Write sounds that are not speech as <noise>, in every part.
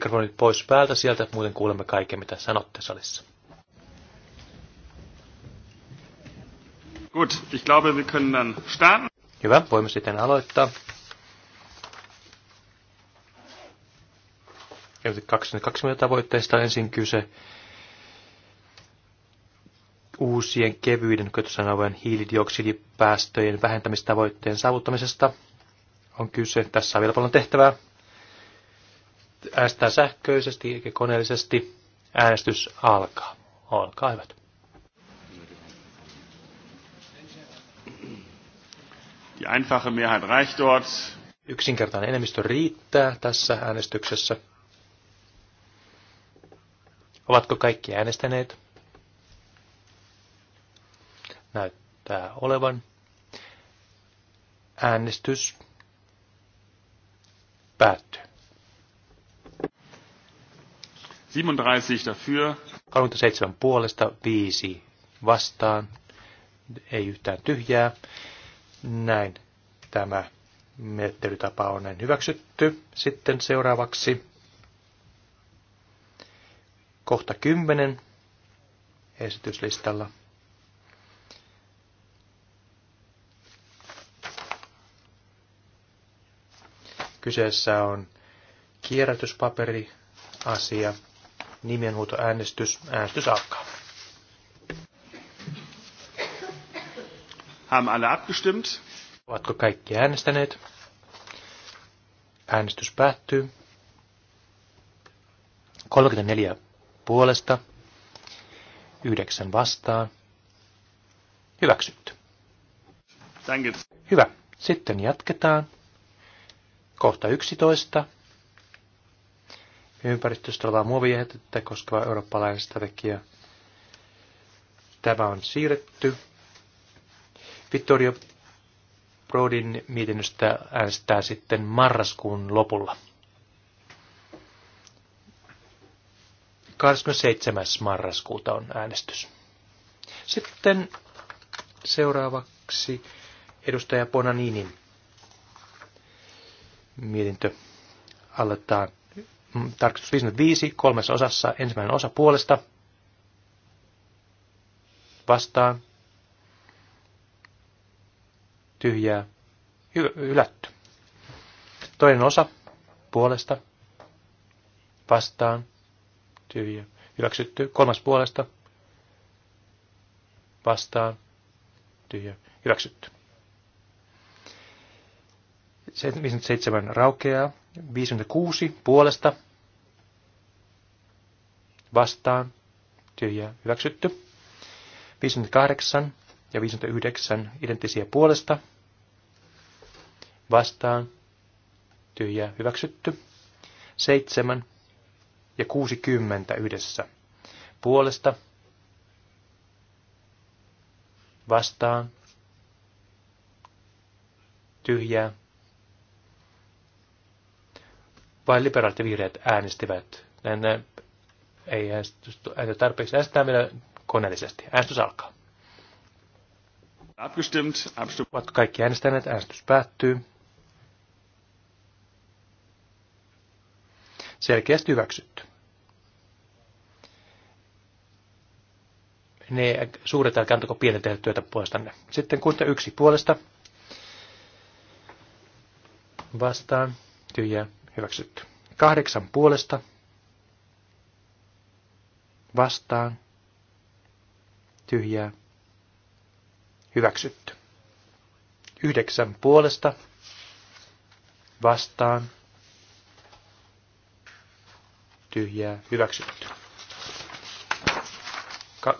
mikrofonit pois päältä sieltä, muuten kuulemme kaiken, mitä sanotte salissa. Gut, ich glaube, wir können dann starten. Hyvä, voimme sitten aloittaa. Kaksi 2020 tavoitteista ensin kyse uusien kevyiden kötösanavojen hiilidioksidipäästöjen vähentämistavoitteen saavuttamisesta on kyse. Tässä on vielä paljon tehtävää, Äänestetään sähköisesti eikä koneellisesti. Äänestys alkaa. Olkaa hyvät. Die einfache Mehrheit reicht dort. Yksinkertainen enemmistö riittää tässä äänestyksessä. Ovatko kaikki äänestäneet? Näyttää olevan. Äänestys päättyy. 37 dafür. 37 puolesta, 5 vastaan, ei yhtään tyhjää. Näin tämä menettelytapa on näin hyväksytty. Sitten seuraavaksi kohta 10 esityslistalla. Kyseessä on kierrätyspaperi asia. Nimenhuutoäänestys. Äänestys alkaa. Haben alle abgestimmt? Ovatko kaikki äänestäneet? Äänestys päättyy. 34 puolesta, 9 vastaan. Hyväksytty. Hyvä. Sitten jatketaan. Kohta 11 ympäristöstä olevaa muovijätettä koskeva eurooppalainen strategia. Tämä on siirretty. Vittorio Brodin mietinnöstä äänestää sitten marraskuun lopulla. 27. marraskuuta on äänestys. Sitten seuraavaksi edustaja Bonaninin mietintö aletaan Mm, tarkistus 55 kolmessa osassa, ensimmäinen osa puolesta, vastaan, tyhjää, hy- hylätty. Toinen osa puolesta, vastaan, tyhjää hyväksytty. Kolmas puolesta, vastaan, tyhjää, hyväksytty. 57 raukeaa. 56 puolesta vastaan tyhjää hyväksytty. 58 ja 59 identtisiä puolesta vastaan tyhjää hyväksytty. 7 ja 60 yhdessä puolesta vastaan tyhjää vain liberaalit ja vihreät äänestivät. En, ei äänestä tarpeeksi. Äänestetään vielä koneellisesti. Äänestys alkaa. Abgestimmt, abgestimmt. Ovatko kaikki äänestäneet? Äänestys päättyy. Selkeästi hyväksytty. Ne suuret älkää antako pienen tehdä työtä puolestanne. Sitten kunta yksi puolesta. Vastaan. Tyhjää Hyväksytty. Kahdeksan puolesta. Vastaan. Tyhjää. Hyväksytty. Yhdeksän puolesta. Vastaan. Tyhjää. Hyväksytty.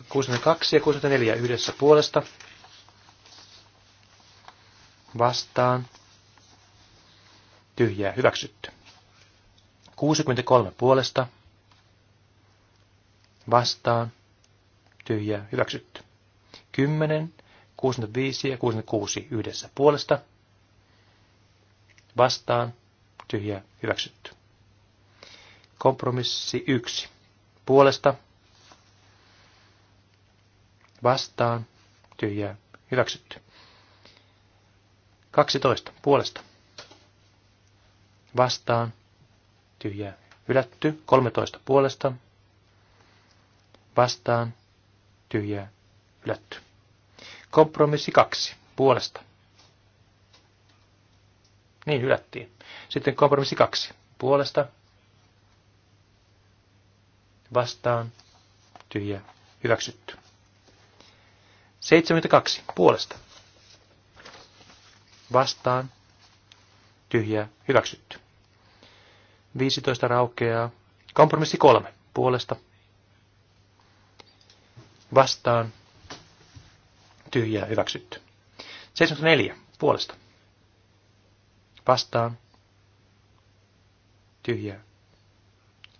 62 ja 64 yhdessä puolesta. Vastaan. Tyhjää hyväksytty. 63 puolesta vastaan Tyhjä. hyväksytty. 10, 65 ja 66 yhdessä puolesta vastaan Tyhjä. hyväksytty. Kompromissi 1 puolesta vastaan Tyhjä. hyväksytty. 12 puolesta vastaan tyhjää hylätty. 13 puolesta vastaan tyhjää hylätty. Kompromissi 2 puolesta. Niin hylättiin. Sitten kompromissi 2 puolesta vastaan tyhjä hyväksytty. 72 puolesta vastaan tyhjä hyväksytty. 15 raukeaa. Kompromissi kolme puolesta. Vastaan. Tyhjää hyväksytty. 74 puolesta. Vastaan. Tyhjää.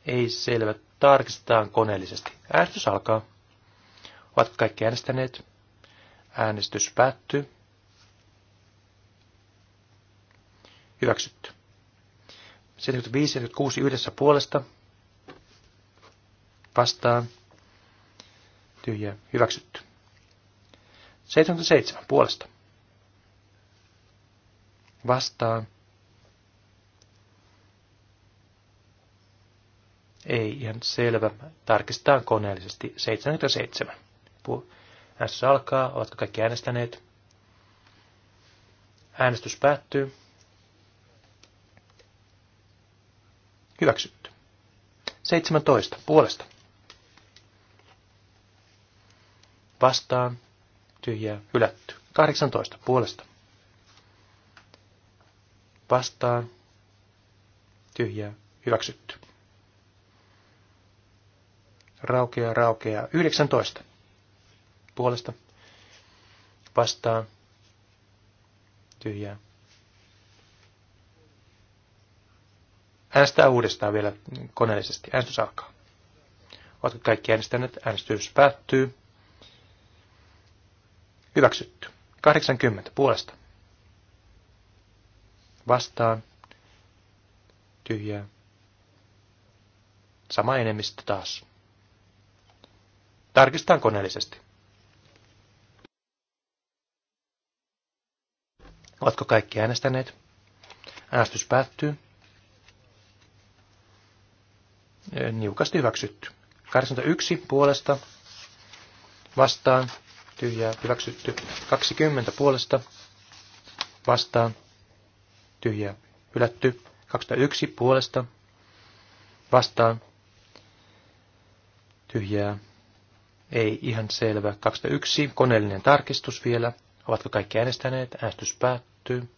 Ei selvä. Tarkistetaan koneellisesti. Äänestys alkaa. Ovatko kaikki äänestäneet? Äänestys päättyy. Hyväksytty. 75 ja 76 yhdessä puolesta vastaan tyhjä hyväksytty. 77 puolesta vastaan ei ihan selvä. Tarkistetaan koneellisesti 77. Äänestys alkaa, ovatko kaikki äänestäneet? Äänestys päättyy. Hyväksytty. 17. Puolesta. Vastaan. Tyhjää. Hylätty. 18. Puolesta. Vastaan. Tyhjää. Hyväksytty. Raukea, raukea. 19. Puolesta. Vastaan. Tyhjää. Äänestää uudestaan vielä koneellisesti. Äänestys alkaa. Oletko kaikki äänestäneet? Äänestys päättyy. Hyväksytty. 80 puolesta. Vastaan. Tyhjää. Sama enemmistö taas. Tarkistetaan koneellisesti. Oletko kaikki äänestäneet? Äänestys päättyy niukasti hyväksytty. 81 puolesta vastaan tyhjää hyväksytty. 20 puolesta vastaan tyhjää hylätty. 21 puolesta vastaan tyhjää ei ihan selvä. 21, koneellinen tarkistus vielä. Ovatko kaikki äänestäneet? Äänestys päättyy.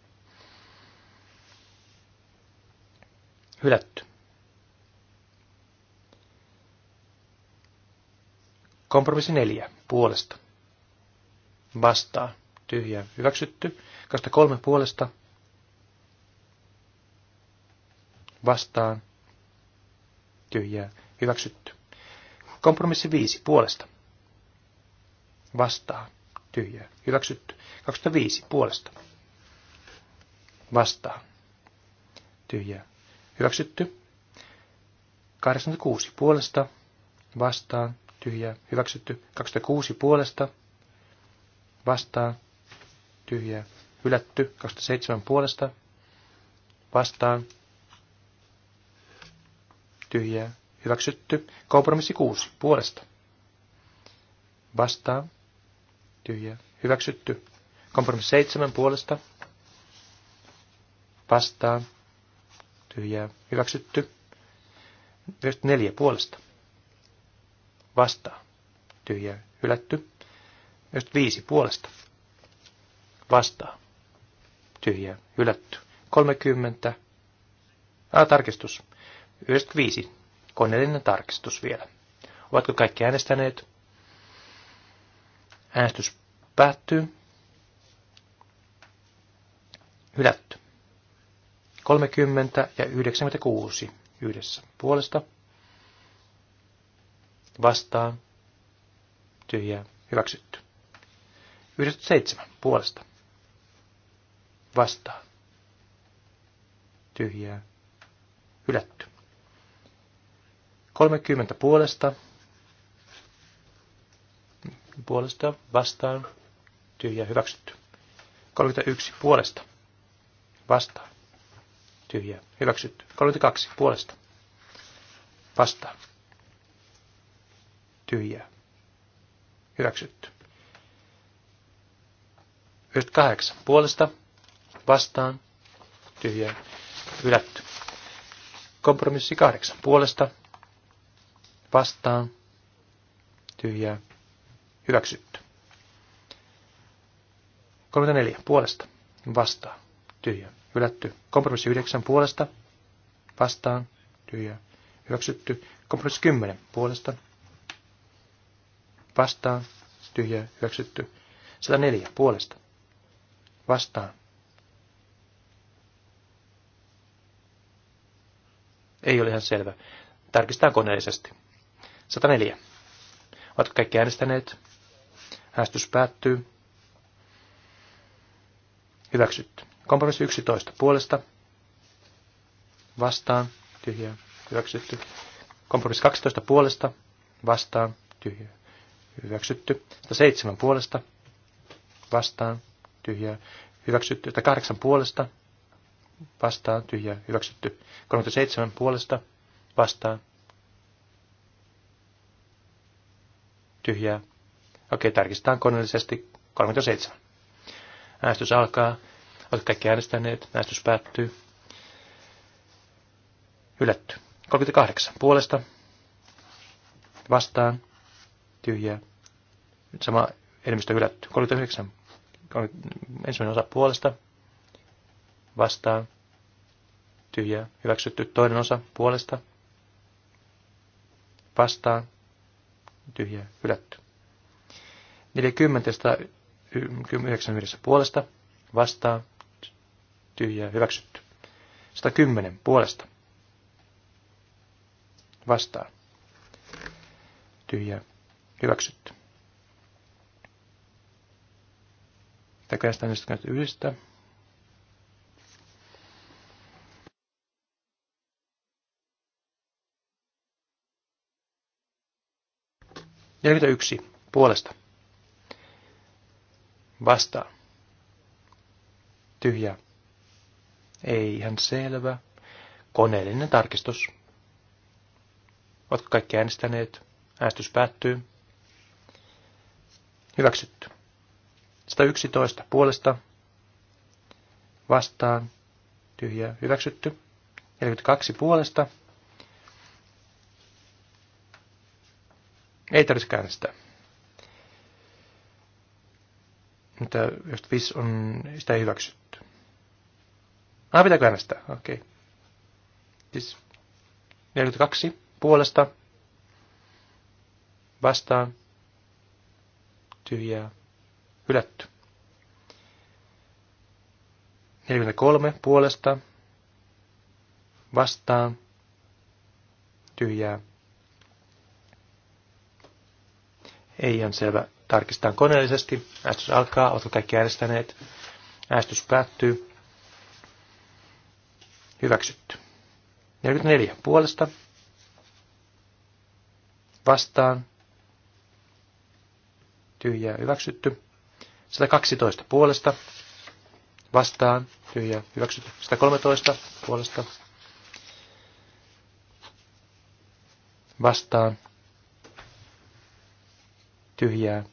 Hylätty. Kompromissi neljä puolesta. Vastaa. Tyhjä. Hyväksytty. kolme puolesta. Vastaan. Tyhjää. Hyväksytty. Kompromissi viisi puolesta. Vastaa. Tyhjää. Hyväksytty. 25 puolesta. Vastaa. Tyhjää. Hyväksytty. 86 puolesta. Vastaan tyhjää, hyväksytty. 26 puolesta, vastaan, tyhjä, hylätty. 27 puolesta, vastaan, tyhjä, hyväksytty. Kompromissi 6 puolesta, vastaan, tyhjä, hyväksytty. Kompromissi 7 puolesta, vastaan, tyhjä, hyväksytty. 54 puolesta vastaan. Tyhjä hylätty. viisi puolesta vastaan. Tyhjä hylätty. 30. Ah, tarkistus. 95. Koneellinen tarkistus vielä. Ovatko kaikki äänestäneet? Äänestys päättyy. Hylätty. 30 ja 96 yhdessä puolesta vastaan, tyhjää, hyväksytty. 97 puolesta, vastaan, tyhjää, hylätty. 30 puolesta, puolesta, vastaan, tyhjää, hyväksytty. 31 puolesta, vastaan, tyhjää, hyväksytty. 32 puolesta, vastaan, tyhjää. Hyväksytty. 98. Puolesta, vastaan, tyhjää, hylätty. Kompromissi 8. Puolesta, vastaan, tyhjää, hyväksytty. 34. Puolesta, vastaan, tyhjää, hylätty. Kompromissi 9. Puolesta, vastaan, tyhjää, hyväksytty. Kompromissi 10. Puolesta, Vastaan. Tyhjä. Hyväksytty. 104. Puolesta. Vastaan. Ei ole ihan selvä. Tarkistetaan koneellisesti. 104. Ovatko kaikki äänestäneet? Äänestys päättyy. Hyväksytty. Kompromissi 11. Puolesta. Vastaan. Tyhjä. Hyväksytty. Kompromissi 12. Puolesta. Vastaan. Tyhjä hyväksytty. 107 puolesta vastaan tyhjä hyväksytty. 108 puolesta vastaan tyhjä hyväksytty. 37 puolesta vastaan tyhjää. Okei, tarkistetaan koneellisesti 37. Äänestys alkaa. Olet kaikki äänestäneet. Äänestys päättyy. Hylätty. 38 puolesta vastaan tyhjää. Sama enemmistö hylätty. 39. 30, Ensimmäinen osa puolesta. Vastaan. Tyhjää. Hyväksytty. Toinen osa puolesta. Vastaan. Tyhjää. Hylätty. 40. 9 yhdessä puolesta. Vastaan. Tyhjää. Hyväksytty. 110 puolesta. Vastaan. Tyhjää Hyväksytty. yhdestä. 41. yksi Puolesta. Vastaa. Tyhjä. Ei ihan selvä. Koneellinen tarkistus. Oletko kaikki äänestäneet? Äänestys päättyy. Hyväksytty. 111 puolesta vastaan tyhjä hyväksytty. 42 puolesta. Ei tarvitse käännistää. Mutta jos vis on, sitä ei hyväksytty. Ah, pitää äänestää? Okei. Okay. Siis 42 puolesta vastaan tyhjää hylätty. 43 puolesta vastaan tyhjää. Ei ihan selvä. Tarkistetaan koneellisesti. Äänestys alkaa. Oletko kaikki äänestäneet? Äänestys päättyy. Hyväksytty. 44 puolesta vastaan tyhjää hyväksytty. 112 puolesta vastaan tyhjää hyväksytty. 113 puolesta vastaan tyhjää.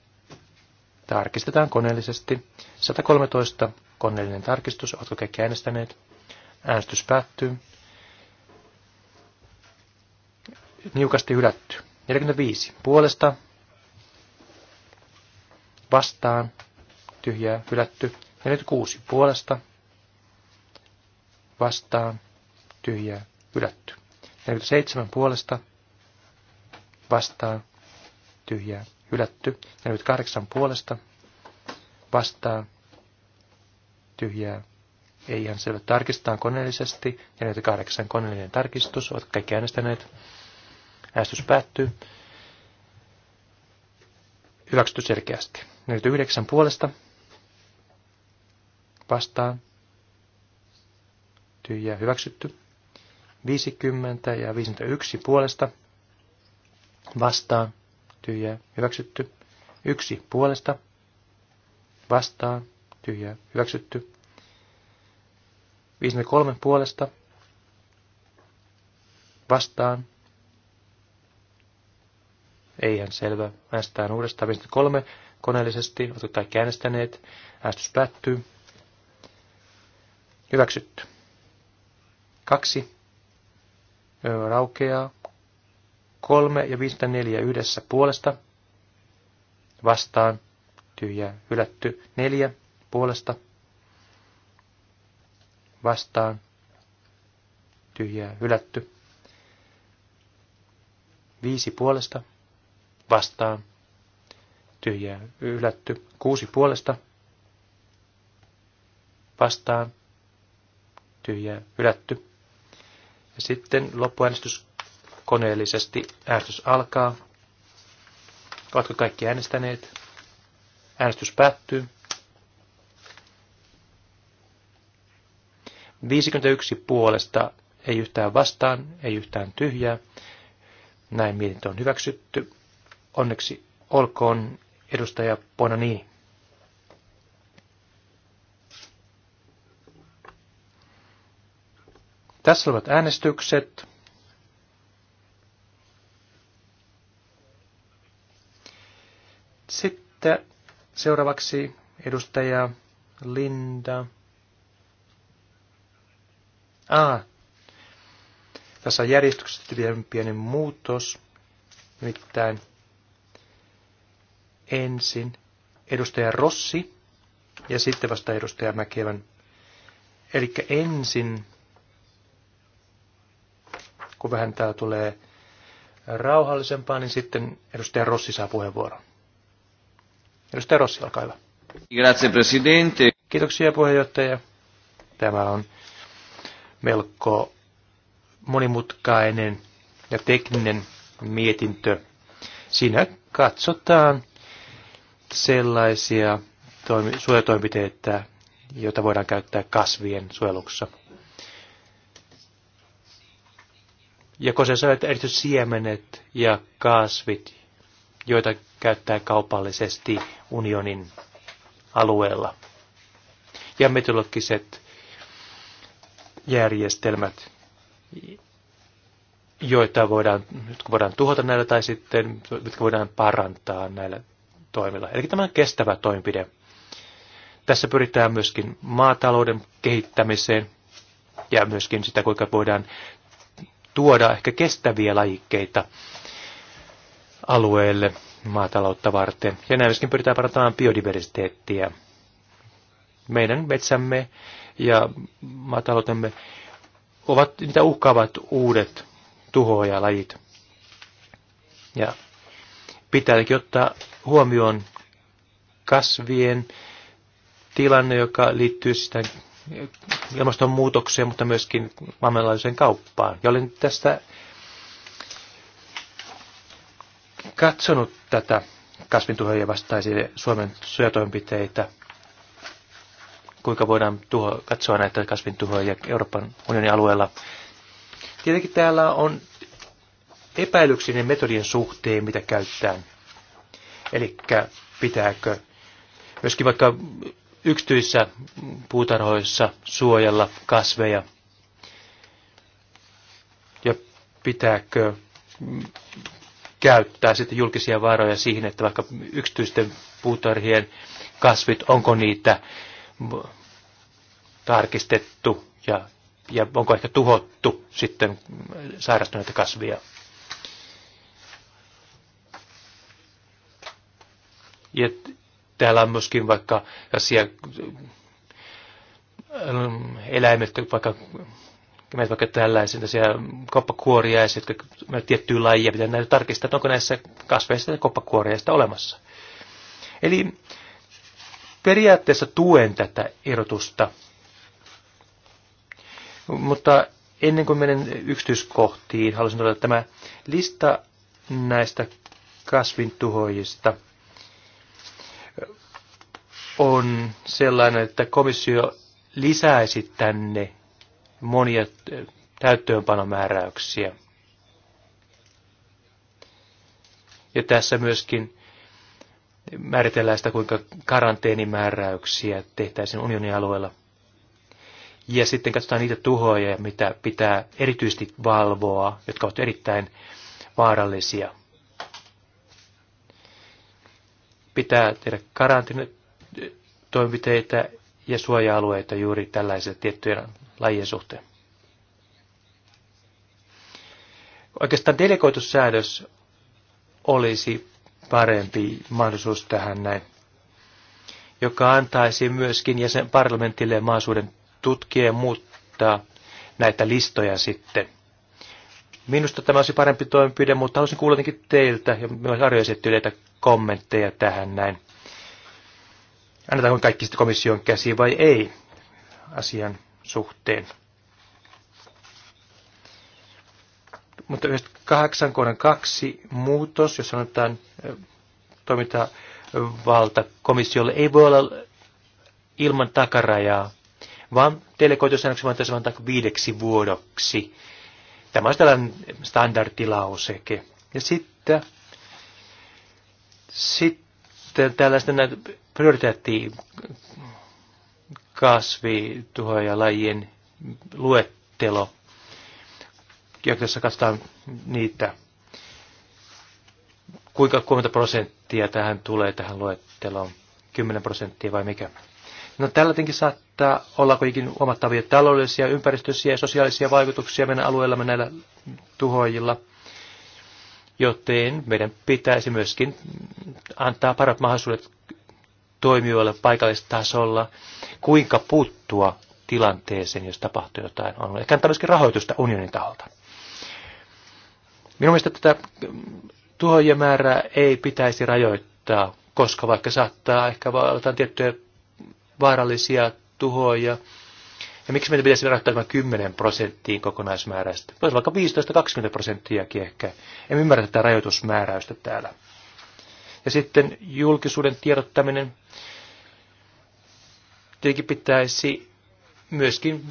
Tarkistetaan koneellisesti. 113 koneellinen tarkistus. Oletko kaikki äänestäneet? Äänestys päättyy. Niukasti hylätty. 45 puolesta vastaan, tyhjää, hylätty. 46 puolesta, vastaan, tyhjää, hylätty. 47 puolesta, vastaan, tyhjää, hylätty. 48 puolesta, vastaan, tyhjää, ei ihan selvä. Tarkistetaan koneellisesti. 48 koneellinen tarkistus. ovat kaikki äänestäneet. Äänestys päättyy. Hyväksytty selkeästi. 49 puolesta vastaan tyhjää hyväksytty. 50 ja 51 puolesta vastaan tyhjää hyväksytty. 1 puolesta vastaan tyhjää hyväksytty. 53 puolesta vastaan. Eihän selvä. Äänestetään uudestaan 53 koneellisesti. Oletko kaikki äänestäneet? Äänestys päättyy. Hyväksytty. Kaksi. Raukeaa. Kolme ja neljä yhdessä puolesta. Vastaan. tyhjä, Hylätty. Neljä puolesta. Vastaan. tyhjä, Hylätty. Viisi puolesta. Vastaan tyhjää ylätty. Kuusi puolesta vastaan tyhjää ylätty. Ja sitten loppuäänestys koneellisesti. Äänestys alkaa. Ovatko kaikki äänestäneet? Äänestys päättyy. 51 puolesta, ei yhtään vastaan, ei yhtään tyhjää. Näin mietintö on hyväksytty. Onneksi olkoon edustaja Bonanini. Tässä olivat äänestykset. Sitten seuraavaksi edustaja Linda. Ah, tässä on järjestyksessä pieni muutos. Nimittäin ensin edustaja Rossi ja sitten vasta edustaja Mäkevän. Eli ensin, kun vähän tämä tulee rauhallisempaa, niin sitten edustaja Rossi saa puheenvuoron. Edustaja Rossi, olkaa hyvä. Grazie, presidente. Kiitoksia puheenjohtaja. Tämä on melko monimutkainen ja tekninen mietintö. Siinä katsotaan sellaisia toimi, suojatoimenpiteitä, joita voidaan käyttää kasvien suojeluksessa. Ja koseessa erityisesti siemenet ja kasvit, joita käyttää kaupallisesti unionin alueella. Ja metologiset järjestelmät, joita voidaan, jotka voidaan tuhota näillä tai sitten, jotka voidaan parantaa näillä toimilla. Eli tämä on kestävä toimenpide. Tässä pyritään myöskin maatalouden kehittämiseen ja myöskin sitä, kuinka voidaan tuoda ehkä kestäviä lajikkeita alueelle maataloutta varten. Ja näin myöskin pyritään parantamaan biodiversiteettiä. Meidän metsämme ja maataloutemme ovat niitä uhkaavat uudet tuhoajalajit. Ja pitääkin ottaa huomioon kasvien tilanne, joka liittyy sitä ilmastonmuutokseen, mutta myöskin maailmanlaajuiseen kauppaan. Ja olen tästä katsonut tätä kasvintuhoja vastaisille Suomen suojatoimenpiteitä, kuinka voidaan tuho, katsoa näitä kasvintuhoja Euroopan unionin alueella. Tietenkin täällä on epäilyksinen metodien suhteen, mitä käyttää. Eli pitääkö myöskin vaikka yksityissä puutarhoissa suojella kasveja ja pitääkö käyttää sitten julkisia varoja siihen, että vaikka yksityisten puutarhien kasvit, onko niitä tarkistettu ja, ja onko ehkä tuhottu sitten sairastuneita kasvia. Ja täällä on myöskin vaikka asia, ähm, eläimet, vaikka vaikka tällaisia koppakuoriaisia, jotka menet tiettyä lajia, pitää näitä tarkistaa, että onko näissä kasveissa koppakuoriaista olemassa. Eli periaatteessa tuen tätä erotusta, mutta ennen kuin menen yksityiskohtiin, haluaisin todeta, että tämä lista näistä kasvintuhoajista – on sellainen, että komissio lisäisi tänne monia täyttöönpanomääräyksiä. Ja tässä myöskin määritellään sitä, kuinka karanteenimääräyksiä tehtäisiin unionin alueella. Ja sitten katsotaan niitä tuhoja, mitä pitää erityisesti valvoa, jotka ovat erittäin vaarallisia. Pitää tehdä karanteenit toimenpiteitä ja suoja-alueita juuri tällaisen tiettyjen lajien suhteen. Oikeastaan delegoitussäädös olisi parempi mahdollisuus tähän näin, joka antaisi myöskin jäsen parlamentille mahdollisuuden tutkia ja muuttaa näitä listoja sitten. Minusta tämä olisi parempi toimenpide, mutta haluaisin kuulla teiltä ja myös arjoesittelijöitä kommentteja tähän näin annetaanko kaikki sitten komission käsiin vai ei asian suhteen. Mutta myös kahdeksan kohdan kaksi muutos, jos sanotaan toimintavalta komissiolle, ei voi olla ilman takarajaa, vaan delegoitusäännöksen tässä antaa viideksi vuodoksi. Tämä on tällainen standardilauseke. Ja sitten, sitten tällaisten prioriteetti kasvituhoja lajien luettelo. Ja tässä katsotaan niitä, kuinka 30 prosenttia tähän tulee tähän luetteloon, 10 prosenttia vai mikä. No tällä tietenkin saattaa olla kuitenkin huomattavia taloudellisia, ympäristöisiä ja sosiaalisia vaikutuksia meidän alueellamme näillä tuhoajilla, joten meidän pitäisi myöskin antaa parat mahdollisuudet toimijoilla paikallistasolla, kuinka puuttua tilanteeseen, jos tapahtuu jotain ongelmia. Kannattaa myöskin rahoitusta unionin taholta. Minun mielestä tätä tuhojen määrää ei pitäisi rajoittaa, koska vaikka saattaa ehkä valtaan tiettyjä vaarallisia tuhoja, ja miksi meitä pitäisi rajoittaa tämä 10 prosenttiin kokonaismäärästä? Voisi vaikka 15-20 prosenttiakin ehkä. En ymmärrä tätä rajoitusmääräystä täällä ja sitten julkisuuden tiedottaminen. Tietenkin pitäisi myöskin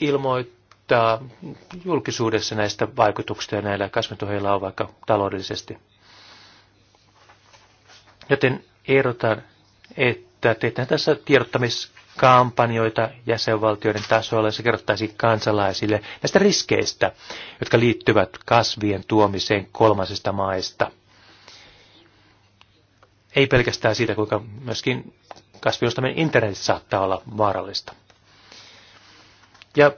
ilmoittaa julkisuudessa näistä vaikutuksista ja näillä kasvintuheilla on vaikka taloudellisesti. Joten ehdotan, että tehdään tässä tiedottamiskampanjoita jäsenvaltioiden tasolla ja se kerrottaisiin kansalaisille näistä riskeistä, jotka liittyvät kasvien tuomiseen kolmasista maista – ei pelkästään siitä, kuinka myöskin kasviostaminen internet saattaa olla vaarallista. Ja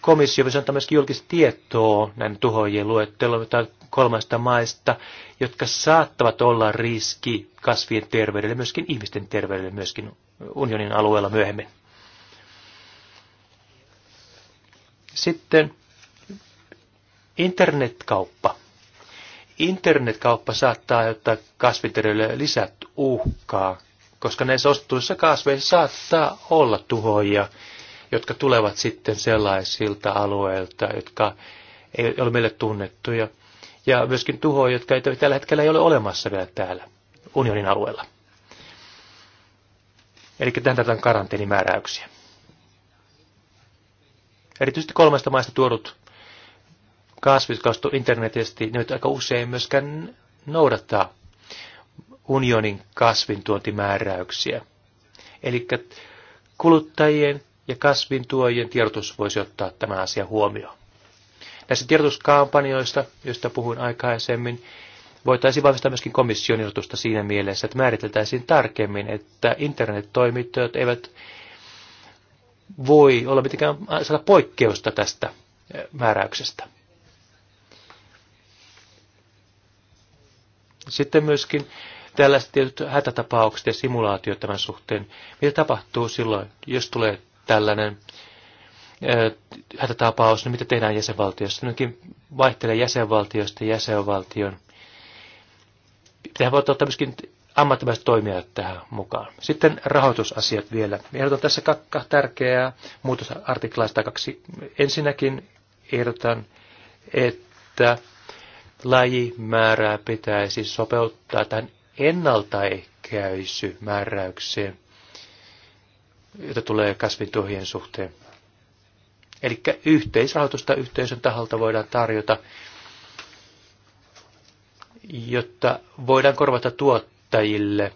komissio voisi antaa myöskin julkista tietoa näiden tuhojien luettelua kolmesta maista, jotka saattavat olla riski kasvien terveydelle, myöskin ihmisten terveydelle, myöskin unionin alueella myöhemmin. Sitten internetkauppa. Internetkauppa saattaa aiheuttaa kasviterveydelle lisät uhkaa, koska näissä ostetuissa kasveissa saattaa olla tuhoja, jotka tulevat sitten sellaisilta alueilta, jotka ei ole meille tunnettuja. Ja myöskin tuhoja, jotka ei tällä hetkellä ei ole olemassa vielä täällä unionin alueella. Eli tähän tarvitaan karanteenimääräyksiä. Erityisesti kolmesta maista tuodut kasvit, kastu internetisesti, internetistä, ne aika usein myöskään noudattaa unionin kasvintuontimääräyksiä. Eli kuluttajien ja kasvintuojien tiedotus voisi ottaa tämä asia huomioon. Näissä tiedotuskampanjoista, joista puhuin aikaisemmin, voitaisiin vahvistaa myöskin komission ilotusta siinä mielessä, että määriteltäisiin tarkemmin, että internettoimittajat eivät voi olla mitenkään saada poikkeusta tästä määräyksestä. Sitten myöskin tällaiset tietyt hätätapaukset ja simulaatiot tämän suhteen. Mitä tapahtuu silloin, jos tulee tällainen hätätapaus, niin mitä tehdään jäsenvaltiossa? Nytkin vaihtelee jäsenvaltiosta jäsenvaltion. Tähän voi ottaa myöskin ammattimaiset toimijat tähän mukaan. Sitten rahoitusasiat vielä. Ehdotan tässä kakka tärkeää muutosartiklaista kaksi. Ensinnäkin ehdotan, että lajimäärää pitäisi sopeuttaa tähän ennaltaehkäisymääräykseen, jota tulee kasvintuhien suhteen. Eli yhteisrahoitusta yhteisön taholta voidaan tarjota, jotta voidaan korvata tuottajille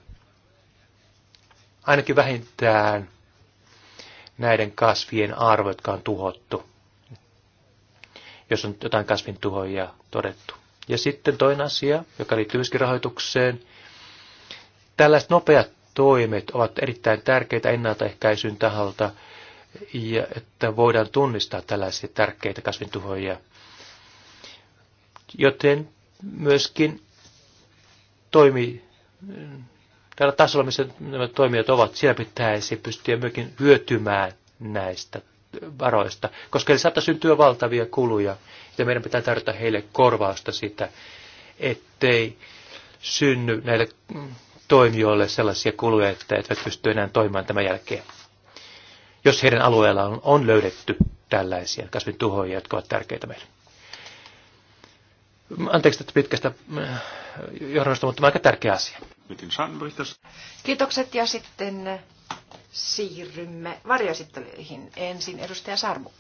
ainakin vähintään näiden kasvien arvo, jotka on tuhottu, jos on jotain kasvintuhoja todettu. Ja sitten toinen asia, joka liittyy myöskin rahoitukseen. Tällaiset nopeat toimet ovat erittäin tärkeitä ennaltaehkäisyn taholta, ja että voidaan tunnistaa tällaisia tärkeitä kasvintuhoja. Joten myöskin toimi, tällä tasolla, missä nämä toimijat ovat, siellä pitäisi pystyä myöskin hyötymään näistä varoista, koska eli saattaa syntyä valtavia kuluja ja meidän pitää tarjota heille korvausta sitä, ettei synny näille toimijoille sellaisia kuluja, että eivät pysty enää toimimaan tämän jälkeen. Jos heidän alueella on, on löydetty tällaisia kasvin tuhoja, jotka ovat tärkeitä meille. Anteeksi tästä pitkästä äh, johdannosta, mutta on aika tärkeä asia. Kiitokset ja sitten siirrymme varjoesittelyihin. Ensin edustaja Sarmu.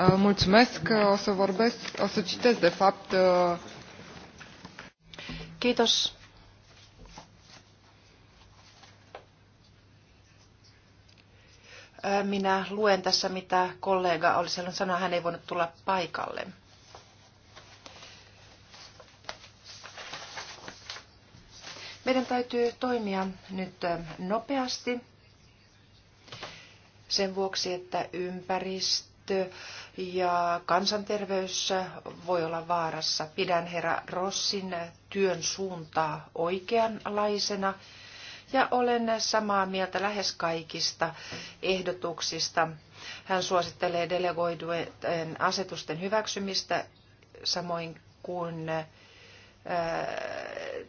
Uh, mulțumesc. Uh, o să vorbesc, o să citesc uh, Minä luen tässä, mitä kollega oli silloin sanoa, hän ei voinut tulla paikalle. Meidän täytyy toimia nyt äh, nopeasti sen vuoksi, että ympäristö ja kansanterveys voi olla vaarassa. Pidän herra Rossin työn suuntaa oikeanlaisena ja olen samaa mieltä lähes kaikista ehdotuksista. Hän suosittelee delegoidujen asetusten hyväksymistä samoin kuin äh,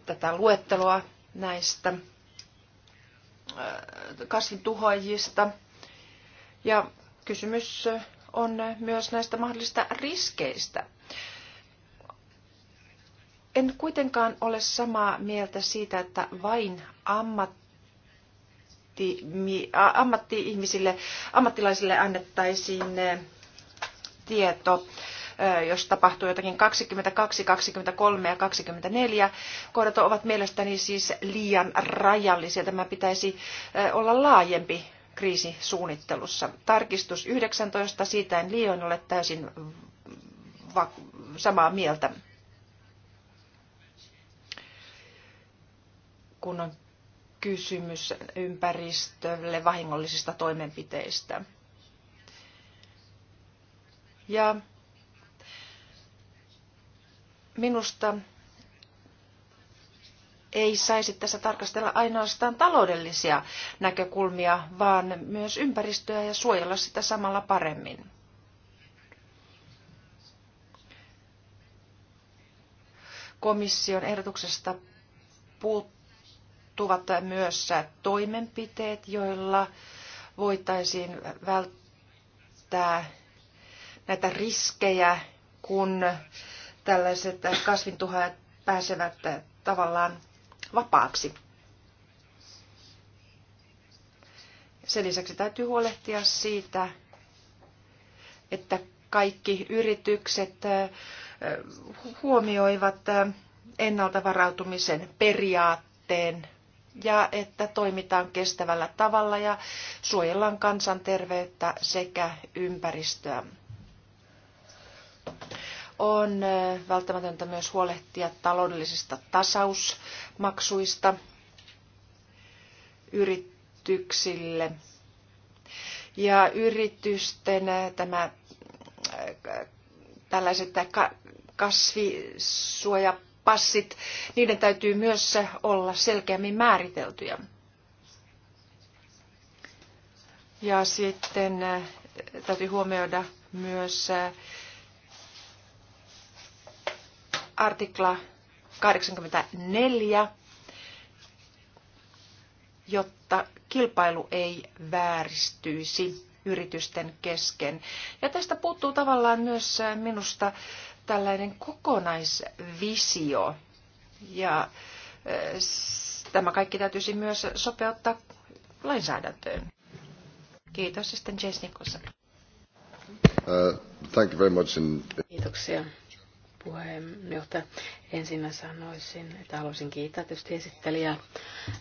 tätä luetteloa näistä äh, kasvintuhoajista. Ja kysymys on myös näistä mahdollisista riskeistä. En kuitenkaan ole samaa mieltä siitä, että vain ammatti, ammatti-ihmisille, ammattilaisille annettaisiin eh, tieto eh, jos tapahtuu jotakin 22, 23 ja 24. Kohdat ovat mielestäni siis liian rajallisia. Tämä pitäisi eh, olla laajempi kriisisuunnittelussa. Tarkistus 19, siitä en liioin ole täysin samaa mieltä. kun on kysymys ympäristölle vahingollisista toimenpiteistä. Ja minusta ei saisi tässä tarkastella ainoastaan taloudellisia näkökulmia, vaan myös ympäristöä ja suojella sitä samalla paremmin. Komission ehdotuksesta puuttuvat myös toimenpiteet, joilla voitaisiin välttää näitä riskejä, kun tällaiset kasvintuhajat pääsevät tavallaan vapaaksi. Sen lisäksi täytyy huolehtia siitä, että kaikki yritykset huomioivat ennalta varautumisen periaatteen ja että toimitaan kestävällä tavalla ja suojellaan kansanterveyttä sekä ympäristöä on välttämätöntä myös huolehtia taloudellisista tasausmaksuista yrityksille. Ja yritysten tämä, tällaiset kasvisuojapassit, niiden täytyy myös olla selkeämmin määriteltyjä. Ja sitten täytyy huomioida myös artikla 84, jotta kilpailu ei vääristyisi yritysten kesken. Ja tästä puuttuu tavallaan myös äh, minusta tällainen kokonaisvisio. Ja äh, tämä kaikki täytyisi myös sopeuttaa lainsäädäntöön. Kiitos. sitten James Nicholson. Uh, thank you very much. In... Kiitoksia puheenjohtaja. Ensin sanoisin, että haluaisin kiittää tietysti esittelijää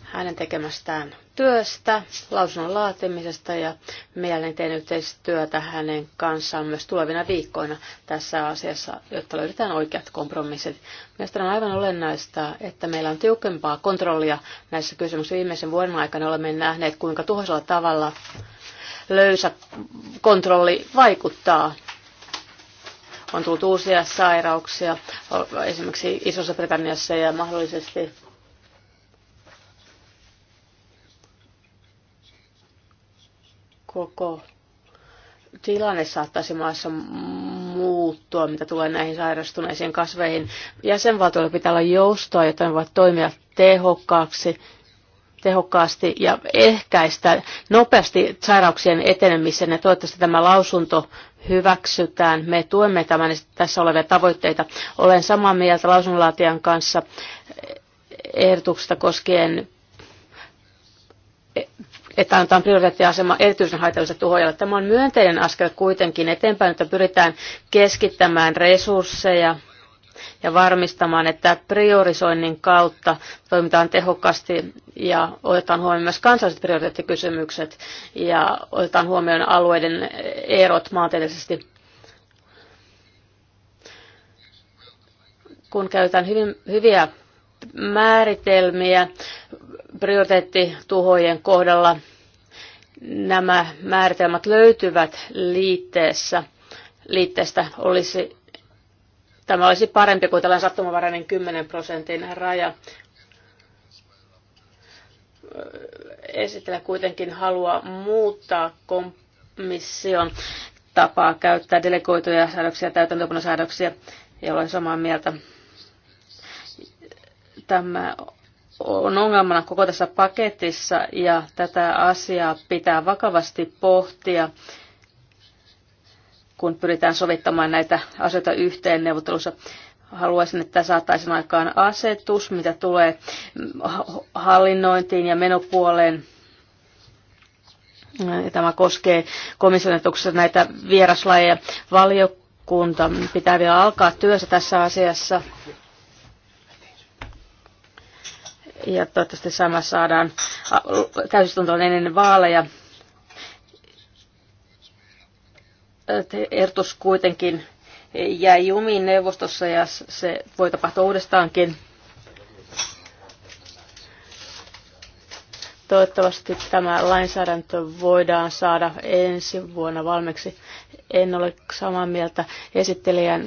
hänen tekemästään työstä, lausunnon laatimisesta ja mielelläni teen yhteistyötä hänen kanssaan myös tulevina viikkoina tässä asiassa, jotta löydetään oikeat kompromissit. Mielestäni on aivan olennaista, että meillä on tiukempaa kontrollia näissä kysymyksissä. Viimeisen vuoden aikana olemme nähneet, kuinka tuhoisella tavalla löysä kontrolli vaikuttaa on tullut uusia sairauksia esimerkiksi Isossa Britanniassa ja mahdollisesti koko tilanne saattaisi maassa muuttua, mitä tulee näihin sairastuneisiin kasveihin. Jäsenvaltioilla pitää olla joustoa, jotta ne voivat toimia tehokkaaksi tehokkaasti ja ehkäistä nopeasti sairauksien etenemisen. Ja toivottavasti tämä lausunto hyväksytään. Me tuemme tämän, tässä olevia tavoitteita. Olen samaa mieltä lausunnonlaatijan kanssa ehdotuksesta koskien että annetaan prioriteettiasema erityisen haitalliselle tuhojalle. Tämä on myönteinen askel kuitenkin eteenpäin, että pyritään keskittämään resursseja ja varmistamaan, että priorisoinnin kautta toimitaan tehokkaasti ja otetaan huomioon myös kansalliset prioriteettikysymykset ja otetaan huomioon alueiden erot maantieteellisesti. Kun käytetään hyvin, hyviä määritelmiä prioriteettituhojen kohdalla, nämä määritelmät löytyvät liitteessä. Liitteestä olisi Tämä olisi parempi kuin tällainen sattumavarainen 10 prosentin raja. Esitellä kuitenkin halua muuttaa komission tapaa käyttää delegoituja säädöksiä ja säädöksiä, ja olen samaa mieltä. Tämä on ongelmana koko tässä paketissa ja tätä asiaa pitää vakavasti pohtia kun pyritään sovittamaan näitä asioita yhteen neuvottelussa. Haluaisin, että saataisiin aikaan asetus, mitä tulee hallinnointiin ja menopuoleen. Tämä koskee komission näitä vieraslajeja. Valiokunta pitää vielä alkaa työssä tässä asiassa. Ja toivottavasti sama saadaan täysistuntoon ennen vaaleja. Ertus kuitenkin jäi jumiin neuvostossa ja se voi tapahtua uudestaankin. Toivottavasti tämä lainsäädäntö voidaan saada ensi vuonna valmiiksi. En ole samaa mieltä esittelijän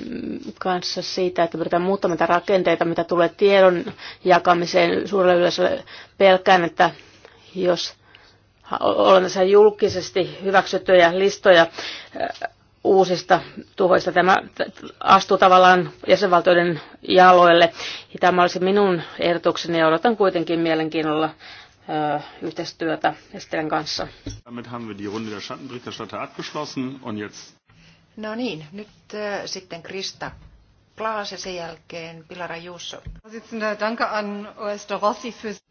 kanssa siitä, että pyritään muuttamaan näitä rakenteita, mitä tulee tiedon jakamiseen suurelle yleisölle. Pelkään, että jos olemassa julkisesti hyväksyttyjä listoja uusista tuhoista. Tämä astuu tavallaan jäsenvaltioiden jaloille. Ja tämä olisi minun ehdotukseni ja odotan kuitenkin mielenkiinnolla yhteistyötä Estelän kanssa. No niin, nyt äh, sitten Krista Plaase sen jälkeen Pilara Juusso. Kiitoksia,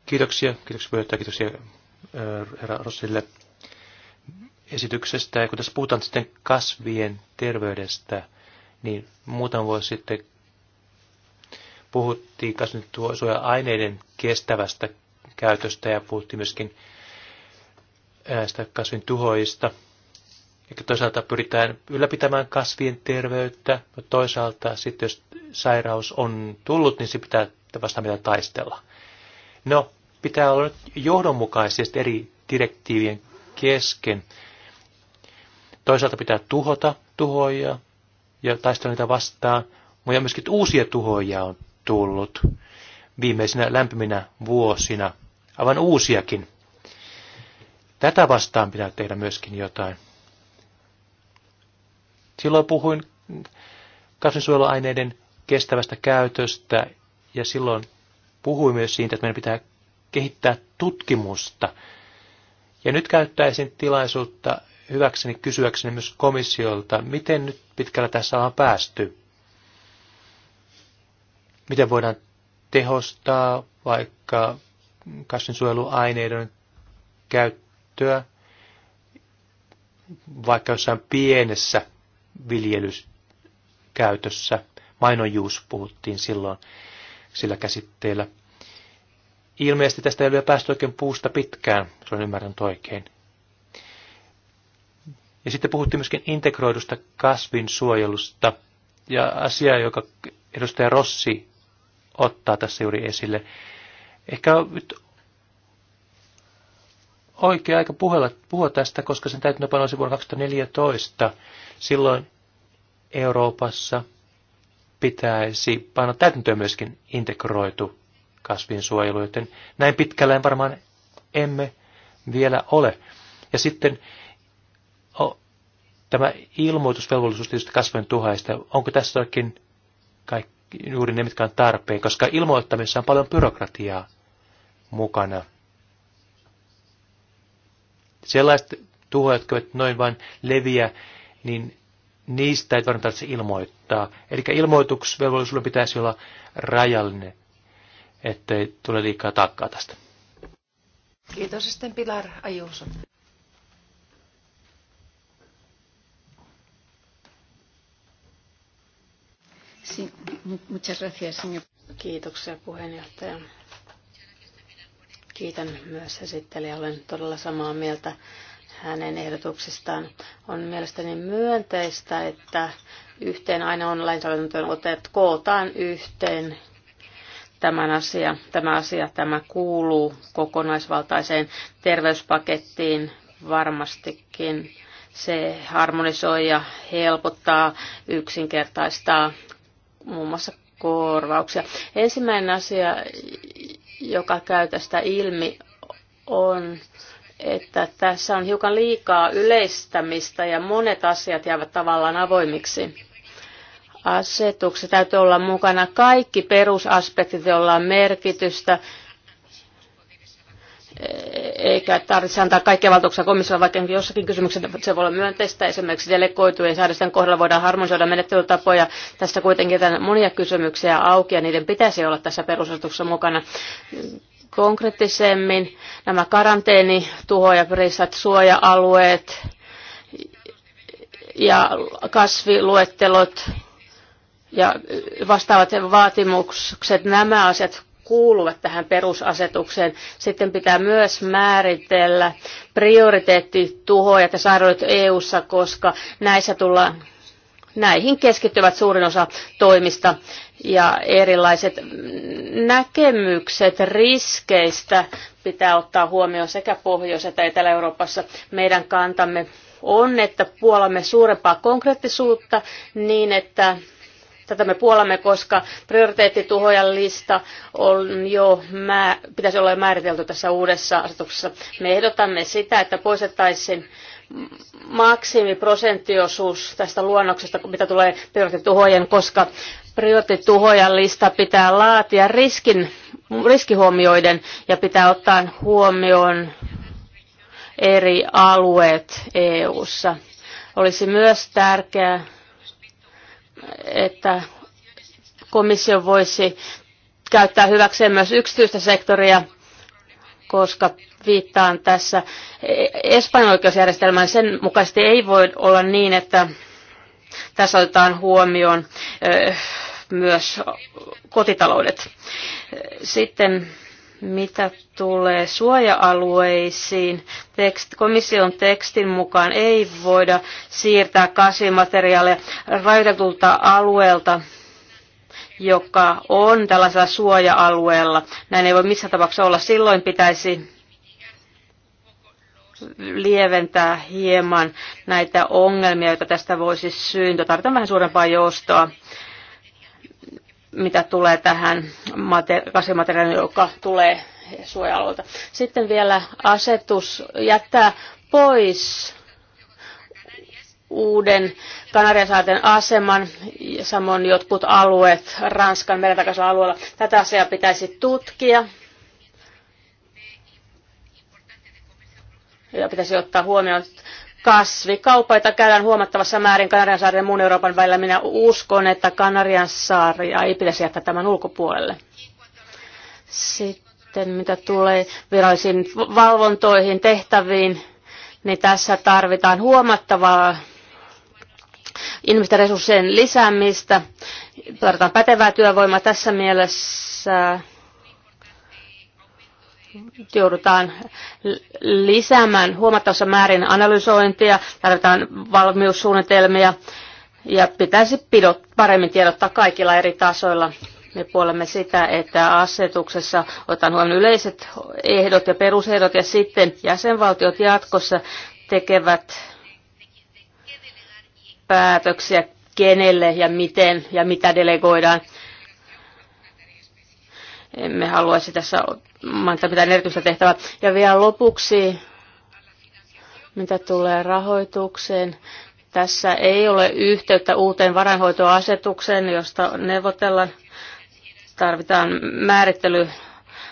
kiitoksia puheenjohtaja, kiitoksia herra Rossille esityksestä. Ja kun tässä puhutaan sitten kasvien terveydestä, niin muutama vuosi sitten puhuttiin kasvinsuoja-aineiden kestävästä käytöstä ja puhuttiin myöskin näistä kasvin tuhoista. Eli toisaalta pyritään ylläpitämään kasvien terveyttä, mutta toisaalta sitten jos sairaus on tullut, niin se pitää vasta mitä taistella. No, pitää olla johdonmukaisesti eri direktiivien kesken. Toisaalta pitää tuhota tuhoja ja taistella niitä vastaan, mutta myöskin uusia tuhoja on tullut viimeisinä lämpiminä vuosina, aivan uusiakin. Tätä vastaan pitää tehdä myöskin jotain. Silloin puhuin kasvinsuojeluaineiden kestävästä käytöstä ja silloin puhuin myös siitä, että meidän pitää kehittää tutkimusta. Ja nyt käyttäisin tilaisuutta hyväkseni kysyäkseni myös komissiolta, miten nyt pitkällä tässä on päästy. Miten voidaan tehostaa vaikka kasvinsuojeluaineiden käyttöä vaikka jossain pienessä viljelyskäytössä. Mainonjuus puhuttiin silloin sillä käsitteellä. Ilmeisesti tästä ei ole vielä päästy oikein puusta pitkään, se on ymmärtänyt oikein. Ja sitten puhuttiin myöskin integroidusta kasvinsuojelusta ja asia, joka edustaja Rossi ottaa tässä juuri esille. Ehkä on nyt oikea aika puhua, puhua tästä, koska sen täytäntöpano olisi vuonna 2014. Silloin Euroopassa pitäisi panna täytäntöön myöskin integroitu suojelu, joten näin pitkällään varmaan emme vielä ole. Ja sitten o, tämä ilmoitusvelvollisuus tietysti kasvojen tuhaista, onko tässä jokin kaikki, juuri ne, mitkä on tarpeen, koska ilmoittamisessa on paljon byrokratiaa mukana. Sellaiset tuhoja, jotka ovat noin vain leviä, niin niistä ei varmaan tarvitse ilmoittaa. Eli ilmoituksvelvollisuuden pitäisi olla rajallinen ettei tule liikaa takkaa tästä. Kiitos sitten Pilar Ajuso. Sí, muchas gracias, señor. Kiitoksia puheenjohtaja. Kiitän myös esittelijä. Olen todella samaa mieltä hänen ehdotuksistaan. On mielestäni myönteistä, että yhteen aina on lainsäädäntöön otettu, kootaan yhteen tämän asia, tämä asia tämä kuuluu kokonaisvaltaiseen terveyspakettiin varmastikin. Se harmonisoi ja helpottaa, yksinkertaistaa muun muassa korvauksia. Ensimmäinen asia, joka käy tästä ilmi, on, että tässä on hiukan liikaa yleistämistä ja monet asiat jäävät tavallaan avoimiksi asetuksessa täytyy olla mukana kaikki perusaspektit, joilla on merkitystä, eikä tarvitse antaa kaikkia valtuuksia komissiolle, vaikka jossakin kysymyksessä se voi olla myönteistä. Esimerkiksi delegoitujen säädösten kohdalla voidaan harmonisoida menettelytapoja. Tässä kuitenkin monia kysymyksiä auki ja niiden pitäisi olla tässä perusasetuksessa mukana konkreettisemmin. Nämä karanteeni, tuho- ja prisat, suoja-alueet ja kasviluettelot, ja vastaavat vaatimukset, nämä asiat kuuluvat tähän perusasetukseen. Sitten pitää myös määritellä prioriteettituhojat ja sairaudet EU-ssa, koska näissä tullaan näihin keskittyvät suurin osa toimista ja erilaiset näkemykset riskeistä pitää ottaa huomioon sekä Pohjois- että Etelä-Euroopassa. Meidän kantamme on, että puolamme suurempaa konkreettisuutta niin, että Tätä me puolamme, koska prioriteettituhojan lista on jo, mä, pitäisi olla jo määritelty tässä uudessa asetuksessa. Me ehdotamme sitä, että poistettaisiin maksimiprosenttiosuus tästä luonnoksesta, mitä tulee prioriteettituhojen, koska prioriteettituhojan lista pitää laatia riskin, riskihuomioiden ja pitää ottaa huomioon eri alueet EU:ssa. Olisi myös tärkeää, että komissio voisi käyttää hyväkseen myös yksityistä sektoria, koska viittaan tässä Espanjan oikeusjärjestelmään. Sen mukaisesti ei voi olla niin, että tässä otetaan huomioon myös kotitaloudet. Sitten mitä tulee suoja-alueisiin, tekst, komission tekstin mukaan ei voida siirtää kasvimateriaalia rajoitetulta alueelta, joka on tällaisella suoja-alueella. Näin ei voi missään tapauksessa olla. Silloin pitäisi lieventää hieman näitä ongelmia, joita tästä voisi syntyä. Tarvitaan vähän suurempaa joustoa mitä tulee tähän kasvimateriaaliin, joka tulee suoja Sitten vielä asetus jättää pois uuden Kanariasaarten aseman ja samoin jotkut alueet Ranskan merentakaisella alueella. Tätä asiaa pitäisi tutkia. Ja pitäisi ottaa huomioon kasvi. Kaupaita käydään huomattavassa määrin Kanariansaaren ja muun Euroopan välillä. Minä uskon, että Kanariansaaria ei pitäisi jättää tämän ulkopuolelle. Sitten mitä tulee virallisiin valvontoihin, tehtäviin, niin tässä tarvitaan huomattavaa ihmisten resurssien lisäämistä. Tarvitaan pätevää työvoimaa tässä mielessä joudutaan lisäämään huomattavassa määrin analysointia, tarvitaan valmiussuunnitelmia ja pitäisi pidot, paremmin tiedottaa kaikilla eri tasoilla. Me puolemme sitä, että asetuksessa otetaan huomioon yleiset ehdot ja perusehdot ja sitten jäsenvaltiot jatkossa tekevät päätöksiä kenelle ja miten ja mitä delegoidaan. Emme haluaisi tässä mainita mitään erityistä tehtävää. Ja vielä lopuksi, mitä tulee rahoitukseen, tässä ei ole yhteyttä uuteen varainhoitoasetukseen, josta neuvotellaan. Tarvitaan määrittely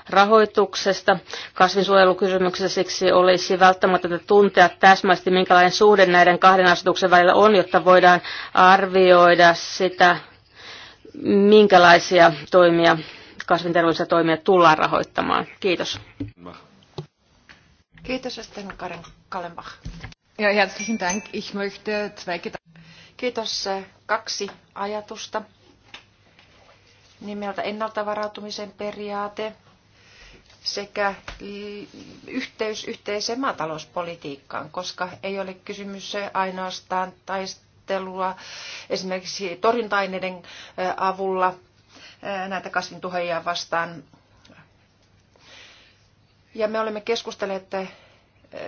rahoituksesta kasvinsuojelukysymyksessä, siksi olisi välttämätöntä tuntea täsmästi, minkälainen suhde näiden kahden asetuksen välillä on, jotta voidaan arvioida sitä, minkälaisia toimia kasvinterveellisiä toimia tullaan rahoittamaan. Kiitos. Kiitos, Esten Karen Kallenbach. Ja herzlichen Dank. Ich möchte zwei Kiitos. Kaksi ajatusta. Nimeltä ennaltavarautumisen periaate sekä yhteys yhteiseen maatalouspolitiikkaan, koska ei ole kysymys ainoastaan taistelua esimerkiksi torjunta-aineiden avulla – Eh, näitä kasvintuhoja vastaan. Ja me olemme keskustelleet eh,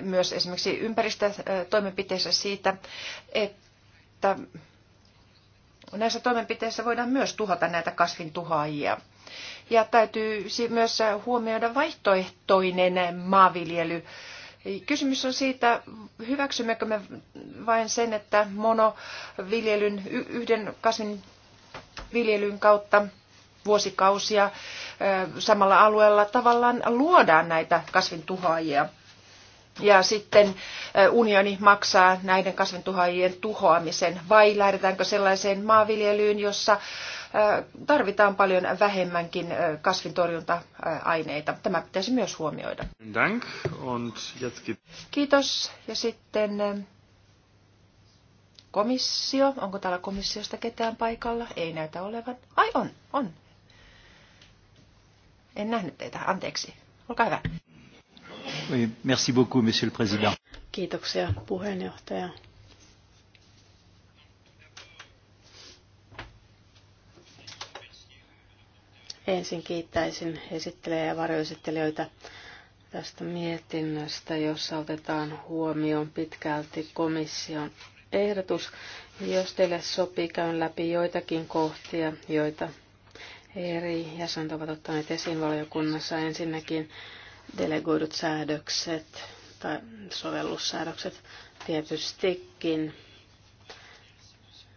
myös esimerkiksi ympäristötoimenpiteissä siitä, että näissä toimenpiteissä voidaan myös tuhota näitä kasvintuhaajia. Ja täytyy myös huomioida vaihtoehtoinen maaviljely. Kysymys on siitä, hyväksymmekö me vain sen, että monoviljelyn, yhden kasvin viljelyn kautta vuosikausia samalla alueella tavallaan luodaan näitä kasvintuhoajia. Ja sitten unioni maksaa näiden kasvintuhoajien tuhoamisen, vai lähdetäänkö sellaiseen maanviljelyyn, jossa tarvitaan paljon vähemmänkin kasvintorjunta-aineita. Tämä pitäisi myös huomioida. Kiitos. Ja sitten komissio. Onko täällä komissiosta ketään paikalla? Ei näytä olevan. Ai on, on. En nähnyt teitä, anteeksi. Olkaa hyvä. Oui, merci beaucoup, monsieur le président. Kiitoksia, puheenjohtaja. Ensin kiittäisin esittelijä ja varjoesittelijöitä tästä mietinnöstä, jossa otetaan huomioon pitkälti komission ehdotus. Jos teille sopii, käyn läpi joitakin kohtia, joita eri jäsenet ovat ottaneet esiin valiokunnassa ensinnäkin delegoidut säädökset tai sovellussäädökset tietystikin.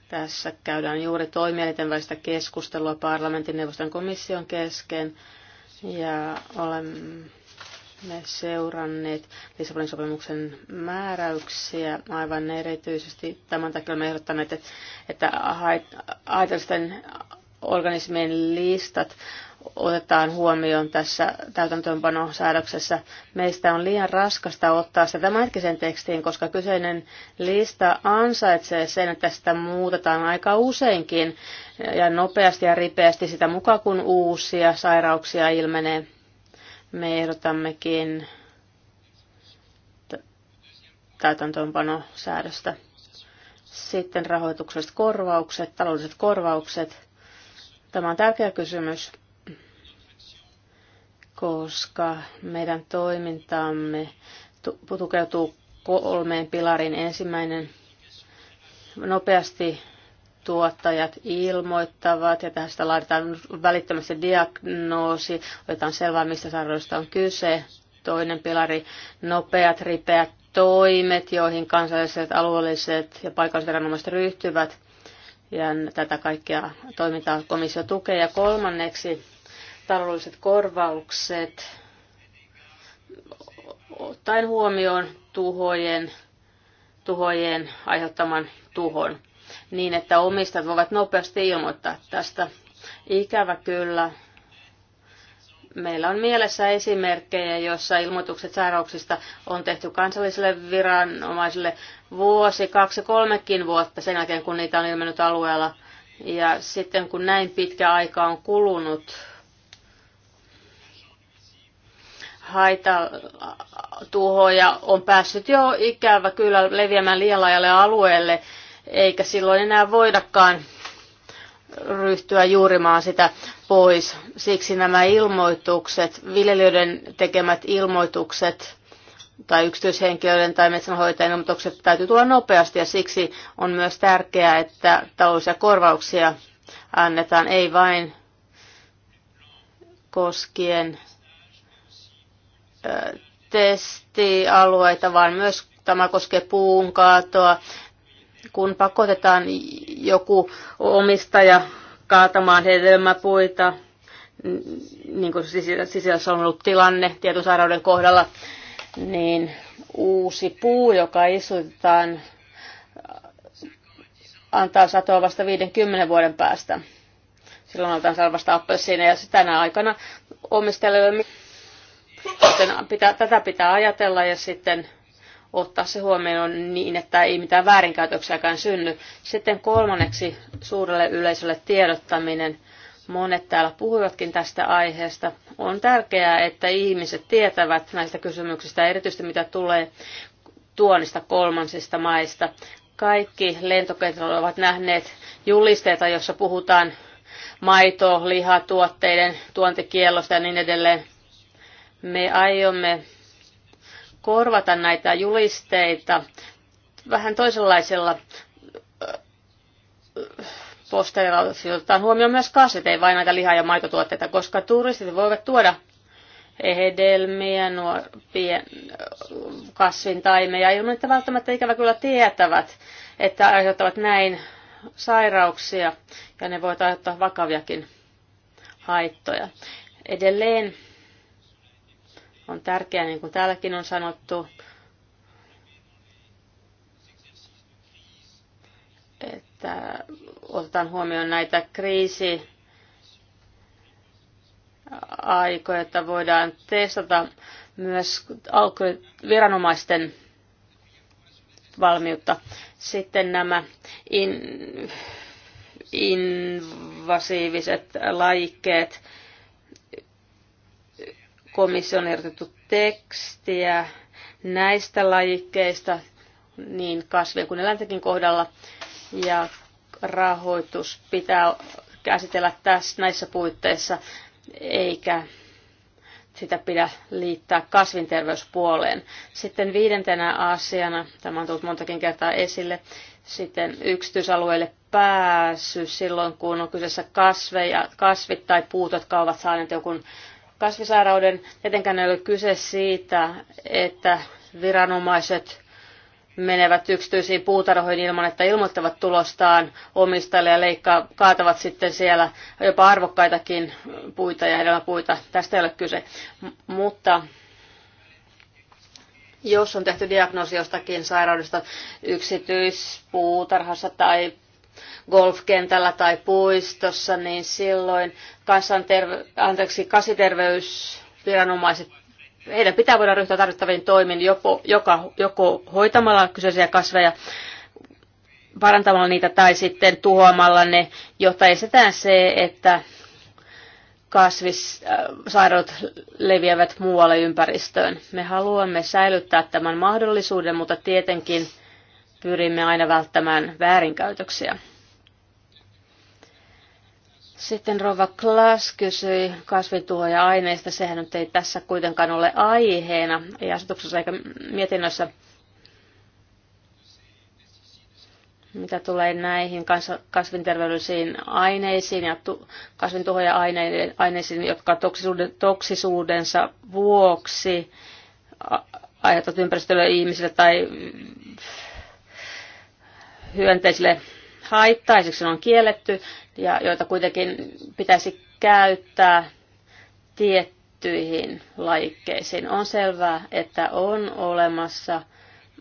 Tässä käydään juuri toimielinten välistä keskustelua parlamentin neuvoston komission kesken ja olemme seuranneet Lissabonin sopimuksen määräyksiä aivan erityisesti. Tämän takia olemme ehdottaneet, että haitallisten organismien listat otetaan huomioon tässä täytäntöönpanosäädöksessä. Meistä on liian raskasta ottaa se tämänhetkisen tekstiin, koska kyseinen lista ansaitsee sen, että sitä muutetaan aika useinkin ja nopeasti ja ripeästi sitä mukaan, kun uusia sairauksia ilmenee. Me ehdotammekin täytäntöönpanosäädöstä. Sitten rahoitukset, korvaukset, taloudelliset korvaukset – Tämä on tärkeä kysymys, koska meidän toimintaamme tukeutuu kolmeen pilarin. Ensimmäinen nopeasti tuottajat ilmoittavat ja tästä laaditaan välittömästi diagnoosi, otetaan selvää, mistä sairaudesta on kyse. Toinen pilari, nopeat, ripeät toimet, joihin kansalliset, alueelliset ja paikalliset viranomaiset ryhtyvät – ja tätä kaikkea toimintaa komissio tukee. Ja kolmanneksi taloudelliset korvaukset ottaen huomioon tuhojen, tuhojen aiheuttaman tuhon niin, että omistajat voivat nopeasti ilmoittaa tästä. Ikävä kyllä Meillä on mielessä esimerkkejä, joissa ilmoitukset sairauksista on tehty kansallisille viranomaisille vuosi, kaksi, kolmekin vuotta sen jälkeen, kun niitä on ilmennyt alueella. Ja sitten kun näin pitkä aika on kulunut, haita, tuhoja on päässyt jo ikävä kyllä leviämään liian laajalle alueelle, eikä silloin enää voidakaan ryhtyä juurimaan sitä pois. Siksi nämä ilmoitukset, viljelijöiden tekemät ilmoitukset tai yksityishenkilöiden tai metsänhoitajien ilmoitukset täytyy tulla nopeasti ja siksi on myös tärkeää, että taloudellisia korvauksia annetaan ei vain koskien testialueita, vaan myös tämä koskee puun kaatoa, kun pakotetaan joku omistaja kaatamaan hedelmäpuita, niin kuin sisällä on ollut tilanne tietosairauden kohdalla, niin uusi puu, joka istutetaan, antaa satoa vasta 50 vuoden päästä. Silloin otetaan salvasta appelsiina ja tänä aikana omistajalle pitää, tätä pitää ajatella ja sitten ottaa se huomioon niin, että ei mitään väärinkäytöksiäkään synny. Sitten kolmanneksi suurelle yleisölle tiedottaminen. Monet täällä puhuivatkin tästä aiheesta. On tärkeää, että ihmiset tietävät näistä kysymyksistä, erityisesti mitä tulee tuonista kolmansista maista. Kaikki lentokentällä ovat nähneet julisteita, jossa puhutaan maito, lihatuotteiden tuontikiellosta ja niin edelleen. Me aiomme korvata näitä julisteita vähän toisenlaisella posteilla, otetaan huomioon myös kasvit, ei vain näitä liha- ja maitotuotteita, koska turistit voivat tuoda hedelmiä, nuo pien, kasvintaimeja, ilman että välttämättä ikävä kyllä tietävät, että aiheuttavat näin sairauksia ja ne voivat aiheuttaa vakaviakin haittoja. Edelleen on tärkeää, niin kuin täälläkin on sanottu, että otetaan huomioon näitä kriisi aikoja, että voidaan testata myös viranomaisten valmiutta. Sitten nämä in, invasiiviset lajikkeet, komission ehdotettu tekstiä näistä lajikkeista niin kasvien kuin eläintenkin kohdalla. Ja rahoitus pitää käsitellä tässä näissä puitteissa, eikä sitä pidä liittää kasvinterveyspuoleen. Sitten viidentenä asiana, tämä on tullut montakin kertaa esille, sitten yksityisalueille pääsy silloin, kun on kyseessä kasveja, kasvit tai puut, jotka ovat saaneet jonkun kasvisairauden tietenkään ei ole kyse siitä, että viranomaiset menevät yksityisiin puutarhoihin ilman, että ilmoittavat tulostaan omistajille ja leikkaa, kaatavat sitten siellä jopa arvokkaitakin puita ja hedelmäpuita. Tästä ei ole kyse. mutta jos on tehty diagnoosi jostakin sairaudesta yksityispuutarhassa tai golfkentällä tai puistossa, niin silloin kansanterve- anteeksi, kasiterveysviranomaiset heidän pitää voida ryhtyä tarvittaviin toimiin joko, joka, joko hoitamalla kyseisiä kasveja, parantamalla niitä tai sitten tuhoamalla ne, jotta estetään se, että kasvissairaudet äh, leviävät muualle ympäristöön. Me haluamme säilyttää tämän mahdollisuuden, mutta tietenkin – pyrimme aina välttämään väärinkäytöksiä. Sitten Rova Klaas kysyi kasvintuhoja-aineista. Sehän nyt ei tässä kuitenkaan ole aiheena, ei asetuksessa eikä mietinnössä. Mitä tulee näihin kasvinterveydellisiin aineisiin ja kasvintuhoja-aineisiin, jotka toksisuuden, toksisuudensa vuoksi aiheuttavat ympäristölle ihmisille tai hyönteisille haittaisiksi on kielletty ja joita kuitenkin pitäisi käyttää tiettyihin lajikkeisiin. On selvää, että on olemassa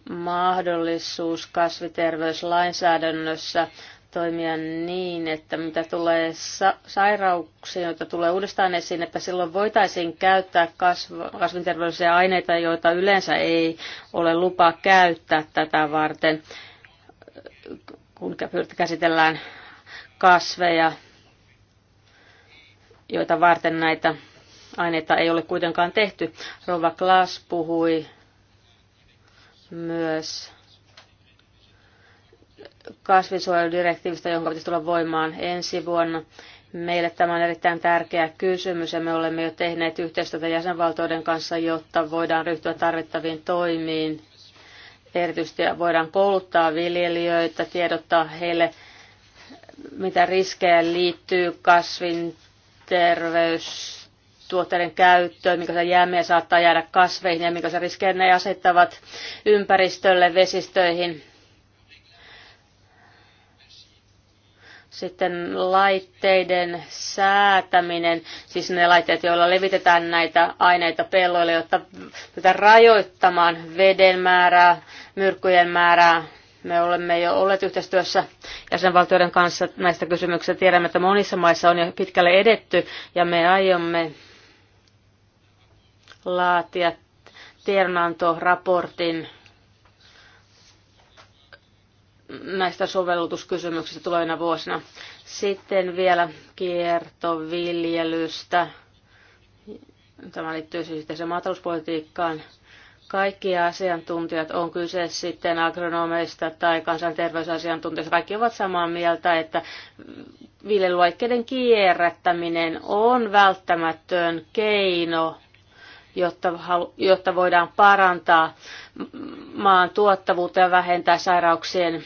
mahdollisuus kasviterveyslainsäädännössä toimia niin, että mitä tulee sa- sairauksiin, joita tulee uudestaan esiin, että silloin voitaisiin käyttää kasv- kasvinterveydellisiä aineita, joita yleensä ei ole lupa käyttää tätä varten kun käsitellään kasveja, joita varten näitä aineita ei ole kuitenkaan tehty. Rova Klaas puhui myös kasvinsuojeludirektiivistä, jonka pitäisi tulla voimaan ensi vuonna. Meille tämä on erittäin tärkeä kysymys ja me olemme jo tehneet yhteistyötä jäsenvaltioiden kanssa, jotta voidaan ryhtyä tarvittaviin toimiin erityisesti voidaan kouluttaa viljelijöitä, tiedottaa heille, mitä riskejä liittyy kasvin terveystuotteiden käyttöön, mikä se jäämiä saattaa jäädä kasveihin ja mikä se riskejä ne asettavat ympäristölle, vesistöihin Sitten laitteiden säätäminen, siis ne laitteet, joilla levitetään näitä aineita pelloille, jotta pitää rajoittamaan veden määrää, myrkkyjen määrää. Me olemme jo olleet yhteistyössä jäsenvaltioiden kanssa näistä kysymyksistä. Tiedämme, että monissa maissa on jo pitkälle edetty ja me aiomme laatia tiedonantoraportin raportin näistä sovellutuskysymyksistä tulevina vuosina. Sitten vielä kiertoviljelystä. Tämä liittyy siis yhteiseen maatalouspolitiikkaan. Kaikki asiantuntijat, on kyse sitten agronomeista tai kansanterveysasiantuntijoista, kaikki ovat samaa mieltä, että viljelylaikkeiden kierrättäminen on välttämätön keino jotta, jotta voidaan parantaa maan tuottavuutta ja vähentää sairauksien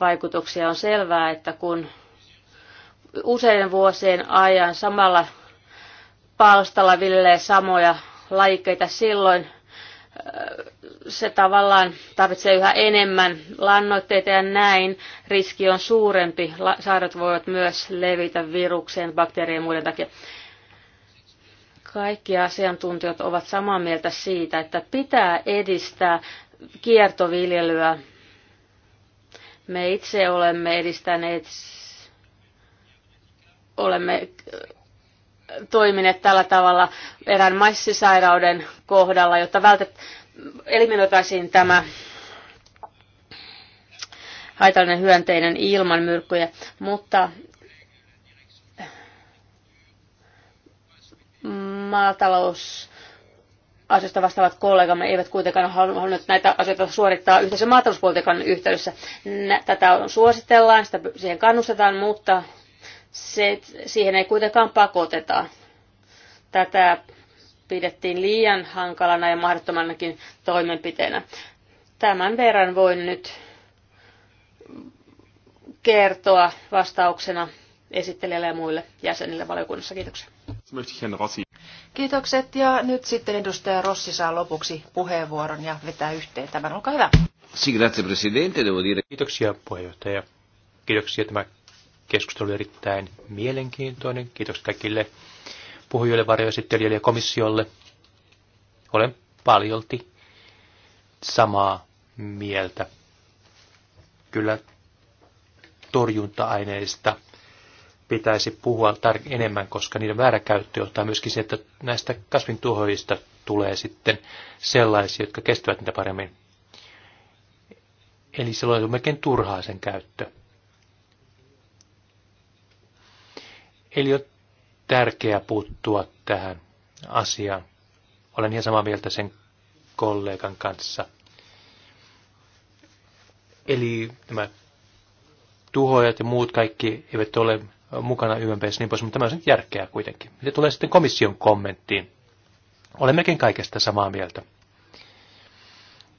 vaikutuksia. On selvää, että kun useiden vuosien ajan samalla palstalla viljelee samoja lajikkeita silloin, se tavallaan tarvitsee yhä enemmän lannoitteita ja näin riski on suurempi. Sairaudet voivat myös levitä virukseen, bakteerien ja muiden takia. Kaikki asiantuntijat ovat samaa mieltä siitä, että pitää edistää kiertoviljelyä me itse olemme edistäneet, olemme äh, toimineet tällä tavalla erään maissisairauden kohdalla, jotta vältet, eliminoitaisiin tämä haitallinen hyönteinen ilman myrkkyjä, mutta maatalous asioista vastaavat kollegamme eivät kuitenkaan halunneet näitä asioita suorittaa yhteisen maatalouspolitiikan yhteydessä. Tätä on suositellaan, sitä siihen kannustetaan, mutta se, siihen ei kuitenkaan pakoteta. Tätä pidettiin liian hankalana ja mahdottomanakin toimenpiteenä. Tämän verran voin nyt kertoa vastauksena esittelijälle ja muille jäsenille valiokunnassa. Kiitoksia. Kiitokset ja nyt sitten edustaja Rossi saa lopuksi puheenvuoron ja vetää yhteen tämän. Olkaa hyvä. Sì, grazie Presidente, devo dire. Kiitoksia puheenjohtaja. Kiitoksia tämä keskustelu oli erittäin mielenkiintoinen. Kiitos kaikille puhujille, varjoesittelijöille ja komissiolle. Olen paljolti samaa mieltä. Kyllä torjunta-aineista pitäisi puhua tar- enemmän, koska niiden vääräkäyttö johtaa myöskin siihen, että näistä kasvintuhoajista tulee sitten sellaisia, jotka kestävät niitä paremmin. Eli silloin on melkein turhaa sen käyttö. Eli on tärkeää puuttua tähän asiaan. Olen ihan samaa mieltä sen kollegan kanssa. Eli nämä tuhojat ja muut kaikki eivät ole mukana YMPs niin pois, mutta tämä on järkeä kuitenkin. Mitä tulee sitten komission kommenttiin? Olemmekin kaikesta samaa mieltä.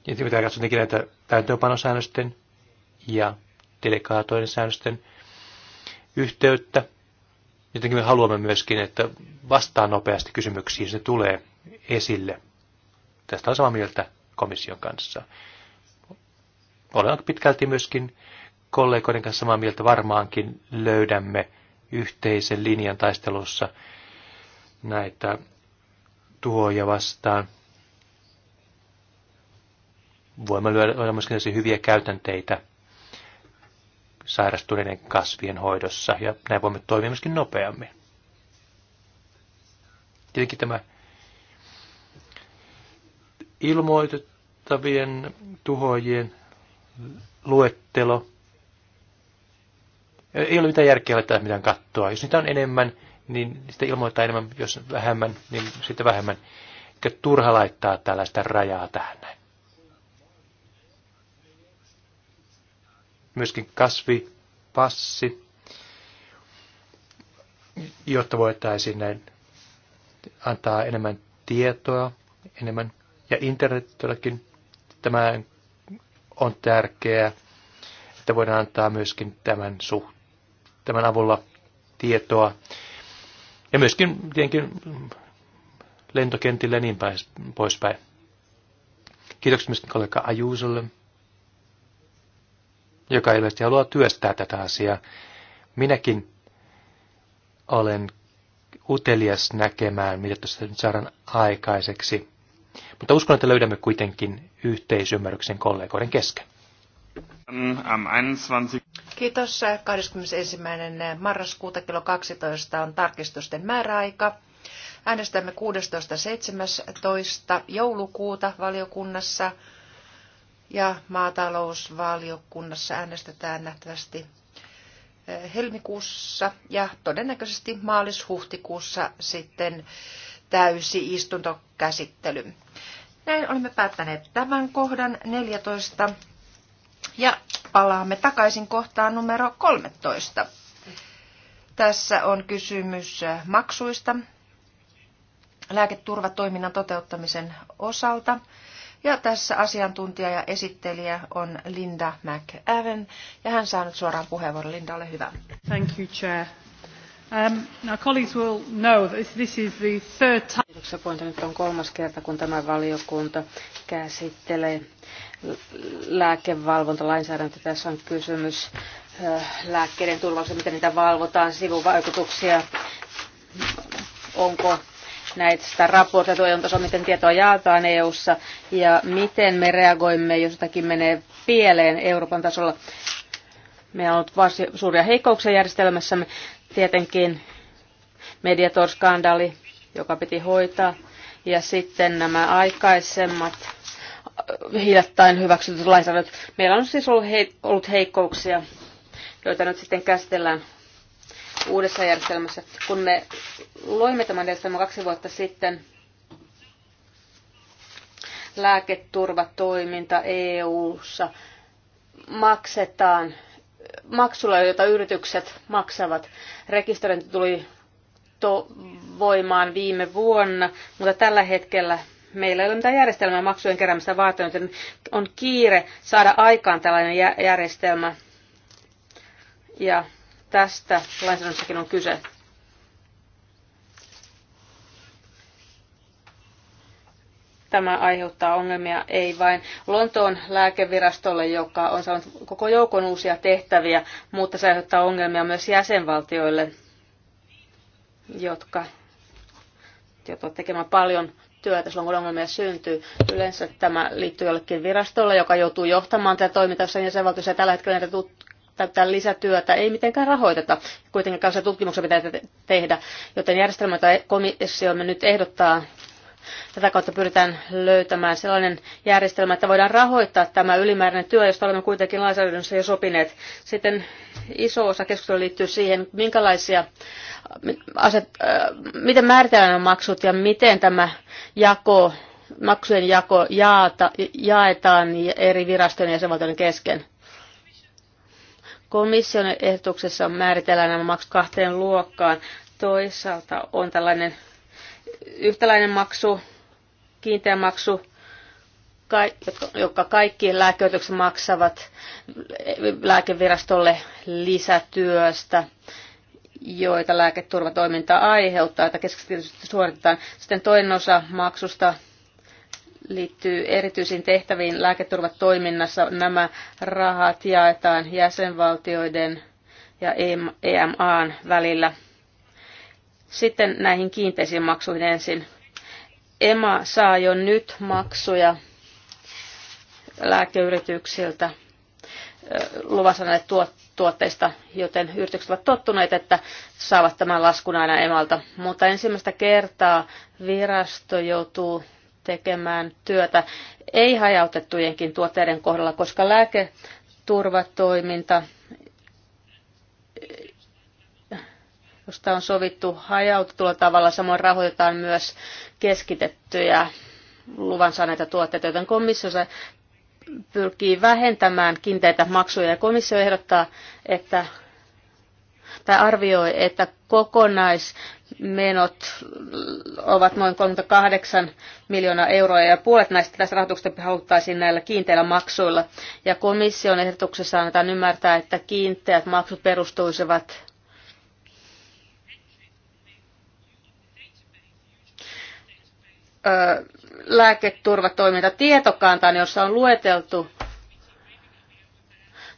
Ja pitää katsoa tietenkin näitä täytäntöönpanosäännösten ja delegaatoiden säännösten yhteyttä. Jotenkin me haluamme myöskin, että vastaa nopeasti kysymyksiin, se tulee esille. Tästä on samaa mieltä komission kanssa. Olen pitkälti myöskin kollegoiden kanssa samaa mieltä varmaankin löydämme yhteisen linjan taistelussa näitä tuhoja vastaan. Voimme löydä myöskin hyviä käytänteitä sairastuneiden kasvien hoidossa ja näin voimme toimia myöskin nopeammin. Tietenkin tämä ilmoitettavien tuhojien luettelo – ei ole mitään järkeä laittaa mitään kattoa. Jos niitä on enemmän, niin sitä ilmoittaa enemmän, jos vähemmän, niin sitten vähemmän. Eikä turha laittaa tällaista rajaa tähän näin. Myöskin kasvipassi, jotta voitaisiin näin antaa enemmän tietoa, enemmän, ja todellakin, tämä on tärkeää, että voidaan antaa myöskin tämän suhteen tämän avulla tietoa. Ja myöskin tietenkin lentokentille niin poispäin. Kiitokset myös kollega Ajuusolle, joka ilmeisesti haluaa työstää tätä asiaa. Minäkin olen utelias näkemään, mitä tuosta nyt saadaan aikaiseksi. Mutta uskon, että löydämme kuitenkin yhteisymmärryksen kollegoiden kesken. Am 21. Kiitos. 21. marraskuuta kello 12 on tarkistusten määräaika. Äänestämme 16.17. joulukuuta valiokunnassa ja maatalousvaliokunnassa äänestetään nähtävästi eh, helmikuussa ja todennäköisesti maalis-huhtikuussa sitten täysi istuntokäsittely. Näin olemme päättäneet tämän kohdan 14 ja palaamme takaisin kohtaan numero 13. Tässä on kysymys äh, maksuista lääketurvatoiminnan toteuttamisen osalta. Ja tässä asiantuntija ja esittelijä on Linda McAven, ja hän saa nyt suoraan puheenvuoron. Linda, ole hyvä. Thank you, Chair. Um, now colleagues will know that this is the third time. Nyt on kolmas kerta, kun tämä valiokunta käsittelee lääkevalvontalainsäädäntö. Tässä on kysymys lääkkeiden turvallisuudesta, miten niitä valvotaan, sivuvaikutuksia, onko näistä raportoitu on tasolla, miten tietoa jaetaan EU-ssa ja miten me reagoimme, jos jotakin menee pieleen Euroopan tasolla. Meillä on ollut varsin suuria heikkouksia järjestelmässämme. Tietenkin mediatorskandaali, joka piti hoitaa. Ja sitten nämä aikaisemmat hiljattain hyväksytyt lainsäädännöt. Meillä on siis ollut, hei, ollut heikkouksia, joita nyt sitten käsitellään uudessa järjestelmässä. Kun me loimme tämän järjestelmän kaksi vuotta sitten, lääketurvatoiminta EU-ssa maksetaan maksulla, jota yritykset maksavat. Rekisteröinti tuli to- voimaan viime vuonna, mutta tällä hetkellä meillä ei ole mitään järjestelmää maksujen keräämistä varten, joten on kiire saada aikaan tällainen järjestelmä. Ja tästä lainsäädännössäkin on kyse. Tämä aiheuttaa ongelmia ei vain Lontoon lääkevirastolle, joka on saanut koko joukon uusia tehtäviä, mutta se aiheuttaa ongelmia myös jäsenvaltioille, jotka joutuvat tekemään paljon työtä silloin, kun ongelmia syntyy. Yleensä tämä liittyy jollekin virastolle, joka joutuu johtamaan tätä toimintaa jossain jäsenvaltiossa ja tällä hetkellä näitä tätä lisätyötä ei mitenkään rahoiteta. Kuitenkin kanssa tutkimuksia pitää tehdä, joten järjestelmä, jota komissiomme nyt ehdottaa, Tätä kautta pyritään löytämään sellainen järjestelmä, että voidaan rahoittaa tämä ylimääräinen työ, josta olemme kuitenkin lainsäädännössä jo sopineet. Sitten iso osa keskustelua liittyy siihen, minkälaisia aset, äh, miten määritellään nämä maksut ja miten tämä jako, maksujen jako jaata, jaetaan eri virastojen ja jäsenvaltioiden kesken. Komission ehdotuksessa määritellään nämä maksut kahteen luokkaan. Toisaalta on tällainen yhtäläinen maksu, kiinteä maksu, jotka kaikki lääkeoitokset maksavat lääkevirastolle lisätyöstä, joita lääketurvatoiminta aiheuttaa, että keskitysti suoritetaan. Sitten toinen osa maksusta liittyy erityisiin tehtäviin lääketurvatoiminnassa. Nämä rahat jaetaan jäsenvaltioiden ja EMAn välillä sitten näihin kiinteisiin maksuihin ensin. EMA saa jo nyt maksuja lääkeyrityksiltä luvassa näille tuotteista, joten yritykset ovat tottuneet, että saavat tämän laskun aina emalta. Mutta ensimmäistä kertaa virasto joutuu tekemään työtä ei hajautettujenkin tuotteiden kohdalla, koska lääketurvatoiminta josta on sovittu hajautetulla tavalla. Samoin rahoitetaan myös keskitettyjä luvan saaneita tuotteita, joten komissio pyrkii vähentämään kiinteitä maksuja ja komissio ehdottaa, että tai arvioi, että kokonaismenot ovat noin 38 miljoonaa euroa ja puolet näistä tästä rahoituksesta haluttaisiin näillä kiinteillä maksuilla. Ja komission ehdotuksessa annetaan ymmärtää, että kiinteät maksut perustuisivat lääketurvatoiminta tietokantaan, jossa on lueteltu,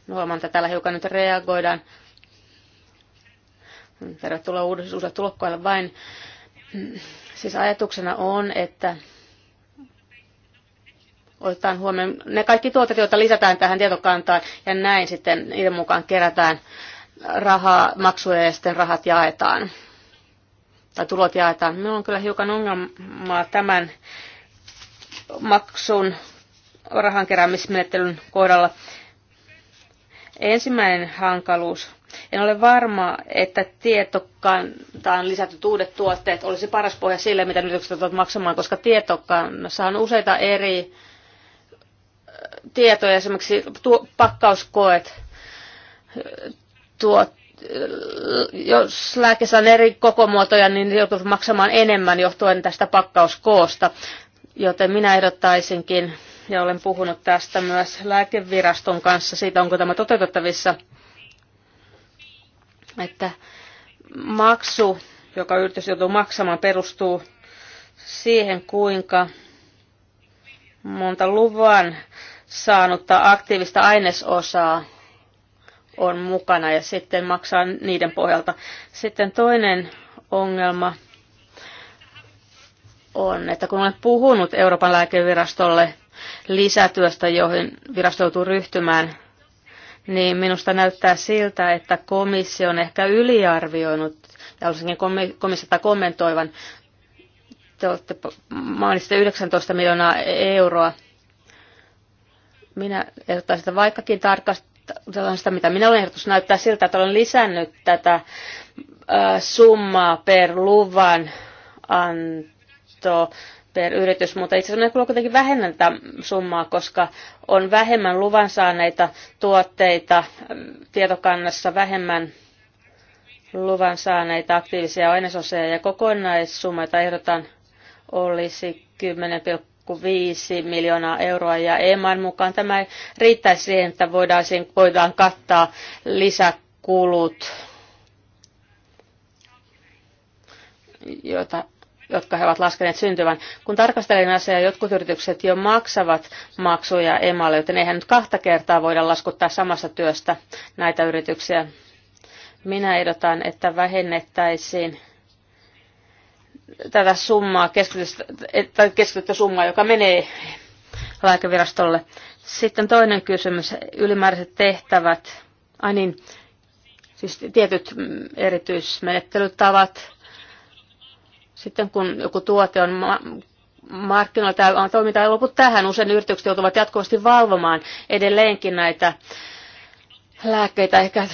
no, huomaan, että täällä hiukan nyt reagoidaan, tervetuloa uudelle tulokkoille vain, siis ajatuksena on, että otetaan huomioon ne kaikki tuotteet, joita lisätään tähän tietokantaan, ja näin sitten niiden mukaan kerätään rahaa, maksuja ja sitten rahat jaetaan tai tulot jaetaan. Minulla on kyllä hiukan ongelmaa tämän maksun rahankeräämismenettelyn kohdalla. Ensimmäinen hankaluus. En ole varma, että tietokantaan lisätyt uudet tuotteet olisi paras pohja sille, mitä nyt olet maksamaan, koska tietokannassa on useita eri tietoja, esimerkiksi tuo, pakkauskoet, tuotteet jos lääkkeessä on eri kokomuotoja, niin joutuu maksamaan enemmän johtuen tästä pakkauskoosta. Joten minä ehdottaisinkin, ja olen puhunut tästä myös lääkeviraston kanssa, siitä onko tämä toteutettavissa, että maksu, joka yritys joutuu maksamaan, perustuu siihen, kuinka monta luvan saanutta aktiivista ainesosaa on mukana ja sitten maksaa niiden pohjalta. Sitten toinen ongelma on, että kun olen puhunut Euroopan lääkevirastolle lisätyöstä, johon virasto joutuu ryhtymään, niin minusta näyttää siltä, että komissio on ehkä yliarvioinut, ja olisinkin komissiota kommentoivan, te olette mainitsitte 19 miljoonaa euroa. Minä ehdottaisin, että vaikkakin tarkast, Tällaista mitä minä olen ehdotus, näyttää siltä, että olen lisännyt tätä summaa per luvan anto per yritys, mutta itse asiassa minä kuitenkin vähennän tätä summaa, koska on vähemmän luvan saaneita tuotteita tietokannassa, vähemmän luvan saaneita aktiivisia ainesosia ja kokonaissumma, jota ehdotan, olisi 10,6 miljoonaa euroa ja EMAn mukaan tämä riittäisi siihen, että voidaan, voidaan kattaa lisäkulut, joita jotka he ovat laskeneet syntyvän. Kun tarkastelen asiaa, jotkut yritykset jo maksavat maksuja emalle, joten eihän nyt kahta kertaa voida laskuttaa samasta työstä näitä yrityksiä. Minä ehdotan, että vähennettäisiin tätä summaa, keskityttä summaa, joka menee lääkevirastolle. Sitten toinen kysymys, ylimääräiset tehtävät, ai niin, siis tietyt mm, erityismenettelytavat. Sitten kun joku tuote on ma- markkinoilla, tämä on toiminta ei lopu tähän. Usein yritykset joutuvat jatkuvasti valvomaan edelleenkin näitä lääkkeitä. Ehkä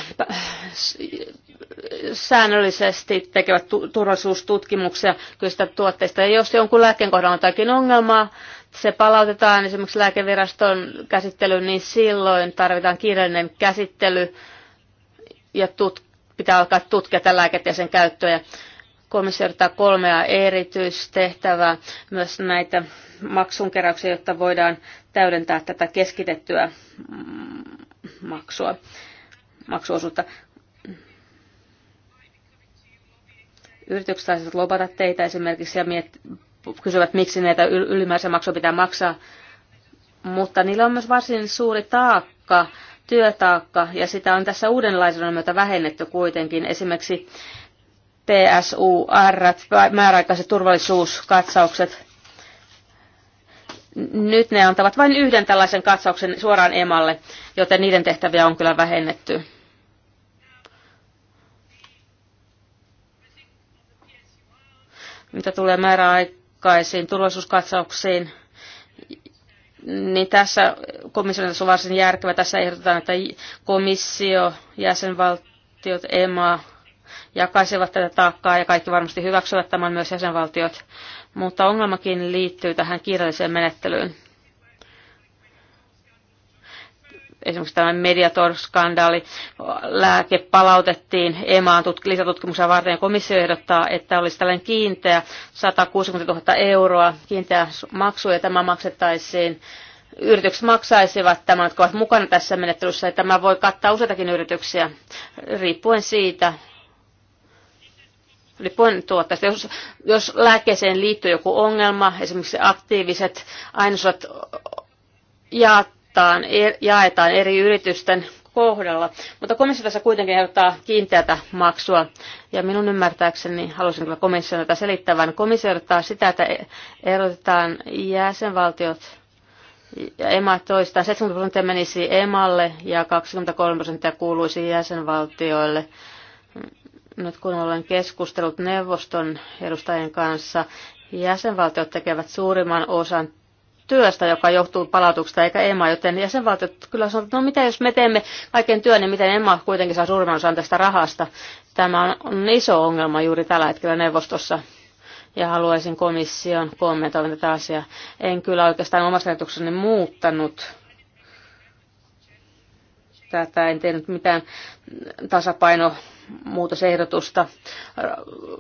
säännöllisesti tekevät turvallisuustutkimuksia kyseistä tuotteista. Ja jos jonkun lääkkeen kohdalla on jotakin ongelmaa, se palautetaan esimerkiksi lääkeviraston käsittelyyn, niin silloin tarvitaan kiireellinen käsittely ja tut- pitää alkaa tutkia tätä lääkettä ja sen käyttöä. Komissio kolmea erityistehtävää, myös näitä maksunkeräyksiä, jotta voidaan täydentää tätä keskitettyä mm, maksua maksuosuutta. Yritykset saisivat lobata teitä esimerkiksi ja miet- kysyvät, miksi näitä ylimääräisiä maksuja pitää maksaa. Mutta niillä on myös varsin suuri taakka, työtaakka, ja sitä on tässä uudenlaisen myötä vähennetty kuitenkin. Esimerkiksi TSUR, määräaikaiset turvallisuuskatsaukset, nyt ne antavat vain yhden tällaisen katsauksen suoraan emalle, joten niiden tehtäviä on kyllä vähennetty. Mitä tulee määräaikaisiin turvallisuuskatsauksiin, niin tässä komission on varsin järkevä. Tässä ehdotetaan, että komissio, jäsenvaltiot, EMA jakaisivat tätä taakkaa ja kaikki varmasti hyväksyvät tämän myös jäsenvaltiot. Mutta ongelmakin liittyy tähän kirjalliseen menettelyyn. esimerkiksi tämä Mediator-skandaali, lääke palautettiin EMAan tutk. lisätutkimuksia varten ja komissio ehdottaa, että olisi tällainen kiinteä 160 000 euroa kiinteä maksu ja tämä maksettaisiin yritykset maksaisivat tämän, jotka ovat mukana tässä menettelyssä, ja tämä voi kattaa useitakin yrityksiä, riippuen siitä, riippuen tuotteesta. Jos, jos lääkkeeseen liittyy joku ongelma, esimerkiksi aktiiviset ainesosat ja jaetaan, e, jaetaan eri yritysten kohdalla. Mutta komissio tässä kuitenkin ehdottaa kiinteätä maksua. Ja minun ymmärtääkseni, halusin kyllä komissio tätä selittävän, komissio ehdottaa sitä, että e, erotetaan jäsenvaltiot ja EMA toistaan. 70 prosenttia menisi EMAlle ja 23 prosenttia kuuluisi jäsenvaltioille. Nyt kun olen keskustellut neuvoston edustajien kanssa, jäsenvaltiot tekevät suurimman osan työstä, joka johtuu palautuksesta eikä EMA, joten jäsenvaltiot kyllä sanoo, että no mitä jos me teemme kaiken työn, niin miten EMA kuitenkin saa suurimman osan tästä rahasta. Tämä on iso ongelma juuri tällä hetkellä neuvostossa ja haluaisin komission kommentoida tätä asiaa. En kyllä oikeastaan omassa ajatuksessani muuttanut tätä, en tehnyt mitään tasapaino muutosehdotusta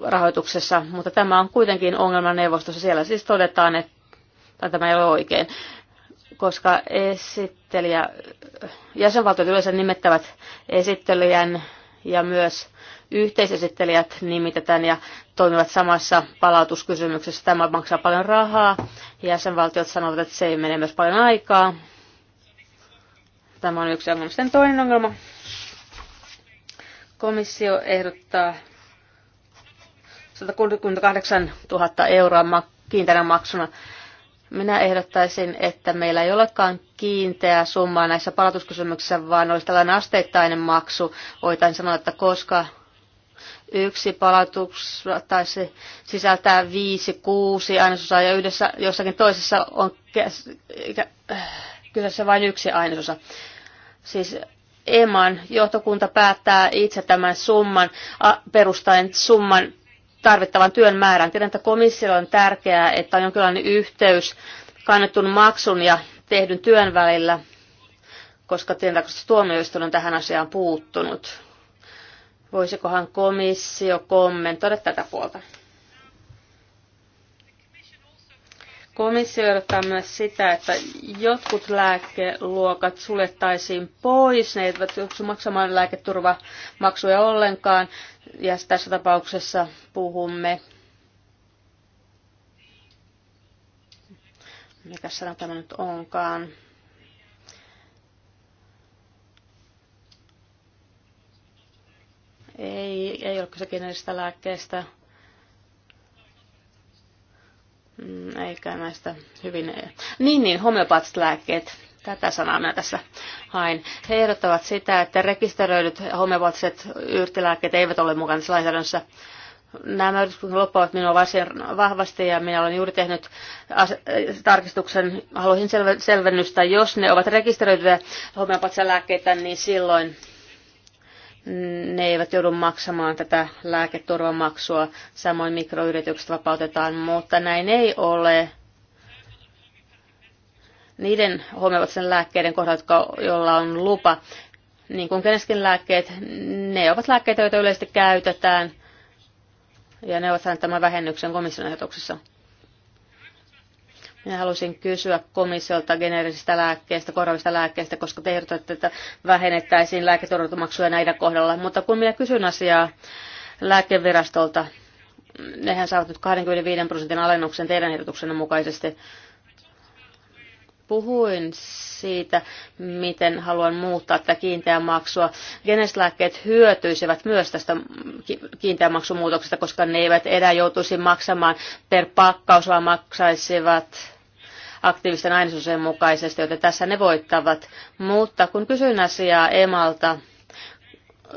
rahoituksessa, mutta tämä on kuitenkin ongelma neuvostossa. Siellä siis todetaan, että tai tämä ei ole oikein, koska esittelijä, jäsenvaltiot yleensä nimettävät esittelijän ja myös yhteisesittelijät nimitetään ja toimivat samassa palautuskysymyksessä. Tämä maksaa paljon rahaa. Jäsenvaltiot sanovat, että se ei mene myös paljon aikaa. Tämä on yksi ongelma. Sitten toinen ongelma. Komissio ehdottaa 168 000 euroa kiinteänä maksuna minä ehdottaisin, että meillä ei olekaan kiinteää summaa näissä palautuskysymyksissä, vaan olisi tällainen asteittainen maksu. Voitaisiin sanoa, että koska yksi palautus tai se sisältää viisi, kuusi ainesosaa ja yhdessä jossakin toisessa on äh, kyseessä vain yksi ainesosa. Siis EMAN johtokunta päättää itse tämän summan, perustaen summan tarvittavan työn määrän Tiedän, että komissiolla on tärkeää, että on jonkinlainen yhteys kannettun maksun ja tehdyn työn välillä, koska tilintarkastus tuomioistuin on tähän asiaan puuttunut. Voisikohan komissio kommentoida tätä puolta? Komissio ehdottaa myös sitä, että jotkut lääkeluokat suljettaisiin pois, ne eivät joutu maksamaan lääketurvamaksuja ollenkaan, ja tässä tapauksessa puhumme mikä sana tämä nyt onkaan. Ei, ei ole kyse lääkkeestä. Mm, eikä näistä hyvin... Niin, niin, homeopaattiset lääkkeet. Tätä sanaa minä tässä hain. He ehdottavat sitä, että rekisteröidyt homeopaattiset yrtilääkkeet eivät ole mukana tässä lainsäädännössä. Nämä yhdyskunnan loppaavat minua varsin vahvasti ja minä olen juuri tehnyt tarkistuksen, haluaisin selvennystä, jos ne ovat rekisteröityjä homeopatisia lääkkeitä, niin silloin ne eivät joudu maksamaan tätä lääketurvamaksua, samoin mikroyritykset vapautetaan, mutta näin ei ole niiden sen lääkkeiden kohdalla, jotka, joilla on lupa. Niin kuin keneskin lääkkeet, ne ovat lääkkeitä, joita yleisesti käytetään, ja ne ovat saaneet tämän vähennyksen komission ehdotuksessa. Minä haluaisin kysyä komissiolta geneerisistä lääkkeistä, korvista lääkkeistä, koska te ehdotatte, että vähennettäisiin lääketurvatumaksuja näiden kohdalla. Mutta kun minä kysyn asiaa lääkevirastolta, nehän saavat nyt 25 prosentin alennuksen teidän ehdotuksenne mukaisesti puhuin siitä, miten haluan muuttaa tätä kiinteämaksua? Geneslääkkeet hyötyisivät myös tästä kiinteämaksumuutoksesta, koska ne eivät enää joutuisi maksamaan per pakkaus, vaan maksaisivat aktiivisten ainesosien mukaisesti, joten tässä ne voittavat. Mutta kun kysyin asiaa emalta,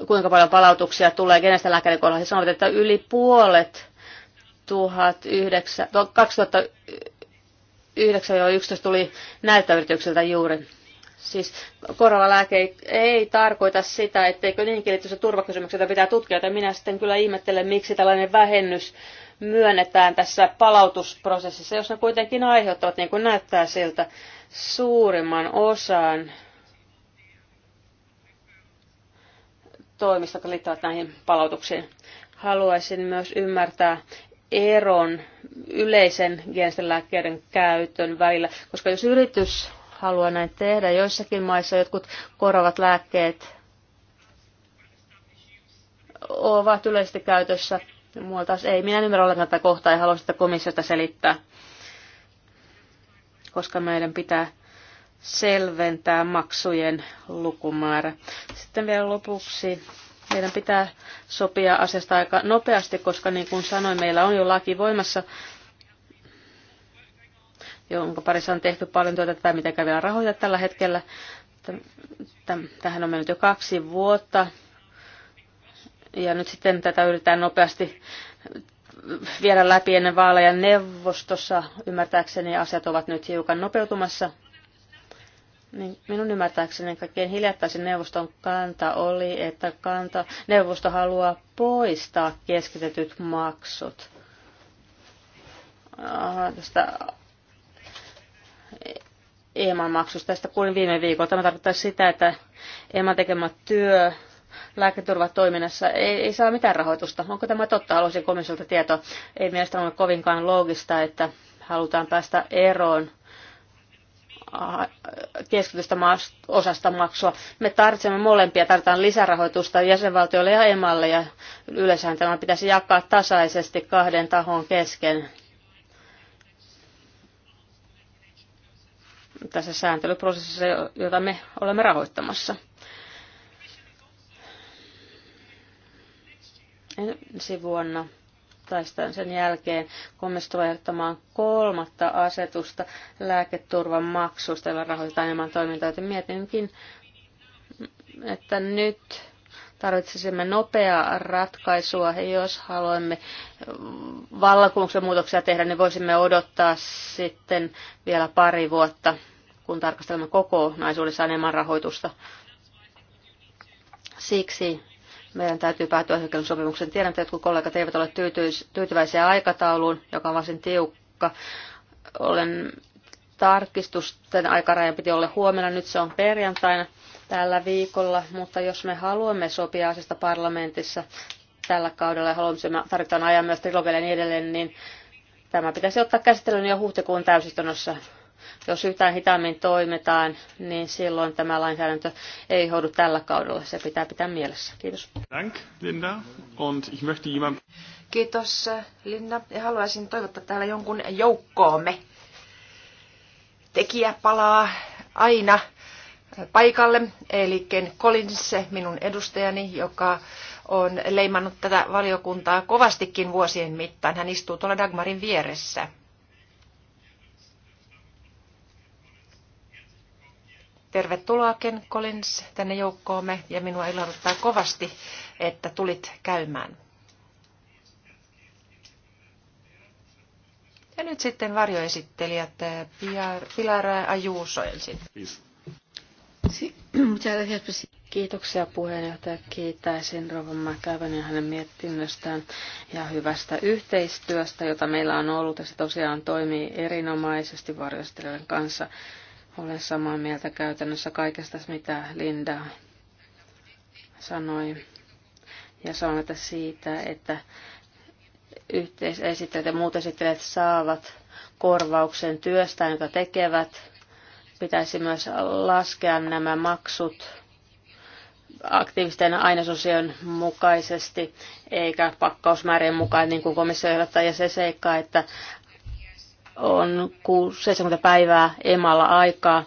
kuinka paljon palautuksia tulee kenestä lääkärin kohdalla, he sanovat, että yli puolet 2009, 2000, 9-11 tuli näiltä yrityksiltä juuri. Siis korvalääke lääke ei, ei tarkoita sitä, etteikö niihinkin liittyvissä turvakysymyksiä pitää tutkia, että minä sitten kyllä ihmettelen, miksi tällainen vähennys myönnetään tässä palautusprosessissa, jos ne kuitenkin aiheuttavat, niin kuin näyttää siltä, suurimman osan toimista, jotka liittyvät näihin palautuksiin. Haluaisin myös ymmärtää eron yleisen genesten lääkkeiden käytön välillä, koska jos yritys haluaa näin tehdä, joissakin maissa jotkut korvat lääkkeet ovat yleisesti käytössä, muualla taas ei. Minä nimenomaan ymmärrä tätä kohtaa ja haluan sitä komissiota selittää, koska meidän pitää selventää maksujen lukumäärä. Sitten vielä lopuksi meidän pitää sopia asiasta aika nopeasti, koska niin kuin sanoin, meillä on jo laki voimassa, jonka parissa on tehty paljon työtä, tai mitä vielä rahoita tällä hetkellä. Tähän on mennyt jo kaksi vuotta. Ja nyt sitten tätä yritetään nopeasti viedä läpi ennen vaaleja neuvostossa. Ymmärtääkseni asiat ovat nyt hiukan nopeutumassa. Niin minun ymmärtääkseni kaikkein hiljattaisin neuvoston kanta oli, että kanta, neuvosto haluaa poistaa keskitetyt maksut. Aha, tästä EMAn maksusta tästä kuin viime viikolla. Tämä tarkoittaa sitä, että EMAn tekemä työ lääketurvatoiminnassa ei, ei saa mitään rahoitusta. Onko tämä totta? Haluaisin komissiolta tietoa. Ei mielestäni ole kovinkaan loogista, että halutaan päästä eroon keskitystä osasta maksua. Me tarvitsemme molempia, tarvitaan lisärahoitusta jäsenvaltioille ja emalle ja yleensä tämä pitäisi jakaa tasaisesti kahden tahon kesken. tässä sääntelyprosessissa, jota me olemme rahoittamassa. Ensi vuonna Taistaan sen jälkeen komissio ehdottamaan kolmatta asetusta lääketurvan maksusta, jolla rahoitetaan enemmän toimintaa, joten mietinkin, että nyt tarvitsisimme nopeaa ratkaisua ja jos haluamme vallankumouksen muutoksia tehdä, niin voisimme odottaa sitten vielä pari vuotta, kun tarkastelemme kokonaisuudessaan enemmän rahoitusta. Siksi meidän täytyy päätyä sopimuksen. Tiedän, että jotkut kollegat eivät ole tyytyväisiä aikatauluun, joka on varsin tiukka. Olen tarkistusten aikarajan piti olla huomenna, nyt se on perjantaina tällä viikolla, mutta jos me haluamme sopia asiasta parlamentissa tällä kaudella ja haluamme tarvitaan ajan myös trilogille ja niin edelleen, niin tämä pitäisi ottaa käsittelyyn jo huhtikuun täysistunnossa jos yhtään hitaammin toimitaan, niin silloin tämä lainsäädäntö ei houdu tällä kaudella. Se pitää pitää mielessä. Kiitos. Dank, Linda. Und ich möchte jemand... Kiitos, Linda. Ja haluaisin toivottaa täällä jonkun joukkoomme. Tekijä palaa aina paikalle, eli Ken Collins, minun edustajani, joka on leimannut tätä valiokuntaa kovastikin vuosien mittaan. Hän istuu tuolla Dagmarin vieressä. Tervetuloa Ken Collins tänne joukkoomme ja minua ilahduttaa kovasti, että tulit käymään. Ja nyt sitten varjoesittelijät eh, Pilar Ajuuso ensin. <clears throat> Kiitoksia puheenjohtaja. Kiitäisin Rovan Mäkävän ja hänen mietinnöstään ja hyvästä yhteistyöstä, jota meillä on ollut ja se tosiaan toimii erinomaisesti varjostelijoiden kanssa. Olen samaa mieltä käytännössä kaikesta, mitä Linda sanoi. Ja sanon, että siitä, että yhteisesittelijät ja muut esittelijät saavat korvauksen työstä, jota tekevät. Pitäisi myös laskea nämä maksut aktiivisten ainesosion mukaisesti, eikä pakkausmäärien mukaan, niin kuin komissio ehdottaa, ja se seikka, että on 70 päivää emalla aikaa.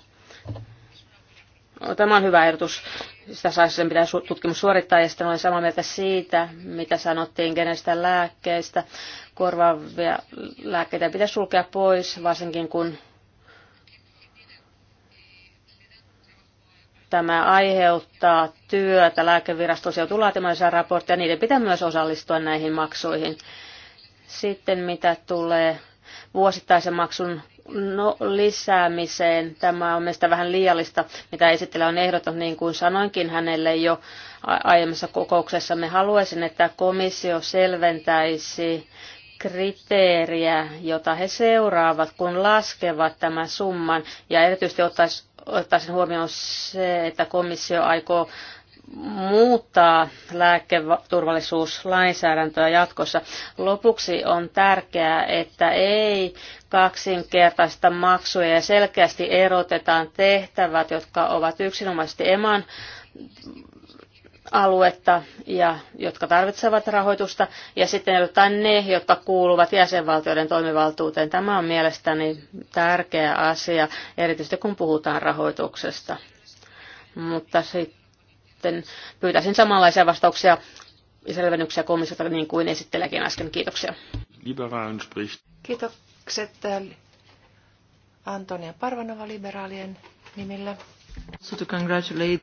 No, tämä on hyvä ehdotus. Sitä saisi sen pitää tutkimus suorittaa ja sitten olen samaa mieltä siitä, mitä sanottiin kenestä lääkkeistä. Korvaavia lääkkeitä pitäisi sulkea pois, varsinkin kun tämä aiheuttaa työtä. Lääkevirastossa joutuu laatimaan lisää raportteja. Niiden pitää myös osallistua näihin maksuihin. Sitten mitä tulee vuosittaisen maksun no, lisäämiseen. Tämä on mielestäni vähän liiallista, mitä esittelijä on ehdottanut, niin kuin sanoinkin hänelle jo aiemmassa kokouksessa. Me haluaisin, että komissio selventäisi kriteeriä, jota he seuraavat, kun laskevat tämän summan, ja erityisesti ottaisi ottaisin huomioon se, että komissio aikoo muuttaa lääketurvallisuuslainsäädäntöä jatkossa. Lopuksi on tärkeää, että ei kaksinkertaista maksuja ja selkeästi erotetaan tehtävät, jotka ovat yksinomaisesti eman aluetta ja jotka tarvitsevat rahoitusta ja sitten jotain ne, jotka kuuluvat jäsenvaltioiden toimivaltuuteen. Tämä on mielestäni tärkeä asia, erityisesti kun puhutaan rahoituksesta. Mutta sitten sitten pyytäisin samanlaisia vastauksia ja selvennyksiä komissiota niin kuin esittelijäkin äsken. Kiitoksia. Liberaalien spricht. Kiitokset äh, Antonia Parvanova liberaalien nimillä. So to congratulate.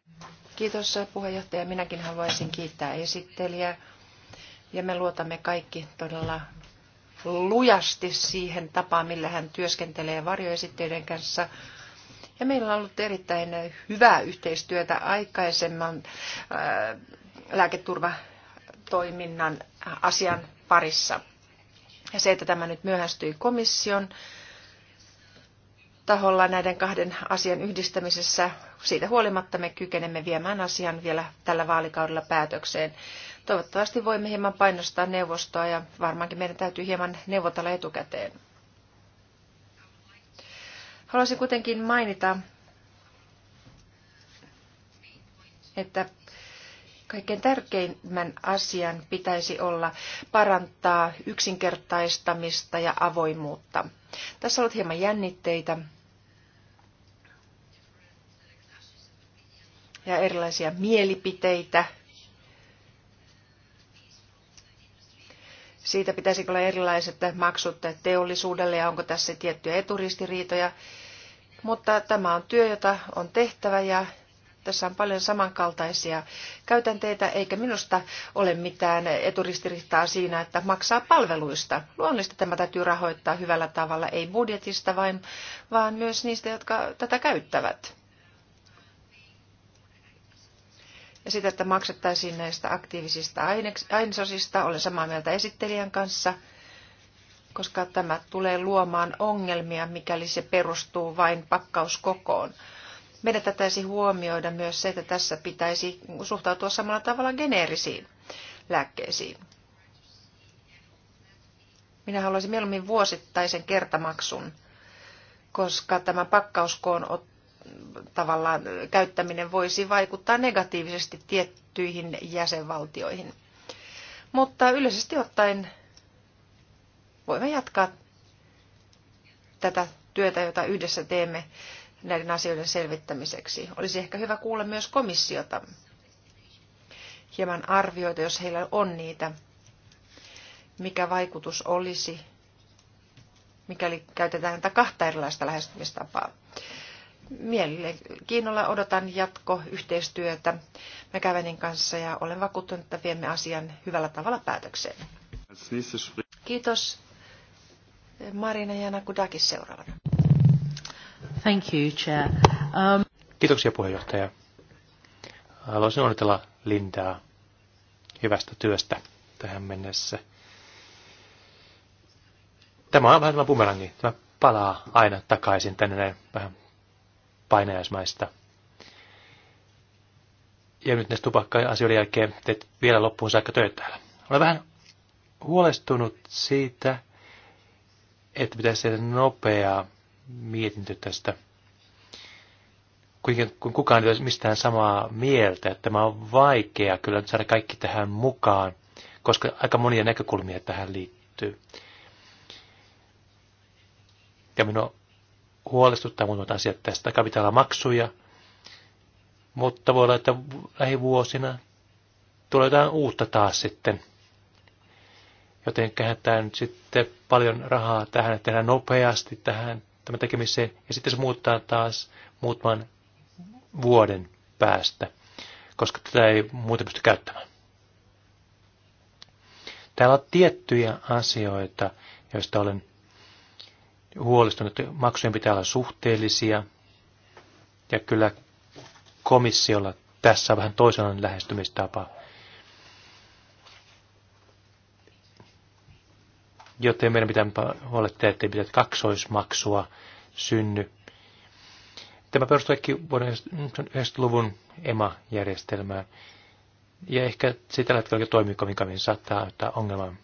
Kiitos äh, puheenjohtaja. Minäkin haluaisin kiittää esittelijää. Ja me luotamme kaikki todella lujasti siihen tapaan, millä hän työskentelee varjoesitteiden kanssa – ja meillä on ollut erittäin hyvää yhteistyötä aikaisemman ää, äh, lääketurvatoiminnan asian parissa. Ja se, että tämä nyt myöhästyi komission taholla näiden kahden asian yhdistämisessä, siitä huolimatta me kykenemme viemään asian vielä tällä vaalikaudella päätökseen. Toivottavasti voimme hieman painostaa neuvostoa ja varmaankin meidän täytyy hieman neuvotella etukäteen. Haluaisin kuitenkin mainita, että kaikkein tärkeimmän asian pitäisi olla parantaa yksinkertaistamista ja avoimuutta. Tässä on ollut hieman jännitteitä ja erilaisia mielipiteitä siitä pitäisi olla erilaiset maksut teollisuudelle ja onko tässä tiettyjä eturistiriitoja. Mutta tämä on työ, jota on tehtävä ja tässä on paljon samankaltaisia käytänteitä, eikä minusta ole mitään eturistiriitaa siinä, että maksaa palveluista. Luonnollisesti tämä täytyy rahoittaa hyvällä tavalla, ei budjetista vain, vaan myös niistä, jotka tätä käyttävät. ja sitä, että maksettaisiin näistä aktiivisista ainesosista. Olen samaa mieltä esittelijän kanssa, koska tämä tulee luomaan ongelmia, mikäli se perustuu vain pakkauskokoon. Meidän täytyisi huomioida myös se, että tässä pitäisi suhtautua samalla tavalla geneerisiin lääkkeisiin. Minä haluaisin mieluummin vuosittaisen kertamaksun, koska tämä pakkauskoon tavallaan käyttäminen voisi vaikuttaa negatiivisesti tiettyihin jäsenvaltioihin. Mutta yleisesti ottaen voimme jatkaa tätä työtä, jota yhdessä teemme näiden asioiden selvittämiseksi. Olisi ehkä hyvä kuulla myös komissiota hieman arvioita, jos heillä on niitä, mikä vaikutus olisi, mikäli käytetään tätä kahta erilaista lähestymistapaa. Mielenkiinnolla odotan jatkoyhteistyötä Mäkävänin kanssa ja olen vakuuttunut, että viemme asian hyvällä tavalla päätökseen. Kiitos. Marina Kudakis seuraavana. Thank you, Chair. Um... Kiitoksia puheenjohtaja. Haluaisin onnitella Lindaa hyvästä työstä tähän mennessä. Tämä on vähän tämä bumerangi. Tämä palaa aina takaisin tänne vähän painajaismaista. Ja nyt näistä tupakka-asioiden jälkeen teet vielä loppuun saakka töitä täällä. Olen vähän huolestunut siitä, että pitäisi tehdä nopeaa mietintö tästä. Kun kukaan ei ole mistään samaa mieltä, että tämä on vaikea kyllä nyt saada kaikki tähän mukaan, koska aika monia näkökulmia tähän liittyy. Ja minua huolestuttaa muutamat asiat tästä maksuja. mutta voi olla, että lähivuosina tulee jotain uutta taas sitten. Joten kähdetään nyt sitten paljon rahaa tähän, että tehdään nopeasti tähän tämä tekemiseen, ja sitten se muuttaa taas muutaman vuoden päästä, koska tätä ei muuten pysty käyttämään. Täällä on tiettyjä asioita, joista olen huolestunut, että maksujen pitää olla suhteellisia. Ja kyllä komissiolla tässä on vähän toisenlainen lähestymistapa. Joten meidän pitää huolehtia, ettei pitää kaksoismaksua synny. Tämä perustuu ehkä vuoden 90-luvun EMA-järjestelmään. Ja ehkä sitä tällä hetkellä toimii kovin kovin saattaa ottaa ongelman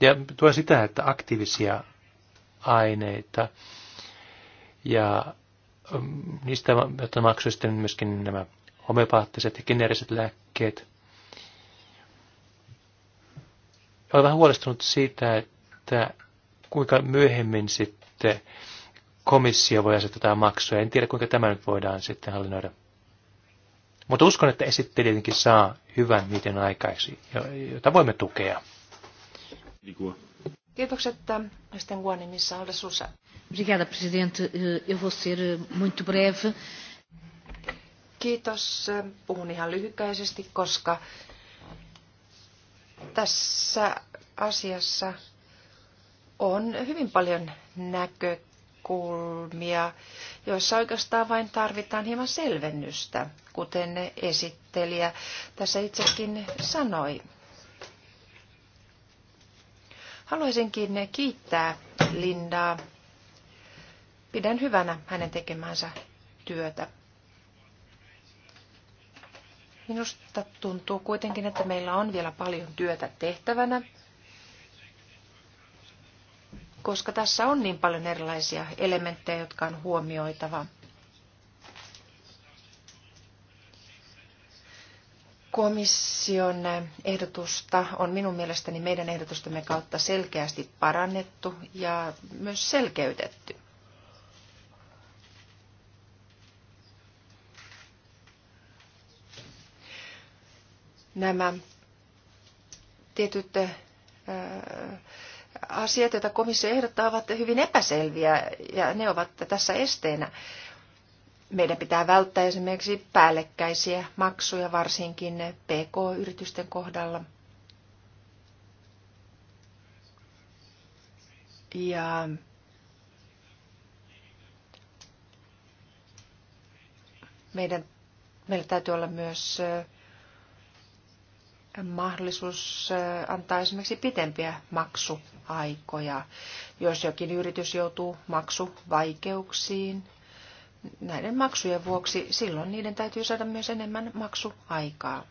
ja tuo sitä, että aktiivisia aineita ja mm, niistä jotta maksoi sitten myöskin nämä homeopaattiset ja geneeriset lääkkeet. Olen vähän huolestunut siitä, että kuinka myöhemmin sitten komissio voi asettaa maksuja. En tiedä, kuinka tämä nyt voidaan sitten hallinnoida. Mutta uskon, että esittelijäkin saa hyvän miten aikaisin, jota voimme tukea. Kiitokset. Sitten äh, Guani, missä ole Susa. Obrigada, presidente. Eh, eu vou ser eh, muito breve. Kiitos. Äh, puhun ihan lyhykäisesti, koska tässä asiassa on hyvin paljon näkökulmia, joissa oikeastaan vain tarvitaan hieman selvennystä, kuten esittelijä tässä itsekin sanoi. Haluaisinkin kiittää Lindaa. Pidän hyvänä hänen tekemänsä työtä. Minusta tuntuu kuitenkin, että meillä on vielä paljon työtä tehtävänä, koska tässä on niin paljon erilaisia elementtejä, jotka on huomioitava – komission ehdotusta on minun mielestäni meidän ehdotustamme kautta selkeästi parannettu ja myös selkeytetty. Nämä tietyt asiat, joita komissio ehdottaa, ovat hyvin epäselviä ja ne ovat tässä esteenä meidän pitää välttää esimerkiksi päällekkäisiä maksuja, varsinkin PK-yritysten kohdalla. Ja meidän, meillä täytyy olla myös äh, mahdollisuus äh, antaa esimerkiksi pitempiä maksuaikoja, jos jokin yritys joutuu maksuvaikeuksiin näiden maksujen vuoksi silloin niiden täytyy saada myös enemmän maksuaikaa.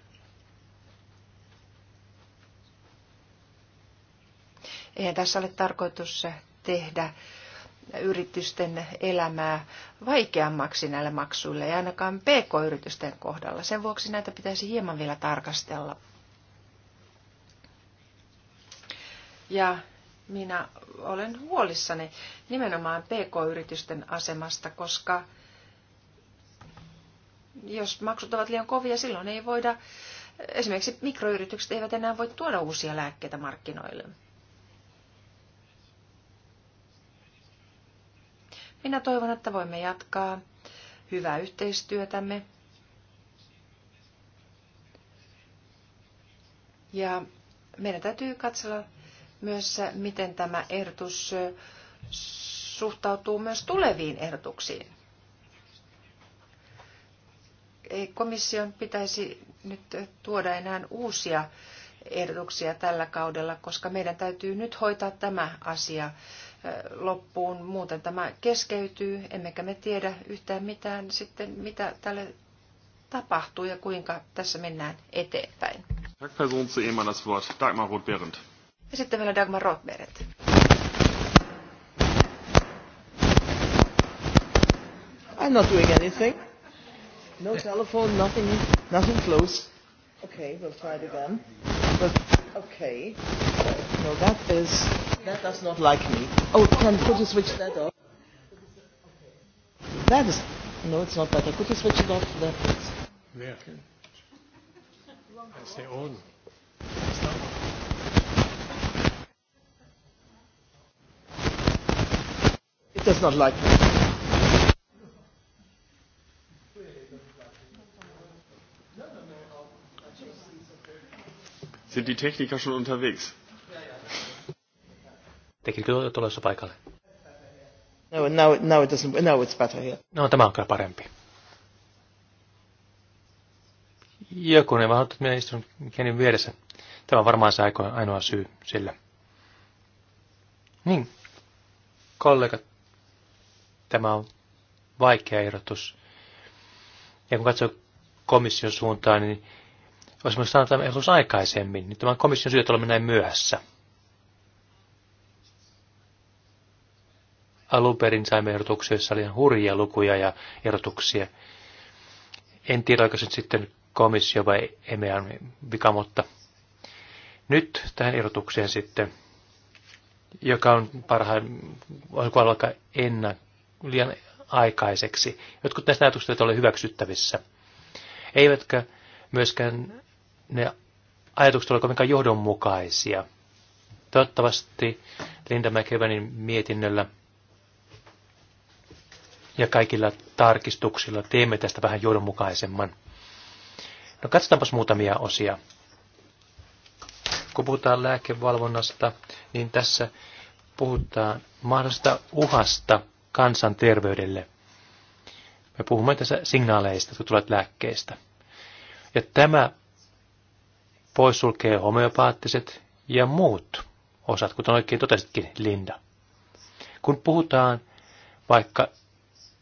Eihän tässä ole tarkoitus tehdä yritysten elämää vaikeammaksi näillä maksuilla, ja ainakaan pk-yritysten kohdalla. Sen vuoksi näitä pitäisi hieman vielä tarkastella. Ja minä olen huolissani nimenomaan pk-yritysten asemasta, koska jos maksut ovat liian kovia, silloin ei voida, esimerkiksi mikroyritykset eivät enää voi tuoda uusia lääkkeitä markkinoille. Minä toivon, että voimme jatkaa hyvää yhteistyötämme. Ja meidän täytyy katsella myös, miten tämä ehdotus suhtautuu myös tuleviin ehdotuksiin ei komission pitäisi nyt tuoda enää uusia ehdotuksia tällä kaudella, koska meidän täytyy nyt hoitaa tämä asia loppuun. Muuten tämä keskeytyy, emmekä me tiedä yhtään mitään sitten, mitä tälle tapahtuu ja kuinka tässä mennään eteenpäin. Dagmar Ja sitten Dagmar I'm not doing anything. No telephone, nothing, nothing close. Okay, we'll try it again. But okay, uh, no, that is that does not like me. Oh, can could you switch that off? That is no, it's not better. Could you switch it off? That is. Yeah. Okay. I say on. it does not like me. Sind die Techniker schon unterwegs? tulossa paikalle. No, now, now it doesn't, now it's better here. No, tämä on kyllä parempi. Joku ne vaan että minä istun Kenin vieressä. Tämä on varmaan se ainoa syy sille. Niin, kollegat, tämä on vaikea ehdotus. Ja kun katsoo komission suuntaan, niin Olisimme saaneet tämän ehdotus aikaisemmin, niin tämän komission syyt olemme näin myöhässä. Alun perin saimme ehdotuksia, joissa oli ihan hurjia lukuja ja ehdotuksia. En tiedä, oliko se sitten komissio vai EMEAn vika, mutta nyt tähän ehdotukseen sitten, joka on parhain, voiko alkaa ennen liian aikaiseksi. Jotkut näistä ajatuksista eivät ole hyväksyttävissä. Eivätkä myöskään ne ajatukset olivat kovinkaan johdonmukaisia. Toivottavasti Linda McEvanin mietinnöllä ja kaikilla tarkistuksilla teemme tästä vähän johdonmukaisemman. No katsotaanpas muutamia osia. Kun puhutaan lääkevalvonnasta, niin tässä puhutaan mahdollisesta uhasta kansanterveydelle. Me puhumme tässä signaaleista, jotka tulevat lääkkeistä. Ja tämä poissulkee homeopaattiset ja muut osat, kuten oikein totesitkin Linda. Kun puhutaan vaikka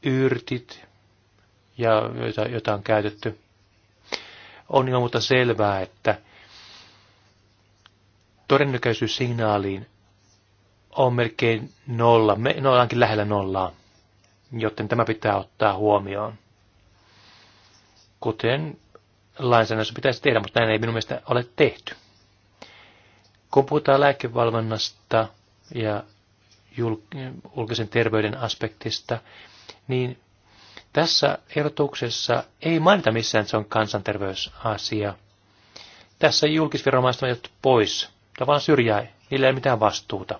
yrtit, ja joita, joita on käytetty, on ilman muuta selvää, että todennäköisyys signaaliin on melkein nolla, me no, ainakin lähellä nollaa, joten tämä pitää ottaa huomioon. Kuten lainsäädännössä pitäisi tehdä, mutta näin ei minun mielestä ole tehty. Kun puhutaan lääkevalvonnasta ja julkisen terveyden aspektista, niin tässä ehdotuksessa ei mainita missään, että se on kansanterveysasia. Tässä julkisviranomaiset on jätetty pois, tavallaan syrjää, niillä ei ole mitään vastuuta.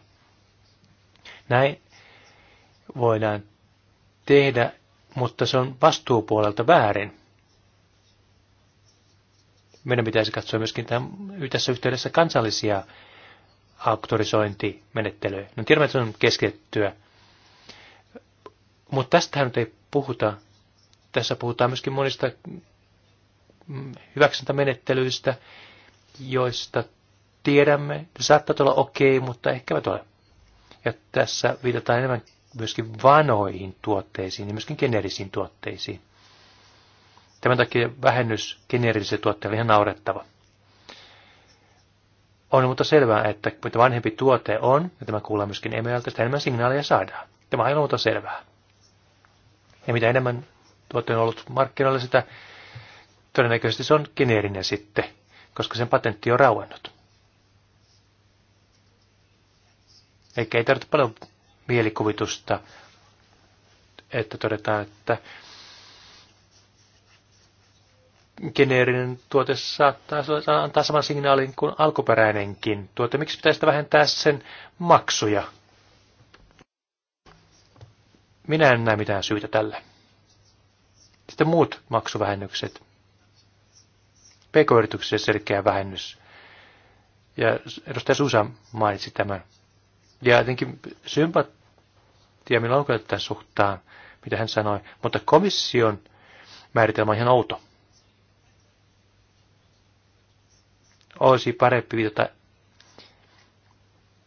Näin voidaan tehdä, mutta se on vastuupuolelta väärin meidän pitäisi katsoa myöskin tämän, tässä yhteydessä kansallisia auktorisointimenettelyjä. No tiedämme, että se on keskittyä. Mutta tästähän nyt ei puhuta. Tässä puhutaan myöskin monista mm, hyväksyntämenettelyistä, joista tiedämme, että saattaa olla okei, okay, mutta ehkä eivät ole. Ja tässä viitataan enemmän myöskin vanoihin tuotteisiin ja myöskin generisiin tuotteisiin. Tämän takia vähennys geneerisille tuotteille ihan naurettava. On mutta selvää, että mitä vanhempi tuote on, ja tämä kuullaan myöskin EMEALta, sitä enemmän signaaleja saadaan. Tämä on ilman muuta selvää. Ja mitä enemmän tuote on ollut markkinoilla, sitä todennäköisesti se on geneerinen sitten, koska sen patentti on rauennut. Eikä ei tarvitse paljon mielikuvitusta, että todetaan, että geneerinen tuote saattaa antaa saman signaalin kuin alkuperäinenkin tuote. Miksi pitäisi vähentää sen maksuja? Minä en näe mitään syytä tälle. Sitten muut maksuvähennykset. PK-yrityksille selkeä vähennys. Ja edustaja Susa mainitsi tämän. Ja jotenkin sympatia minulla on kyllä tätä suhtaan, mitä hän sanoi. Mutta komission määritelmä on ihan outo. olisi parempi viitata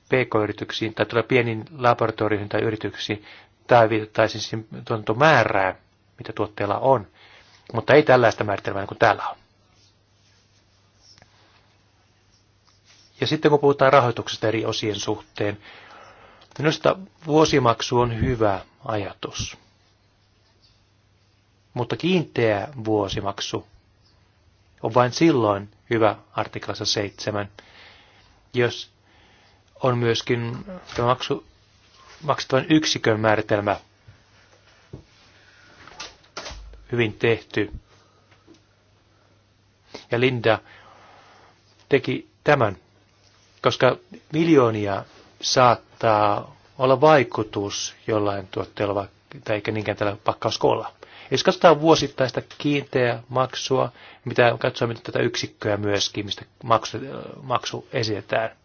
pk-yrityksiin tai tulla pieniin laboratorioihin tai yrityksiin tai viitattaisiin tuotantomäärään, mitä tuotteella on, mutta ei tällaista määritelmää niin kuin täällä on. Ja sitten kun puhutaan rahoituksesta eri osien suhteen, minusta vuosimaksu on hyvä ajatus. Mutta kiinteä vuosimaksu on vain silloin, hyvä artiklassa 7. Jos on myöskin tämä maksu, maksettavan yksikön määritelmä hyvin tehty. Ja Linda teki tämän, koska miljoonia saattaa olla vaikutus jollain tuotteella, tai eikä niinkään tällä pakkauskoolla. Jos katsotaan vuosittaista kiinteää maksua, mitä katsoa tätä yksikköä myöskin, mistä maksu, maksu esitetään.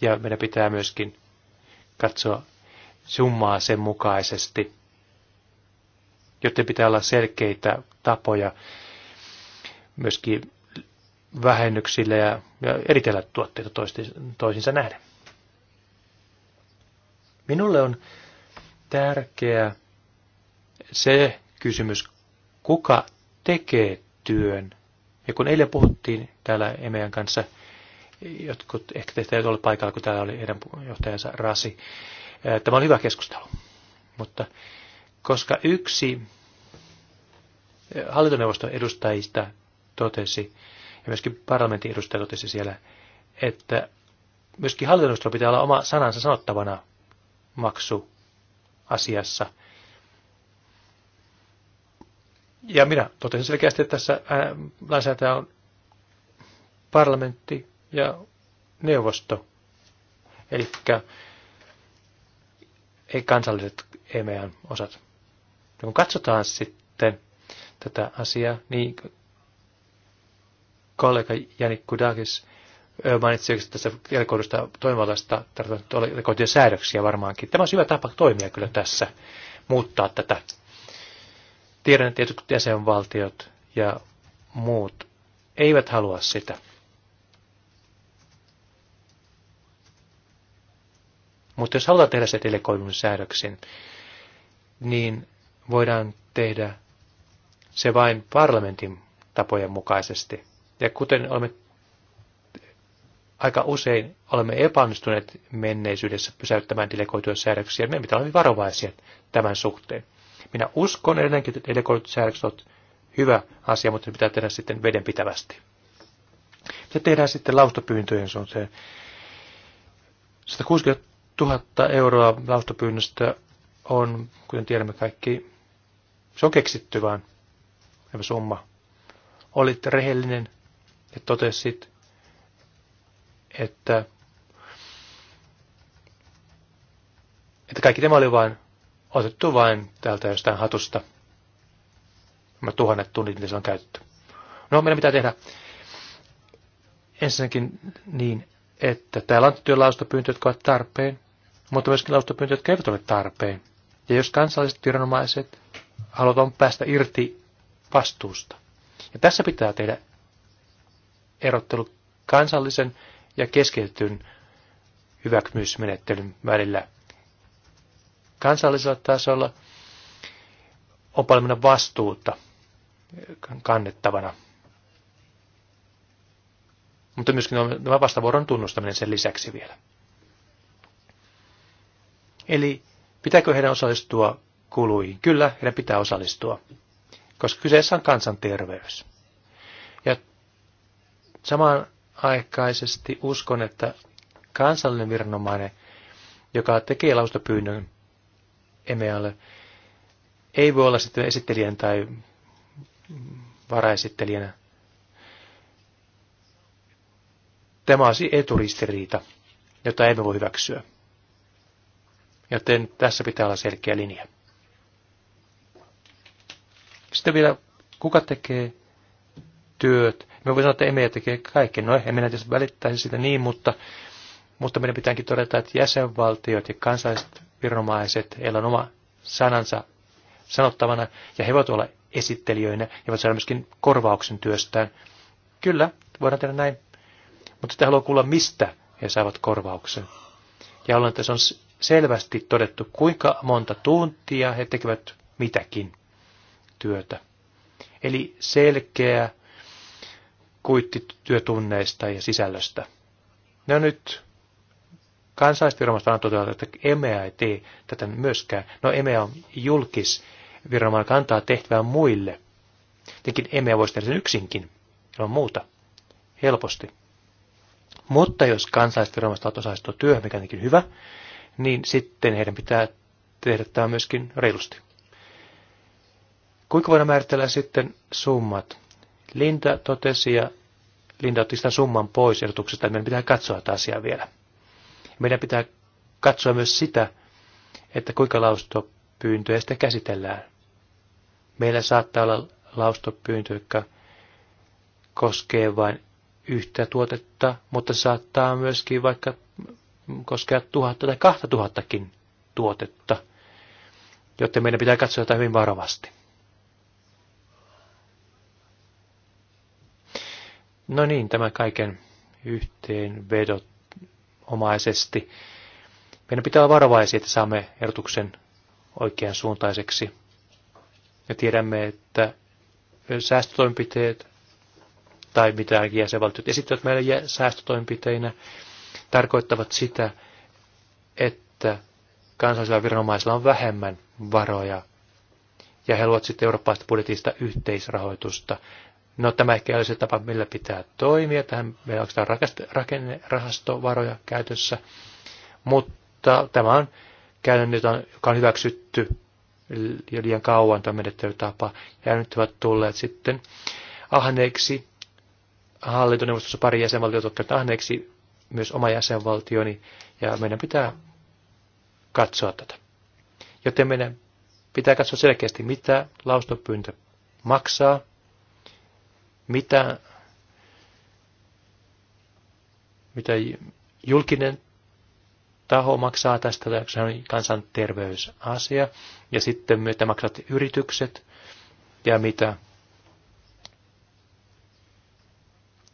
Ja meidän pitää myöskin katsoa summaa sen mukaisesti, joten pitää olla selkeitä tapoja myöskin vähennyksille ja, ja eritellä tuotteita toisinsa nähden. Minulle on tärkeää se kysymys, kuka tekee työn. Ja kun eilen puhuttiin täällä Emeän kanssa, jotkut ehkä teistä ei ole paikalla, kun täällä oli heidän johtajansa Rasi. Tämä oli hyvä keskustelu. Mutta koska yksi hallintoneuvoston edustajista totesi, ja myöskin parlamentin edustaja totesi siellä, että myöskin hallintoneuvostolla pitää olla oma sanansa sanottavana maksuasiassa. Ja minä totesin selkeästi, että tässä lainsäätäjä on parlamentti ja neuvosto. Eli ei kansalliset EMEAn osat. Ja kun katsotaan sitten tätä asiaa, niin kollega Jani Kudakis mainitsi tässä kirjakohdusta toimivallasta oli säädöksiä varmaankin. Tämä on hyvä tapa toimia kyllä tässä, muuttaa tätä Tiedän, että tietyt jäsenvaltiot ja muut eivät halua sitä. Mutta jos halutaan tehdä se telekoimun säädöksin, niin voidaan tehdä se vain parlamentin tapojen mukaisesti. Ja kuten olemme aika usein olemme epäonnistuneet menneisyydessä pysäyttämään delegoituja säädöksiä, meidän pitää olla varovaisia tämän suhteen. Minä uskon edelleenkin, että delegoidut säädökset ovat hyvä asia, mutta ne pitää tehdä sitten vedenpitävästi. Mitä tehdään sitten laustopyyntöjen suhteen? 160 000 euroa laustopyynnöstä on, kuten tiedämme kaikki, se on keksitty vaan, tämä summa. Olit rehellinen ja totesit, että, että kaikki tämä oli vain otettu vain täältä jostain hatusta. Mä tuhannet tunnit, mitä se on käytetty. No, meidän pitää tehdä ensinnäkin niin, että täällä on tiettyjä laustopyyntöjä, jotka ovat tarpeen, mutta myöskin laustopyyntöjä, jotka eivät ole tarpeen. Ja jos kansalliset viranomaiset haluavat päästä irti vastuusta. Ja tässä pitää tehdä erottelu kansallisen ja keskeytyn hyväksymysmenettelyn välillä kansallisella tasolla on paljon vastuuta kannettavana. Mutta myöskin tämä vastavuoron tunnustaminen sen lisäksi vielä. Eli pitääkö heidän osallistua kuluihin? Kyllä, heidän pitää osallistua, koska kyseessä on kansanterveys. Ja samanaikaisesti uskon, että kansallinen viranomainen, joka tekee laustapyynnön EMEAlle ei voi olla sitten esittelijän tai varaesittelijänä. Tämä on eturistiriita, jota emme voi hyväksyä. Joten tässä pitää olla selkeä linja. Sitten vielä, kuka tekee työt? Me voi sanoa, että emme tekee kaiken. No, emme näitä välittäisi sitä niin, mutta, mutta meidän pitääkin todeta, että jäsenvaltiot ja kansalliset viranomaiset, heillä on oma sanansa sanottavana, ja he voivat olla esittelijöinä ja voivat saada myöskin korvauksen työstään. Kyllä, voidaan tehdä näin, mutta sitten haluaa kuulla, mistä he saavat korvauksen. Ja haluan, että se on selvästi todettu, kuinka monta tuntia he tekevät mitäkin työtä. Eli selkeä kuitti työtunneista ja sisällöstä. No nyt kansallisviranomaista on toteutettu, että EMEA ei tee tätä myöskään. No EMEA on julkis viranomainen, kantaa tehtävää muille. Tietenkin EMEA voisi tehdä sen yksinkin, ilman muuta, helposti. Mutta jos kansallisviranomaiset osallistuu työhön, mikä on hyvä, niin sitten heidän pitää tehdä tämä myöskin reilusti. Kuinka voidaan määritellä sitten summat? Linda totesi ja Linda otti sitä summan pois ehdotuksesta, että meidän pitää katsoa tätä asiaa vielä meidän pitää katsoa myös sitä, että kuinka laustopyyntöjä sitä käsitellään. Meillä saattaa olla laustopyyntö, joka koskee vain yhtä tuotetta, mutta saattaa myöskin vaikka koskea tuhatta tai kahta tuhattakin tuotetta, joten meidän pitää katsoa tätä hyvin varovasti. No niin, tämä kaiken yhteenvedot omaisesti. Meidän pitää olla varovaisia, että saamme erotuksen oikean suuntaiseksi. Ja tiedämme, että säästötoimenpiteet tai mitä jäsenvaltiot esittävät meille säästötoimenpiteinä, tarkoittavat sitä, että kansallisilla viranomaisilla on vähemmän varoja ja he luovat sitten eurooppalaisesta budjetista yhteisrahoitusta No tämä ehkä ole se tapa, millä pitää toimia. Tähän meillä on rakennerahastovaroja käytössä. Mutta tämä on käynyt joka on hyväksytty jo liian kauan tämä menettelytapa. Ja nyt ovat tulleet sitten ahneeksi hallintoneuvostossa pari jäsenvaltiota, jotka ahneeksi myös oma jäsenvaltioni, ja meidän pitää katsoa tätä. Joten meidän pitää katsoa selkeästi, mitä laustopyyntö maksaa, mitä, mitä julkinen taho maksaa tästä, se on kansanterveysasia, ja sitten mitä maksat yritykset, ja mitä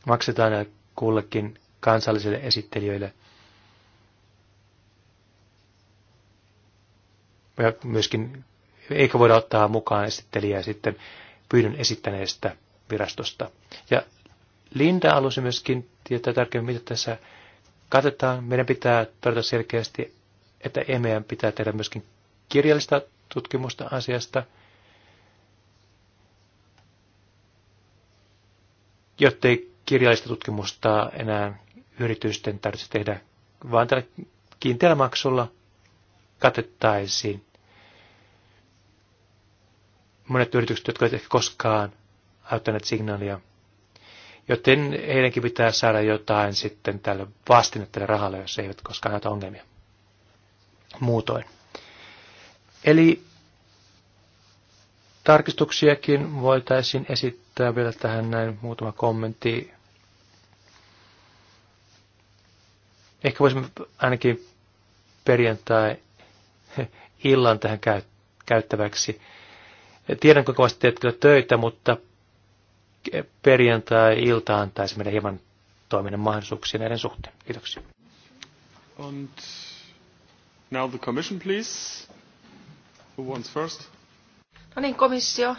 maksetaan kullekin kansallisille esittelijöille. Ja myöskin, eikä voida ottaa mukaan esittelijää sitten pyydön esittäneestä virastosta. Ja Linda halusi myöskin tietää tärkeää, mitä tässä katsotaan. Meidän pitää todeta selkeästi, että EMEAN pitää tehdä myöskin kirjallista tutkimusta asiasta, jottei kirjallista tutkimusta enää yritysten tarvitse tehdä, vaan tällä kiinteällä maksulla katettaisiin monet yritykset, jotka eivät ehkä koskaan auttaneet signaalia. Joten heidänkin pitää saada jotain sitten tälle vastinne tälle rahalle, jos eivät koskaan näitä ongelmia muutoin. Eli tarkistuksiakin voitaisiin esittää vielä tähän näin muutama kommentti. Ehkä voisimme ainakin perjantai-illan tähän käyttäväksi. Tiedän, kuinka kovasti teet kyllä töitä, mutta perjantai-ilta antaisi meille hieman toiminnan mahdollisuuksia näiden suhteen. Kiitoksia. And now the commission, please. Who wants first? No niin, komissio.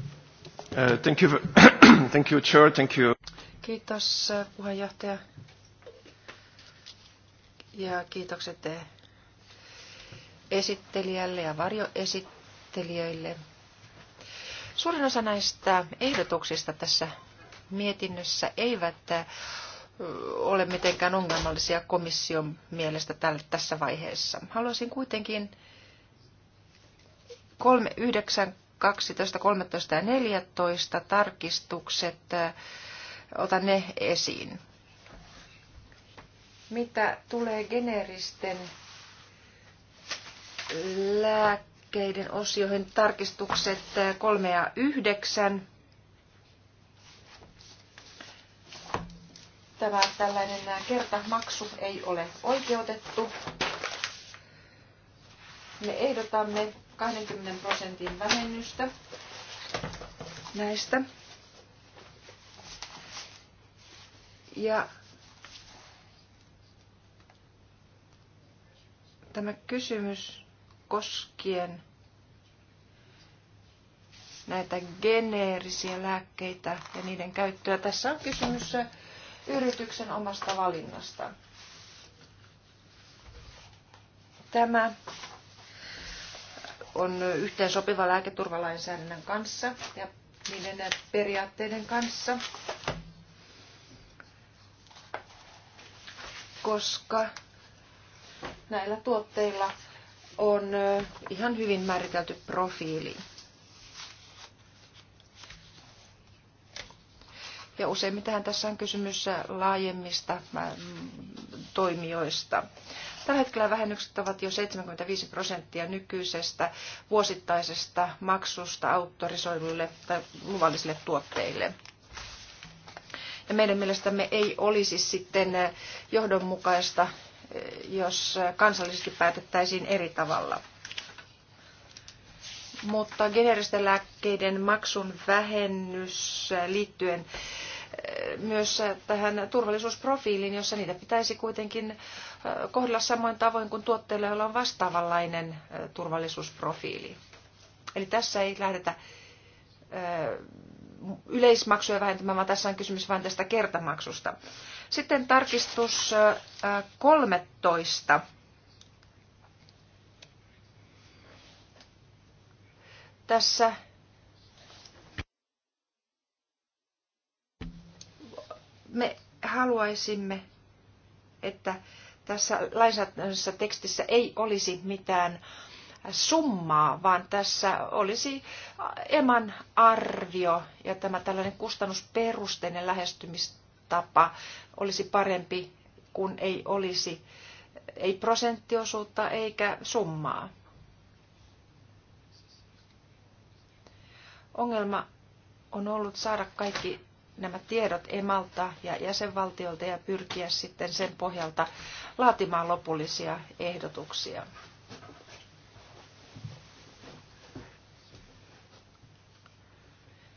Uh, thank, you, for, <coughs> thank you, Chair. Thank you. Kiitos uh, puheenjohtaja. Ja kiitokset uh, esittelijälle ja varjoesittelijöille Suurin osa näistä ehdotuksista tässä mietinnössä eivät ole mitenkään ongelmallisia komission mielestä tässä vaiheessa. Haluaisin kuitenkin 3, 9, 12, 13 ja 14 tarkistukset, otan ne esiin. Mitä tulee generisten lääkkeiden liikkeiden osioihin tarkistukset 3 ja 9. Tämä tällainen kertamaksu ei ole oikeutettu. Me ehdotamme 20 prosentin vähennystä näistä. Ja tämä kysymys koskien näitä geneerisiä lääkkeitä ja niiden käyttöä. Tässä on kysymys yrityksen omasta valinnasta. Tämä on yhteen sopiva lääketurvalainsäädännön kanssa ja niiden periaatteiden kanssa, koska näillä tuotteilla on ihan hyvin määritelty profiili. Ja useimmitähän tässä on kysymys laajemmista toimijoista. Tällä hetkellä vähennykset ovat jo 75 prosenttia nykyisestä vuosittaisesta maksusta autorisoidulle tai luvallisille tuotteille. Ja meidän mielestämme ei olisi sitten johdonmukaista jos kansallisesti päätettäisiin eri tavalla. Mutta geneeristen lääkkeiden maksun vähennys liittyen eh, myös tähän turvallisuusprofiiliin, jossa niitä pitäisi kuitenkin eh, kohdella samoin tavoin kuin tuotteilla, joilla on vastaavanlainen eh, turvallisuusprofiili. Eli tässä ei lähdetä yleismaksuja vähentämään, vaan tässä on kysymys vain tästä kertamaksusta. Sitten tarkistus 13. Tässä me haluaisimme, että tässä lainsäädännössä tekstissä ei olisi mitään summaa, vaan tässä olisi eman arvio ja tämä tällainen kustannusperusteinen lähestymistapa tapa olisi parempi, kun ei olisi ei prosenttiosuutta eikä summaa. Ongelma on ollut saada kaikki nämä tiedot emalta ja jäsenvaltiolta ja pyrkiä sitten sen pohjalta laatimaan lopullisia ehdotuksia.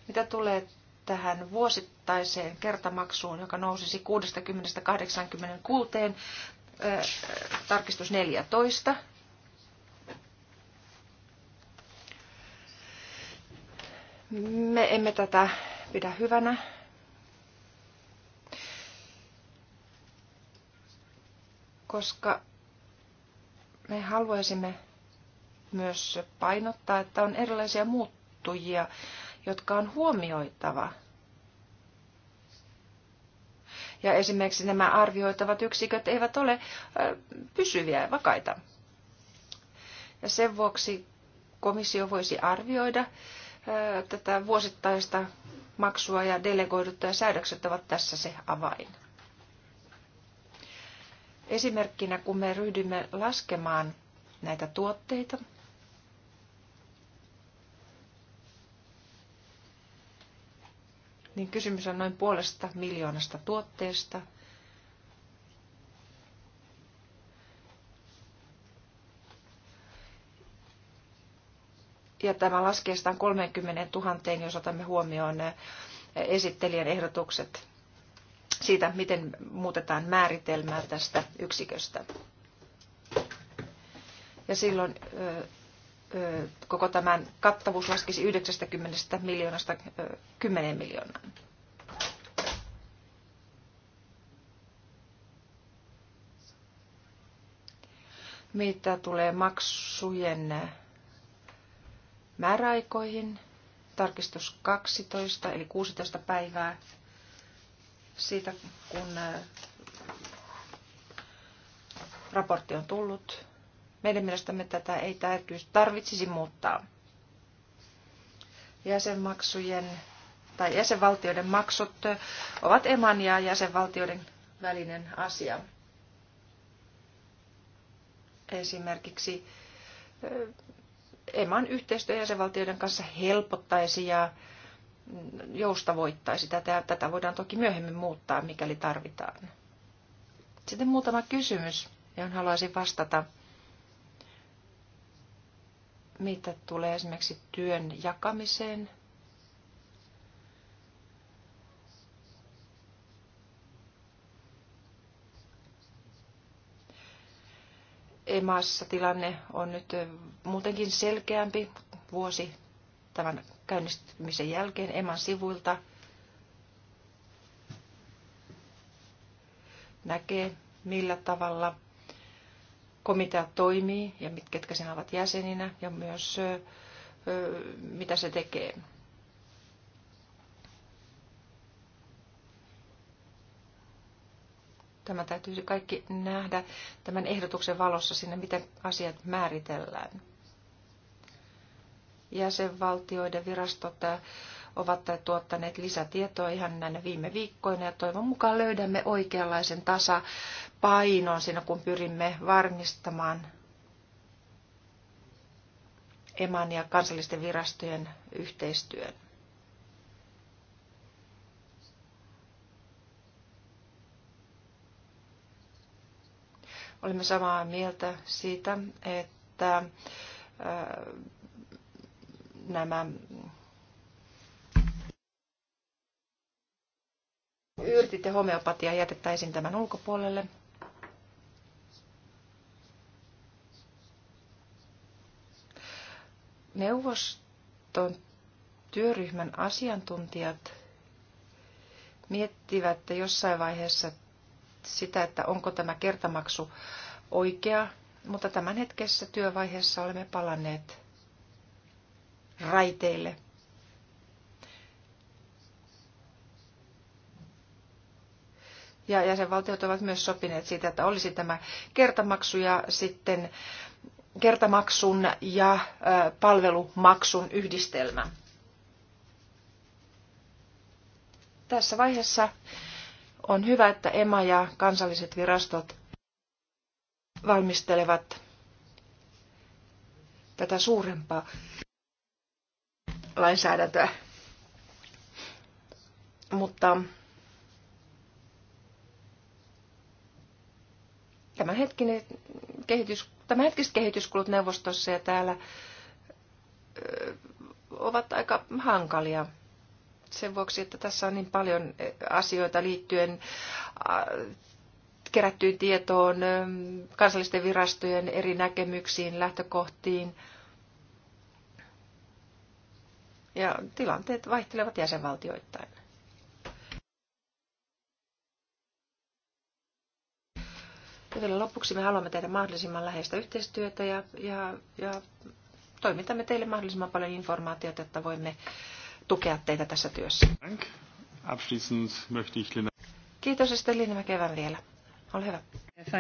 Mitä tulee tähän vuosittaiseen kertamaksuun, joka nousisi 60 kulteen, tarkistus 14. Me emme tätä pidä hyvänä. koska me haluaisimme myös painottaa, että on erilaisia muuttujia, jotka on huomioitava ja esimerkiksi nämä arvioitavat yksiköt eivät ole pysyviä ja vakaita. Ja sen vuoksi komissio voisi arvioida tätä vuosittaista maksua ja delegoidut ja säädökset ovat tässä se avain. Esimerkkinä, kun me ryhdymme laskemaan näitä tuotteita, niin kysymys on noin puolesta miljoonasta tuotteesta. Ja tämä laskee 30 000, jos otamme huomioon äh, esittelijän ehdotukset siitä, miten muutetaan määritelmää tästä yksiköstä. Ja silloin äh, koko tämän kattavuus laskisi 90 miljoonasta 10 miljoonaan. Mitä tulee maksujen määräaikoihin, tarkistus 12 eli 16 päivää siitä, kun raportti on tullut meidän mielestämme tätä ei tarvitsisi muuttaa. Jäsenmaksujen tai jäsenvaltioiden maksut ovat eman ja jäsenvaltioiden välinen asia. Esimerkiksi eh, eman yhteistyö jäsenvaltioiden kanssa helpottaisi ja joustavoittaisi tätä. Tätä voidaan toki myöhemmin muuttaa, mikäli tarvitaan. Sitten muutama kysymys, johon haluaisin vastata mitä tulee esimerkiksi työn jakamiseen, Emassa tilanne on nyt muutenkin selkeämpi vuosi tämän käynnistymisen jälkeen Eman sivuilta. Näkee, millä tavalla komitea toimii ja mit, ketkä sen ovat jäseninä ja myös mitä se tekee. Tämä täytyisi kaikki nähdä tämän ehdotuksen valossa sinne, miten asiat määritellään. Jäsenvaltioiden virastot ovat tuottaneet lisätietoa ihan näinä viime viikkoina ja toivon mukaan löydämme oikeanlaisen tasapainon siinä, kun pyrimme varmistamaan EMAN ja kansallisten virastojen yhteistyön. Olemme samaa mieltä siitä, että nämä Yrtit ja homeopatia jätettäisiin tämän ulkopuolelle. Neuvoston työryhmän asiantuntijat miettivät jossain vaiheessa sitä, että onko tämä kertamaksu oikea, mutta tämän hetkessä työvaiheessa olemme palanneet raiteille – Ja jäsenvaltiot ovat myös sopineet siitä, että olisi tämä kertamaksu ja sitten kertamaksun ja palvelumaksun yhdistelmä. Tässä vaiheessa on hyvä, että EMA ja kansalliset virastot valmistelevat tätä suurempaa lainsäädäntöä. Mutta tämänhetkinen kehitys, tämänhetkiset kehityskulut neuvostossa ja täällä ö, ovat aika hankalia sen vuoksi, että tässä on niin paljon asioita liittyen kerättyyn tietoon, kansallisten virastojen eri näkemyksiin, lähtökohtiin. Ja tilanteet vaihtelevat jäsenvaltioittain. vielä lopuksi me haluamme tehdä mahdollisimman läheistä yhteistyötä ja, ja, ja toimitamme teille mahdollisimman paljon informaatiota, että voimme tukea teitä tässä työssä. Kiitos ja sitten Linna Kevään vielä. Ole hyvä.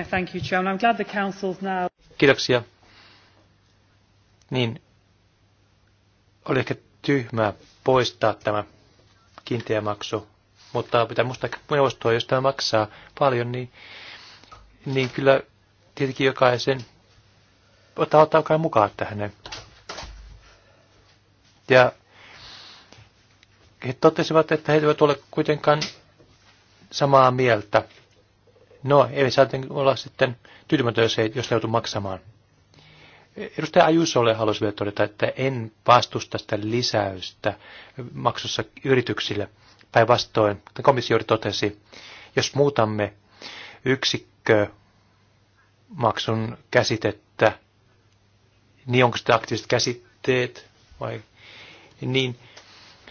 Thank you, I'm glad the council's now... Kiitoksia. Niin, oli ehkä tyhmää poistaa tämä kiinteä maksu, mutta pitää muistaa, että neuvostoa, jos tämä maksaa paljon, niin niin kyllä tietenkin jokaisen ottaa, ottaa kai mukaan tähän. Ja he totesivat, että he eivät ole kuitenkaan samaa mieltä. No, ei saa olla sitten tyytymätön, jos, he, jos ne joutuu maksamaan. Edustaja Ajusolle haluaisin vielä todeta, että en vastusta sitä lisäystä maksussa yrityksille. Päinvastoin, komissiori totesi, jos muutamme yksikkömaksun käsitettä, niin onko sitä aktiiviset käsitteet vai niin.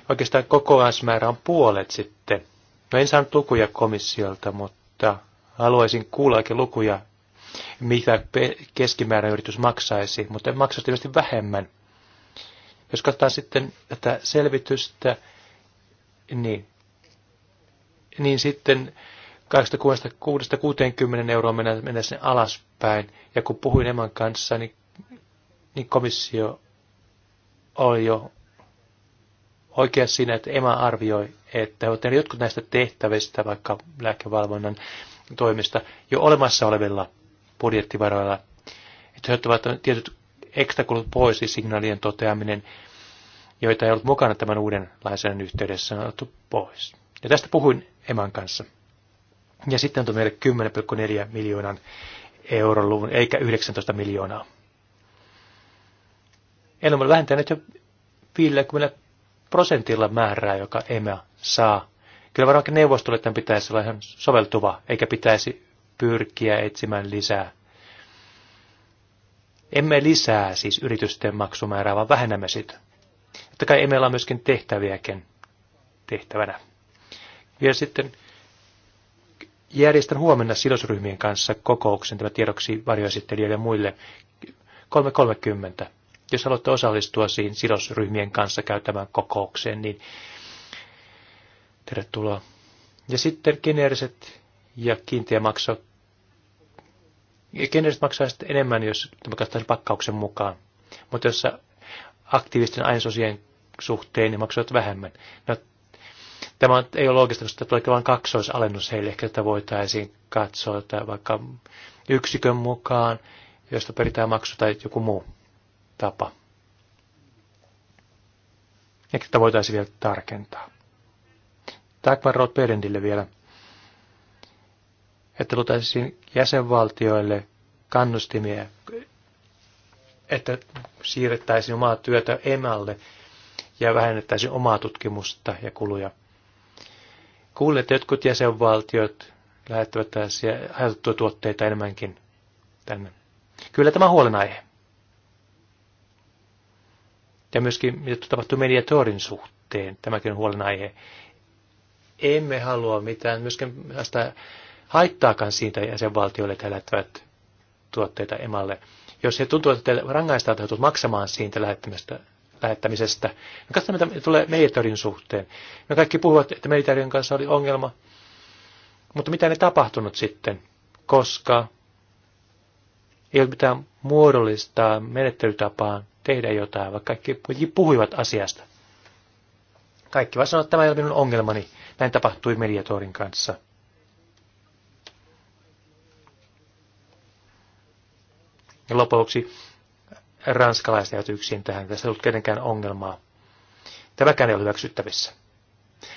Oikeastaan kokonaismäärä on puolet sitten. No en saanut lukuja komissiolta, mutta haluaisin oikein lukuja, mitä keskimääräinen yritys maksaisi, mutta maksaisi tietysti vähemmän. Jos katsotaan sitten tätä selvitystä, niin, niin sitten 86 60 euroa mennä, mennä sen alaspäin. Ja kun puhuin Eman kanssa, niin, niin komissio oli jo oikea siinä, että Ema arvioi, että he ovat jotkut näistä tehtävistä, vaikka lääkevalvonnan toimista, jo olemassa olevilla budjettivaroilla. Että he ottavat tietyt ekstrakulut pois, siis signaalien toteaminen, joita ei ollut mukana tämän uuden lainsäädännön yhteydessä, on otettu pois. Ja tästä puhuin Eman kanssa. Ja sitten on meille 10,4 miljoonan euron luvun, eikä 19 miljoonaa. Eli olemme vähentäneet jo 50 prosentilla määrää, joka EMEA saa. Kyllä varmaankin neuvostolle tämän pitäisi olla ihan soveltuva, eikä pitäisi pyrkiä etsimään lisää. Emme lisää siis yritysten maksumäärää, vaan vähennämme sitä. Totta kai EMEAlla on myöskin tehtäviäkin tehtävänä. Vielä sitten järjestän huomenna sidosryhmien kanssa kokouksen tämä tiedoksi varjoesittelijöille ja muille 3.30. Jos haluatte osallistua siihen sidosryhmien kanssa käytämään kokoukseen, niin tervetuloa. Ja sitten geneeriset ja kiinteä Geneeriset maksaa sitten enemmän, jos tämä katsotaan pakkauksen mukaan. Mutta jos aktiivisten ainesosien suhteen, niin maksavat vähemmän. No, Tämä ei ole loogista, koska tulee vain kaksoisalennus heille, ehkä tätä voitaisiin katsoa tai vaikka yksikön mukaan, josta peritään maksu tai joku muu tapa. Ehkä tätä voitaisiin vielä tarkentaa. Takvar Roth Perendille vielä, että luotaisiin jäsenvaltioille kannustimia, että siirrettäisiin omaa työtä emalle ja vähennettäisiin omaa tutkimusta ja kuluja kuulleet, että jotkut jäsenvaltiot lähettävät tällaisia hajautettuja tuotteita enemmänkin tänne. Kyllä tämä on huolenaihe. Ja myöskin, mitä tapahtuu mediatorin suhteen, tämäkin on huolenaihe. Emme halua mitään, myöskin sitä haittaakaan siitä jäsenvaltioille, että he lähettävät tuotteita emalle. Jos he tuntuvat, että rangaistaan, että maksamaan siitä lähettämästä lähettämisestä. Me katsotaan, mitä tulee Meitorin suhteen. Me kaikki puhuvat, että Meitorin kanssa oli ongelma, mutta mitä ne tapahtunut sitten, koska ei ole mitään muodollista menettelytapaa tehdä jotain, vaikka kaikki puhuivat asiasta. Kaikki vaan sanoivat, että tämä ei ole minun ongelmani. Näin tapahtui mediatorin kanssa. Ja lopuksi ranskalaiset jäävät yksin tähän. Tässä ei ollut kenenkään ongelmaa. Tämäkään ei ole hyväksyttävissä.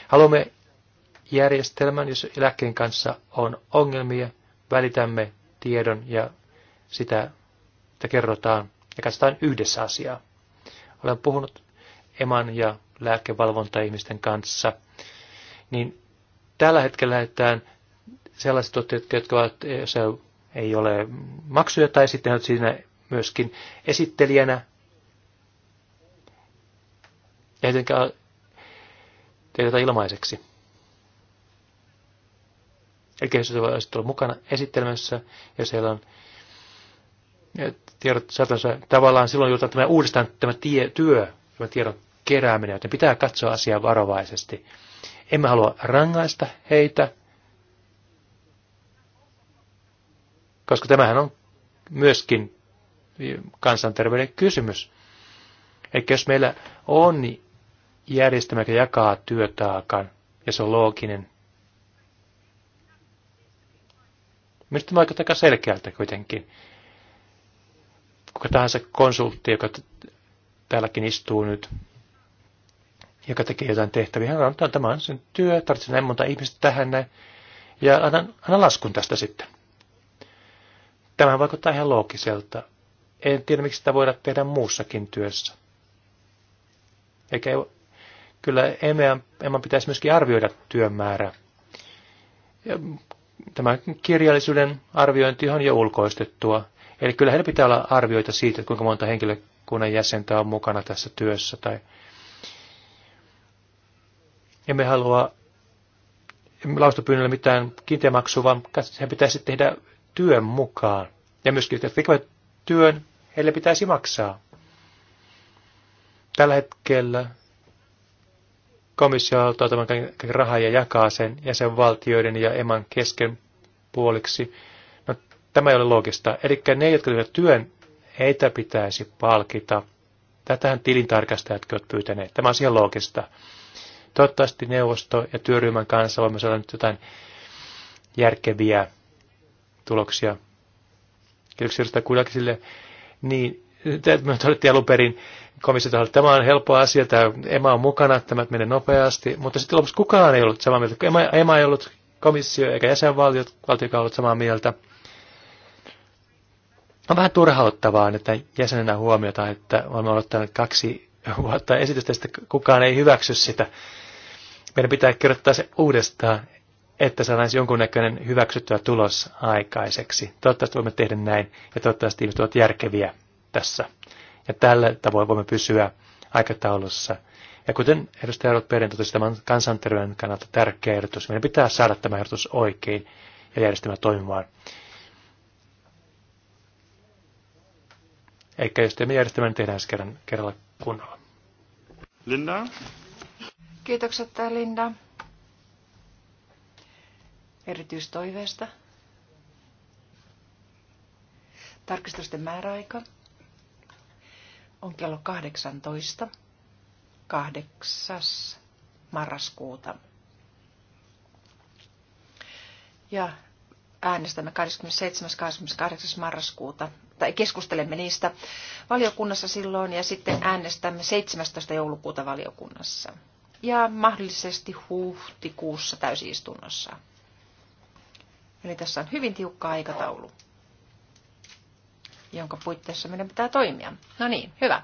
Haluamme järjestelmän, jos eläkkeen kanssa on ongelmia, välitämme tiedon ja sitä, että kerrotaan ja katsotaan yhdessä asiaa. Olen puhunut eman ja lääkevalvontaihmisten kanssa, niin tällä hetkellä lähdetään sellaiset tuotteet, jotka ovat, jos ei ole maksuja tai sitten siinä myöskin esittelijänä. Ja jotenkaan teitä ilmaiseksi. Eli jos voi olla mukana esittelemässä, ja siellä on tiedot saatansa, tavallaan silloin joutuu tämä uudestaan tämä tie, työ, tämä tiedon kerääminen, joten pitää katsoa asiaa varovaisesti. Emme halua rangaista heitä, koska tämähän on myöskin kansanterveyden kysymys. Eli jos meillä on järjestelmä, joka jakaa työtaakan, ja se on looginen, Minusta tämä vaikuttaa aika selkeältä kuitenkin. Kuka tahansa konsultti, joka täälläkin istuu nyt, joka tekee jotain tehtäviä, hän antaa tämän sen työ, tarvitsee näin monta ihmistä tähän näin, ja annan, annan laskun tästä sitten. Tämä vaikuttaa ihan loogiselta en tiedä, miksi sitä voidaan tehdä muussakin työssä. Eikä kyllä emän, emän pitäisi myöskin arvioida työn määrä. Ja tämä kirjallisuuden arviointi on jo ulkoistettua. Eli kyllä heillä pitää olla arvioita siitä, kuinka monta henkilökunnan jäsentä on mukana tässä työssä. Tai... Emme halua laustopyynnöllä mitään kiinteämaksua, vaan he pitäisi tehdä työn mukaan. Ja myöskin, että tekevät työn heille pitäisi maksaa. Tällä hetkellä komissio ottaa tämän kaiken rahan ja jakaa sen jäsenvaltioiden ja eman kesken puoliksi. No, tämä ei ole loogista. Eli ne, jotka tekevät työn, heitä pitäisi palkita. Tätähän tilintarkastajatkin ovat pyytäneet. Tämä on siihen loogista. Toivottavasti neuvosto ja työryhmän kanssa voimme saada nyt jotain järkeviä tuloksia. Kiitoksia edustaja Kudakisille niin me todettiin alun perin komissiota että tämä on helppo asia, tämä EMA on mukana, tämä menee nopeasti, mutta sitten lopuksi kukaan ei ollut samaa mieltä, EMA, EMA ei ollut komissio eikä jäsenvaltiot, valtiokaan ollut samaa mieltä. On vähän turhauttavaa, että jäsenenä huomiota, että olemme odottaneet kaksi vuotta esitystä, että kukaan ei hyväksy sitä. Meidän pitää kirjoittaa se uudestaan että saadaan jonkunnäköinen hyväksyttävä tulos aikaiseksi. Toivottavasti voimme tehdä näin ja toivottavasti ihmiset ovat järkeviä tässä. Ja tällä tavoin voimme pysyä aikataulussa. Ja kuten edustaja Perin totesi, tämä on kansanterveyden kannalta tärkeä ehdotus. Meidän pitää saada tämä ehdotus oikein ja järjestelmä toimimaan. Eikä jos teemme järjestelmän, niin tehdään se kerran, kerralla kunnolla. Linda? Kiitokset Linda erityistoiveesta. Tarkistusten määräaika on kello 18. 8. marraskuuta. Ja äänestämme 27. 28. marraskuuta, tai keskustelemme niistä valiokunnassa silloin, ja sitten äänestämme 17. joulukuuta valiokunnassa. Ja mahdollisesti huhtikuussa täysistunnossa. Eli tässä on hyvin tiukka aikataulu, jonka puitteissa meidän pitää toimia. No niin, hyvä.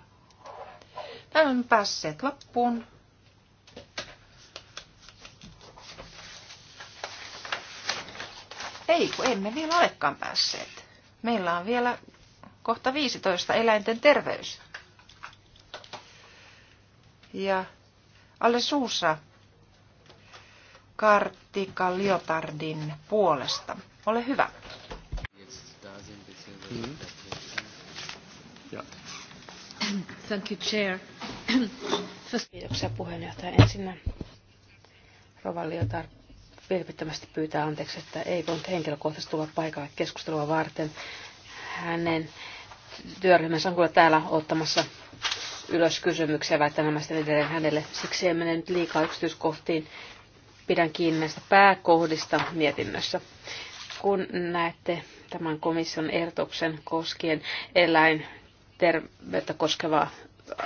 Täällä on päässeet loppuun. Ei, kun emme vielä olekaan päässeet. Meillä on vielä kohta 15 eläinten terveys. Ja alle suussa kartti Kalliotardin puolesta. Ole hyvä. Thank you, Chair. Kiitoksia puheenjohtaja. Ensinnä Rova Liotar vilpittömästi pyytää anteeksi, että ei voinut henkilökohtaisesti tulla paikalle keskustelua varten. Hänen työryhmänsä on kyllä täällä ottamassa ylös kysymyksiä väittämästä edelleen hänelle. Siksi ei mene nyt liikaa yksityiskohtiin pidän kiinni näistä pääkohdista mietinnössä. Kun näette tämän komission ehdotuksen koskien eläinterveyttä koskevaa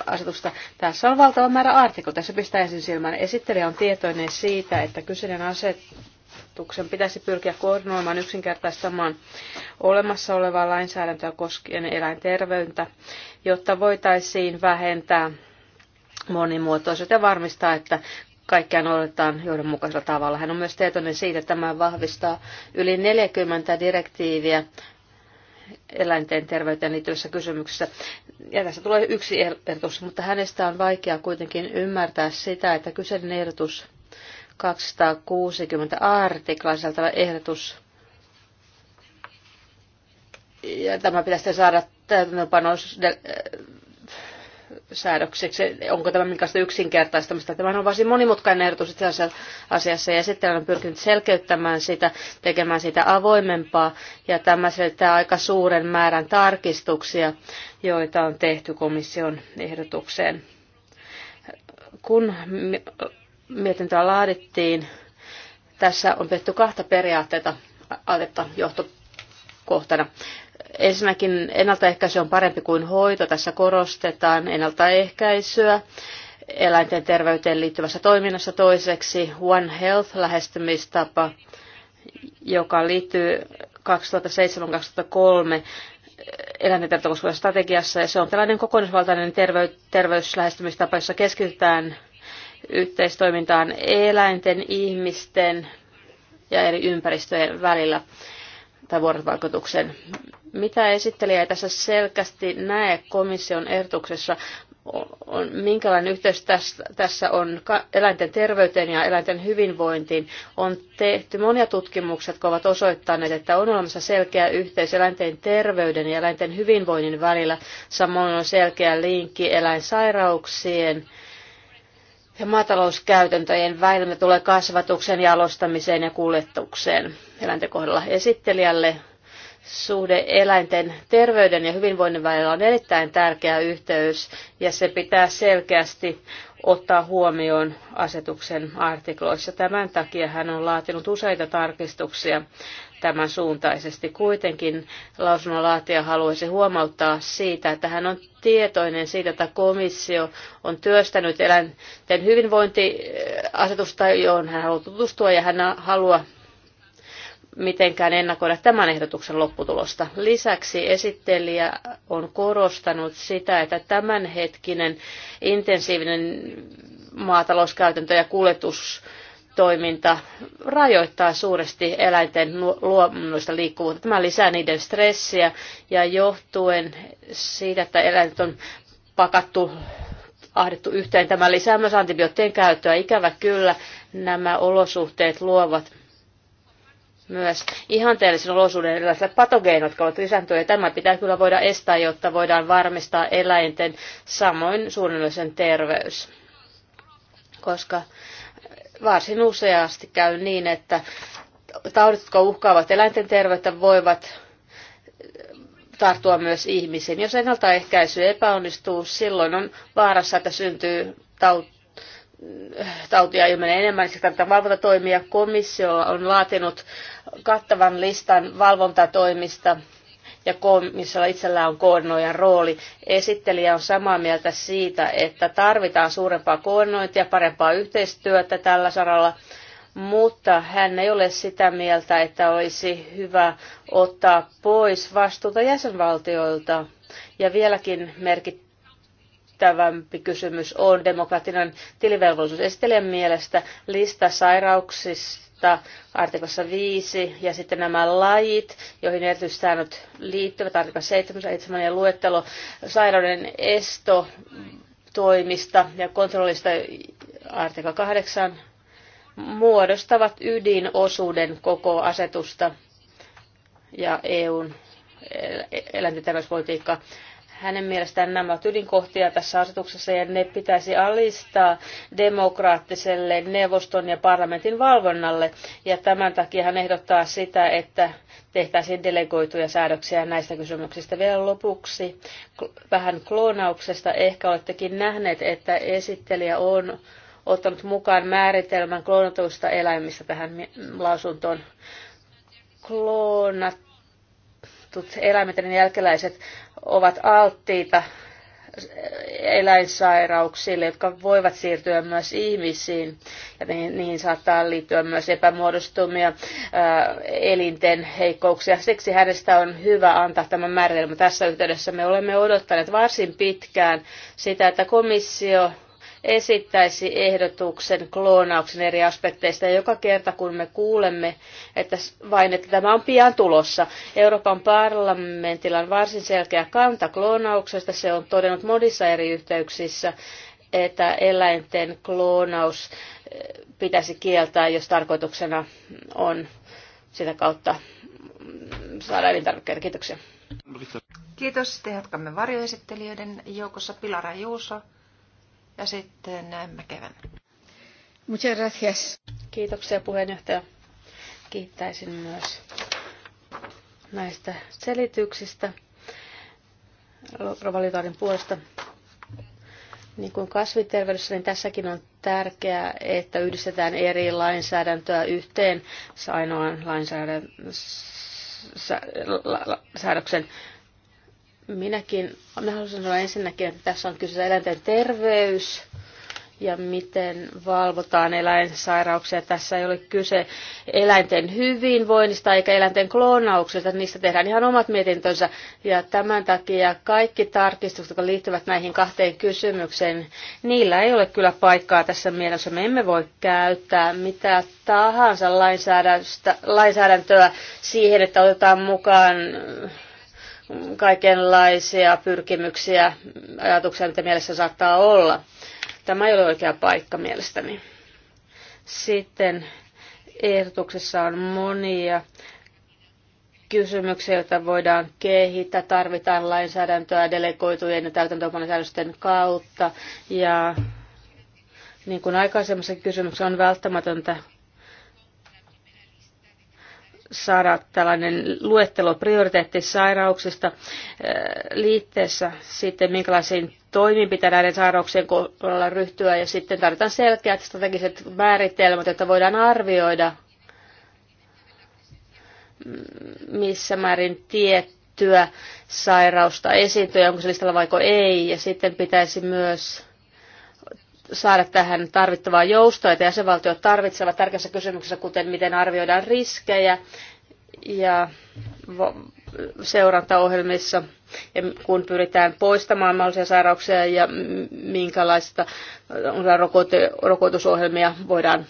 asetusta. Tässä on valtava määrä artikkoja. Tässä pistää ensin silmään. Esittelijä on tietoinen siitä, että kyseinen asetuksen pitäisi pyrkiä koordinoimaan yksinkertaistamaan olemassa olevaa lainsäädäntöä koskien eläinterveyttä, jotta voitaisiin vähentää monimuotoisuutta ja varmistaa, että kaikkea noudatetaan johdonmukaisella tavalla. Hän on myös tietoinen siitä, että tämä vahvistaa yli 40 direktiiviä eläinten terveyteen liittyvissä kysymyksissä. Ja tässä tulee yksi ehdotus, mutta hänestä on vaikea kuitenkin ymmärtää sitä, että kyseinen ehdotus 260 artiklaa sisältävä ehdotus, ja tämä pitäisi saada täytäntöönpano säädökseksi. Onko tämä minkälaista yksinkertaistamista? Tämä on varsin monimutkainen ehdotus itse asiassa ja sitten on pyrkinyt selkeyttämään sitä, tekemään sitä avoimempaa ja tämä selittää aika suuren määrän tarkistuksia, joita on tehty komission ehdotukseen. Kun mietintöä laadittiin, tässä on tehty kahta periaatteita, aatetta kohtana. Ensinnäkin ennaltaehkäisy on parempi kuin hoito. Tässä korostetaan ennaltaehkäisyä eläinten terveyteen liittyvässä toiminnassa. Toiseksi One Health-lähestymistapa, joka liittyy 2007-2003 eläinten koskevassa strategiassa. Ja se on tällainen kokonaisvaltainen terveys- terveyslähestymistapa, jossa keskitytään yhteistoimintaan eläinten, ihmisten ja eri ympäristöjen välillä tai vuorovaikutuksen. Mitä esittelijä ei tässä selkeästi näe komission ehdotuksessa, on, minkälainen yhteys tässä, on eläinten terveyteen ja eläinten hyvinvointiin. On tehty monia tutkimuksia, jotka ovat osoittaneet, että on olemassa selkeä yhteys eläinten terveyden ja eläinten hyvinvoinnin välillä. Samoin on selkeä linkki eläinsairauksien ja maatalouskäytäntöjen välillä tulee kasvatuksen, jalostamiseen ja kuljetukseen eläinten kohdalla esittelijälle suhde eläinten terveyden ja hyvinvoinnin välillä on erittäin tärkeä yhteys ja se pitää selkeästi ottaa huomioon asetuksen artikloissa. Tämän takia hän on laatinut useita tarkistuksia tämän suuntaisesti. Kuitenkin lausunnonlaatija haluaisi huomauttaa siitä, että hän on tietoinen siitä, että komissio on työstänyt eläinten hyvinvointiasetusta, johon hän haluaa tutustua ja hän haluaa mitenkään ennakoida tämän ehdotuksen lopputulosta. Lisäksi esittelijä on korostanut sitä, että tämänhetkinen intensiivinen maatalouskäytäntö ja kuljetus toiminta rajoittaa suuresti eläinten luonnollista liikkuvuutta. Tämä lisää niiden stressiä ja johtuen siitä, että eläinten on pakattu ahdettu yhteen. Tämä lisää myös antibioottien käyttöä. Ikävä kyllä nämä olosuhteet luovat myös ihanteellisen olosuuden erilaiset patogeenit, jotka ovat lisääntyneet. Tämä pitää kyllä voida estää, jotta voidaan varmistaa eläinten samoin suunnilleen terveys. Koska varsin useasti käy niin, että taudit, jotka uhkaavat eläinten terveyttä, voivat tarttua myös ihmisiin. Jos ennaltaehkäisy epäonnistuu, silloin on vaarassa, että syntyy taut tautia ilmenee enemmän, siksi tarvitaan valvontatoimia. Komissio on laatinut kattavan listan valvontatoimista ja komissiolla itsellään on koordinoijan rooli. Esittelijä on samaa mieltä siitä, että tarvitaan suurempaa koordinointia, parempaa yhteistyötä tällä saralla, mutta hän ei ole sitä mieltä, että olisi hyvä ottaa pois vastuuta jäsenvaltioilta. Ja vieläkin merkit, merkittävämpi kysymys on demokraattinen tilivelvollisuus. Esittelijän mielestä lista sairauksista artikossa 5 ja sitten nämä lajit, joihin erityissäännöt liittyvät, artikossa 7, 7 ja luettelo sairauden esto toimista ja kontrollista artikla 8 muodostavat ydinosuuden koko asetusta ja EUn eläintenterveyspolitiikkaa. Hänen mielestään nämä ovat ydinkohtia tässä asetuksessa ja ne pitäisi alistaa demokraattiselle neuvoston ja parlamentin valvonnalle. Ja tämän takia hän ehdottaa sitä, että tehtäisiin delegoituja säädöksiä näistä kysymyksistä. Vielä lopuksi vähän kloonauksesta. Ehkä olettekin nähneet, että esittelijä on ottanut mukaan määritelmän kloonatuista eläimistä tähän lausuntoon. Kloonatut eläimet ja jälkeläiset ovat alttiita eläinsairauksille, jotka voivat siirtyä myös ihmisiin, ja niihin, niihin saattaa liittyä myös epämuodostumia, ää, elinten heikkouksia. Siksi hänestä on hyvä antaa tämä määritelmä. Tässä yhteydessä me olemme odottaneet varsin pitkään sitä, että komissio esittäisi ehdotuksen kloonauksen eri aspekteista. Ja joka kerta kun me kuulemme, että vain että tämä on pian tulossa. Euroopan parlamentilla on varsin selkeä kanta kloonauksesta. Se on todennut monissa eri yhteyksissä, että eläinten kloonaus eh, pitäisi kieltää, jos tarkoituksena on sitä kautta saada elintarvikkeita. Kiitoksia. Kiitos. Sitten jatkamme varjoesittelijöiden joukossa Pilara Juuso ja sitten näemme kevään. Muchas gracias. Kiitoksia puheenjohtaja. Kiittäisin myös näistä selityksistä Rovalitaarin puolesta. Niin kuin kasviterveydessä, niin tässäkin on tärkeää, että yhdistetään eri lainsäädäntöä yhteen ainoan lainsäädännön säädöksen Minäkin minä haluaisin sanoa ensinnäkin, että tässä on kyse eläinten terveys ja miten valvotaan eläinsairauksia. Tässä ei ole kyse eläinten hyvinvoinnista eikä eläinten kloonauksesta. Niistä tehdään ihan omat mietintönsä. Ja tämän takia kaikki tarkistukset, jotka liittyvät näihin kahteen kysymykseen, niillä ei ole kyllä paikkaa tässä mielessä. Me emme voi käyttää mitä tahansa lainsäädäntöä siihen, että otetaan mukaan kaikenlaisia pyrkimyksiä, ajatuksia, mitä mielessä saattaa olla. Tämä ei ole oikea paikka mielestäni. Sitten ehdotuksessa on monia kysymyksiä, joita voidaan kehittää. Tarvitaan lainsäädäntöä delegoitujen ja täytäntöönpanosäädösten kautta. Ja niin kuin aikaisemmassa kysymyksessä on välttämätöntä saada tällainen luettelo prioriteettisairauksista eh, liitteessä sitten, minkälaisiin toimiin pitää näiden sairauksien kohdalla ryhtyä ja sitten tarvitaan selkeät strategiset määritelmät, jotta voidaan arvioida, mm, missä määrin tiettyä sairausta esiintyy, onko se listalla vaiko ei ja sitten pitäisi myös saada tähän tarvittavaa joustoa, että jäsenvaltiot tarvitsevat tärkeissä kysymyksissä, kuten miten arvioidaan riskejä ja seurantaohjelmissa, ja kun pyritään poistamaan mahdollisia sairauksia ja minkälaista äh, rokotusohjelmia voidaan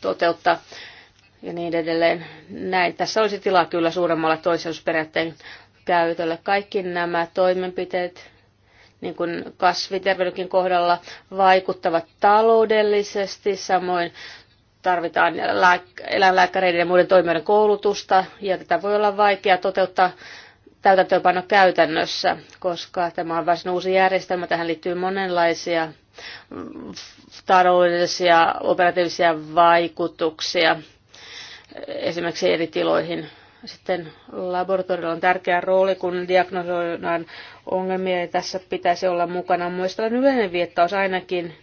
toteuttaa ja niin edelleen. Näin. Tässä olisi tilaa kyllä suuremmalla toisellisuusperiaatteen käytölle. Kaikki nämä toimenpiteet niin kuin kasviterveydenkin kohdalla, vaikuttavat taloudellisesti, samoin tarvitaan eläinlääkäreiden ja muiden toimijoiden koulutusta, ja tätä voi olla vaikea toteuttaa täytäntöönpano käytännössä, koska tämä on varsin uusi järjestelmä, tähän liittyy monenlaisia taloudellisia operatiivisia vaikutuksia esimerkiksi eri tiloihin sitten laboratorilla on tärkeä rooli, kun diagnosoidaan ongelmia ja tässä pitäisi olla mukana myös tällainen yleinen viettaus ainakin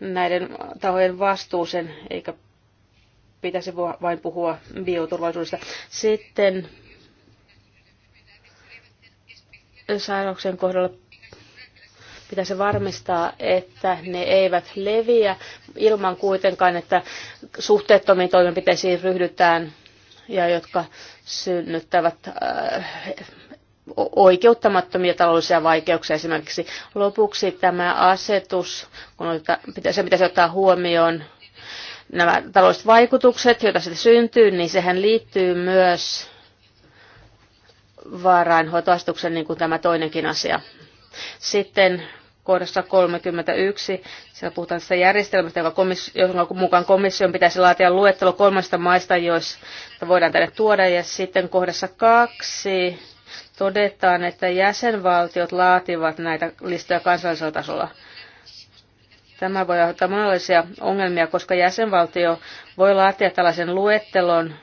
näiden tahojen vastuuseen, eikä pitäisi vain puhua bioturvallisuudesta. Sitten sairauksen kohdalla pitäisi varmistaa, että ne eivät leviä ilman kuitenkaan, että suhteettomiin toimenpiteisiin ryhdytään ja jotka synnyttävät äh, oikeuttamattomia taloudellisia vaikeuksia esimerkiksi. Lopuksi tämä asetus, kun se pitäisi ottaa huomioon nämä taloudelliset vaikutukset, joita sitten syntyy, niin sehän liittyy myös varainhoitoasetuksen, niin kuin tämä toinenkin asia. Sitten kohdassa 31. Siellä puhutaan tästä järjestelmästä, joka komissio, jonka mukaan komission pitäisi laatia luettelo kolmesta maista, joista voidaan tänne tuoda. Ja sitten kohdassa kaksi todetaan, että jäsenvaltiot laativat näitä listoja kansallisella tasolla. Tämä voi aiheuttaa monenlaisia ongelmia, koska jäsenvaltio voi laatia tällaisen luettelon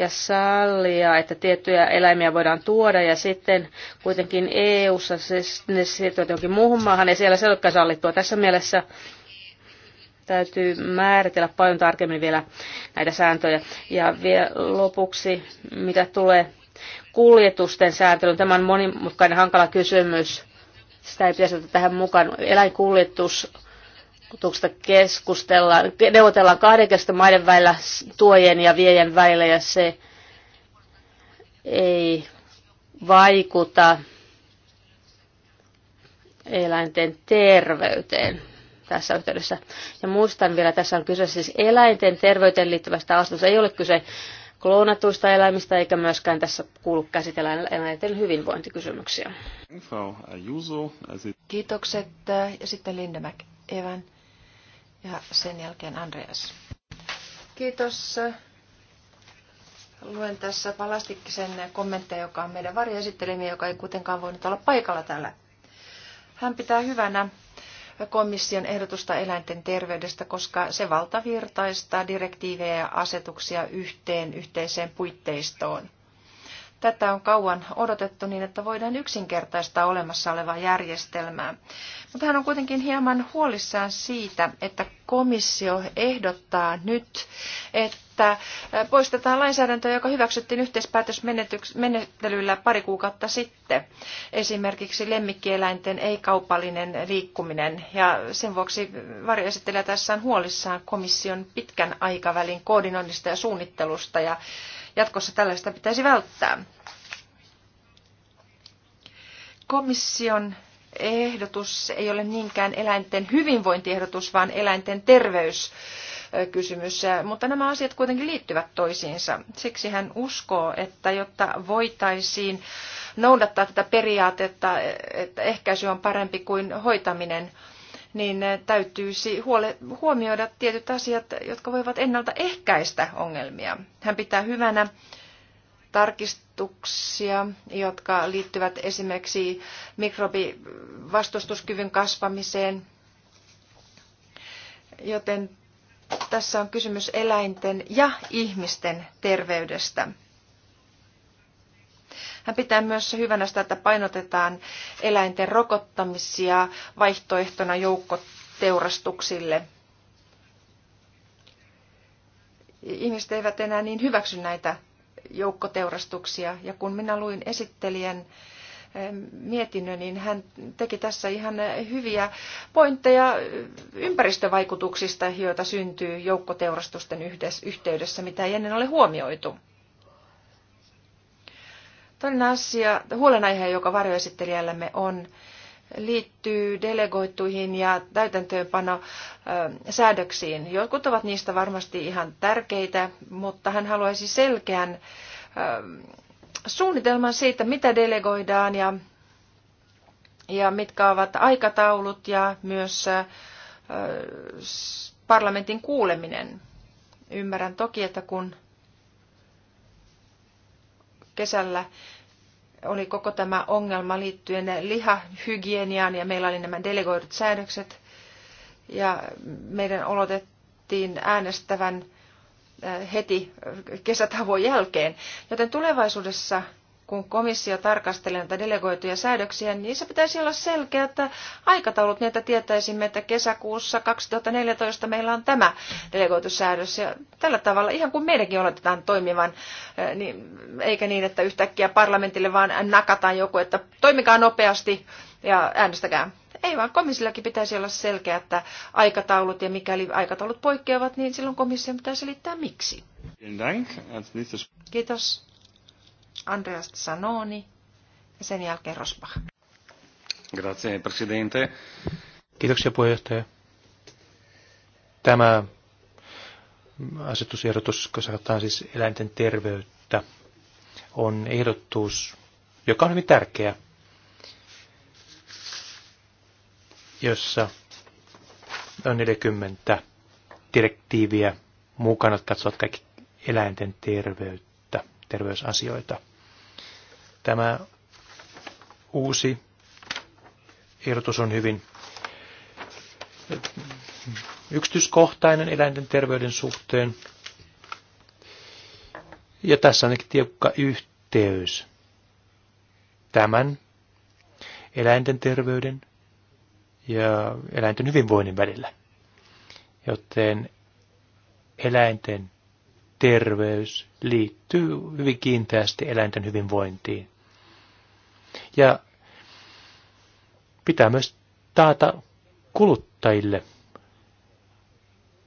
ja sallia, että tiettyjä eläimiä voidaan tuoda ja sitten kuitenkin EU-ssa siis ne siirtyvät johonkin muuhun maahan ja siellä se olekaan sallittua. Tässä mielessä täytyy määritellä paljon tarkemmin vielä näitä sääntöjä. Ja vielä lopuksi, mitä tulee kuljetusten sääntelyyn, tämä on monimutkainen hankala kysymys. Sitä ei pitäisi ottaa tähän mukaan. Eläinkuljetus kutuksesta keskustellaan, neuvotellaan kahdenkestä maiden välillä, tuojen ja viejen välillä, ja se ei vaikuta eläinten terveyteen tässä yhteydessä. Ja muistan vielä, tässä on kyse siis eläinten terveyteen liittyvästä asetuksesta. Ei ole kyse kloonatuista eläimistä, eikä myöskään tässä kuulu käsitellä eläinten hyvinvointikysymyksiä. Äh, äh, Kiitokset. Äh, ja sitten Linda Evan ja sen jälkeen Andreas. Kiitos. Luen tässä Palastikkisen kommentteja, joka on meidän varjoesittelemiä, joka ei kuitenkaan voinut olla paikalla täällä. Hän pitää hyvänä komission ehdotusta eläinten terveydestä, koska se valtavirtaistaa direktiivejä ja asetuksia yhteen yhteiseen puitteistoon. Tätä on kauan odotettu niin, että voidaan yksinkertaistaa olemassa olevaa järjestelmää. Mutta hän on kuitenkin hieman huolissaan siitä, että komissio ehdottaa nyt, että poistetaan lainsäädäntö, joka hyväksyttiin yhteispäätösmenettelyllä pari kuukautta sitten. Esimerkiksi lemmikkieläinten ei-kaupallinen liikkuminen. Ja sen vuoksi varjoesittelijä tässä on huolissaan komission pitkän aikavälin koordinoinnista ja suunnittelusta ja Jatkossa tällaista pitäisi välttää. Komission ehdotus ei ole niinkään eläinten hyvinvointiehdotus, vaan eläinten terveyskysymys. Mutta nämä asiat kuitenkin liittyvät toisiinsa. Siksi hän uskoo, että jotta voitaisiin noudattaa tätä periaatetta, että ehkäisy on parempi kuin hoitaminen, niin eh, täytyisi huomioida tietyt asiat, jotka voivat ennaltaehkäistä ongelmia. Hän pitää hyvänä tarkistuksia, jotka liittyvät esimerkiksi mikrobivastustuskyvyn kasvamiseen. Joten tässä on kysymys eläinten ja ihmisten terveydestä. Hän pitää myös hyvänä sitä, että painotetaan eläinten rokottamisia vaihtoehtona joukkoteurastuksille. Ihmiset eivät enää niin hyväksy näitä joukkoteurastuksia. Ja kun minä luin esittelijän eh, mietinnön, niin hän teki tässä ihan hyviä pointteja ympäristövaikutuksista, joita syntyy joukkoteurastusten yhteydessä, mitä ei ennen ole huomioitu. Toinen asia, huolenaihe, joka varjoesittelijällämme on, liittyy delegoittuihin ja täytäntöönpano säädöksiin. Jotkut ovat niistä varmasti ihan tärkeitä, mutta hän haluaisi selkeän suunnitelman siitä, mitä delegoidaan ja, ja mitkä ovat aikataulut ja myös parlamentin kuuleminen. Ymmärrän toki, että kun kesällä oli koko tämä ongelma liittyen lihahygieniaan ja meillä oli nämä delegoidut säädökset ja meidän olotettiin äänestävän äh, heti kesätavon jälkeen. Joten tulevaisuudessa kun komissio tarkastelee näitä delegoituja säädöksiä, niin se pitäisi olla selkeä, että aikataulut, niin että tietäisimme, että kesäkuussa 2014 meillä on tämä delegoitussäädös. Ja tällä tavalla, ihan kuin meidänkin oletetaan toimivan, eh, niin, eikä niin, että yhtäkkiä parlamentille vaan nakataan joku, että toimikaa nopeasti ja äänestäkää. Ei vaan komissillakin pitäisi olla selkeä, että aikataulut ja mikäli aikataulut poikkeavat, niin silloin komission pitäisi selittää miksi. Kiitos. Andreas Sanoni ja sen jälkeen Rosbach. Grazie, presidente. Kiitoksia puheenjohtaja. Tämä asetusehdotus, kun sanotaan siis eläinten terveyttä, on ehdotus, joka on hyvin tärkeä, jossa on 40 direktiiviä mukana, jotka katsovat kaikki eläinten terveyttä, terveysasioita. Tämä uusi ehdotus on hyvin yksityiskohtainen eläinten terveyden suhteen. Ja tässä on tiukka yhteys tämän eläinten terveyden ja eläinten hyvinvoinnin välillä. Joten eläinten terveys liittyy hyvin kiinteästi eläinten hyvinvointiin. Ja pitää myös taata kuluttajille,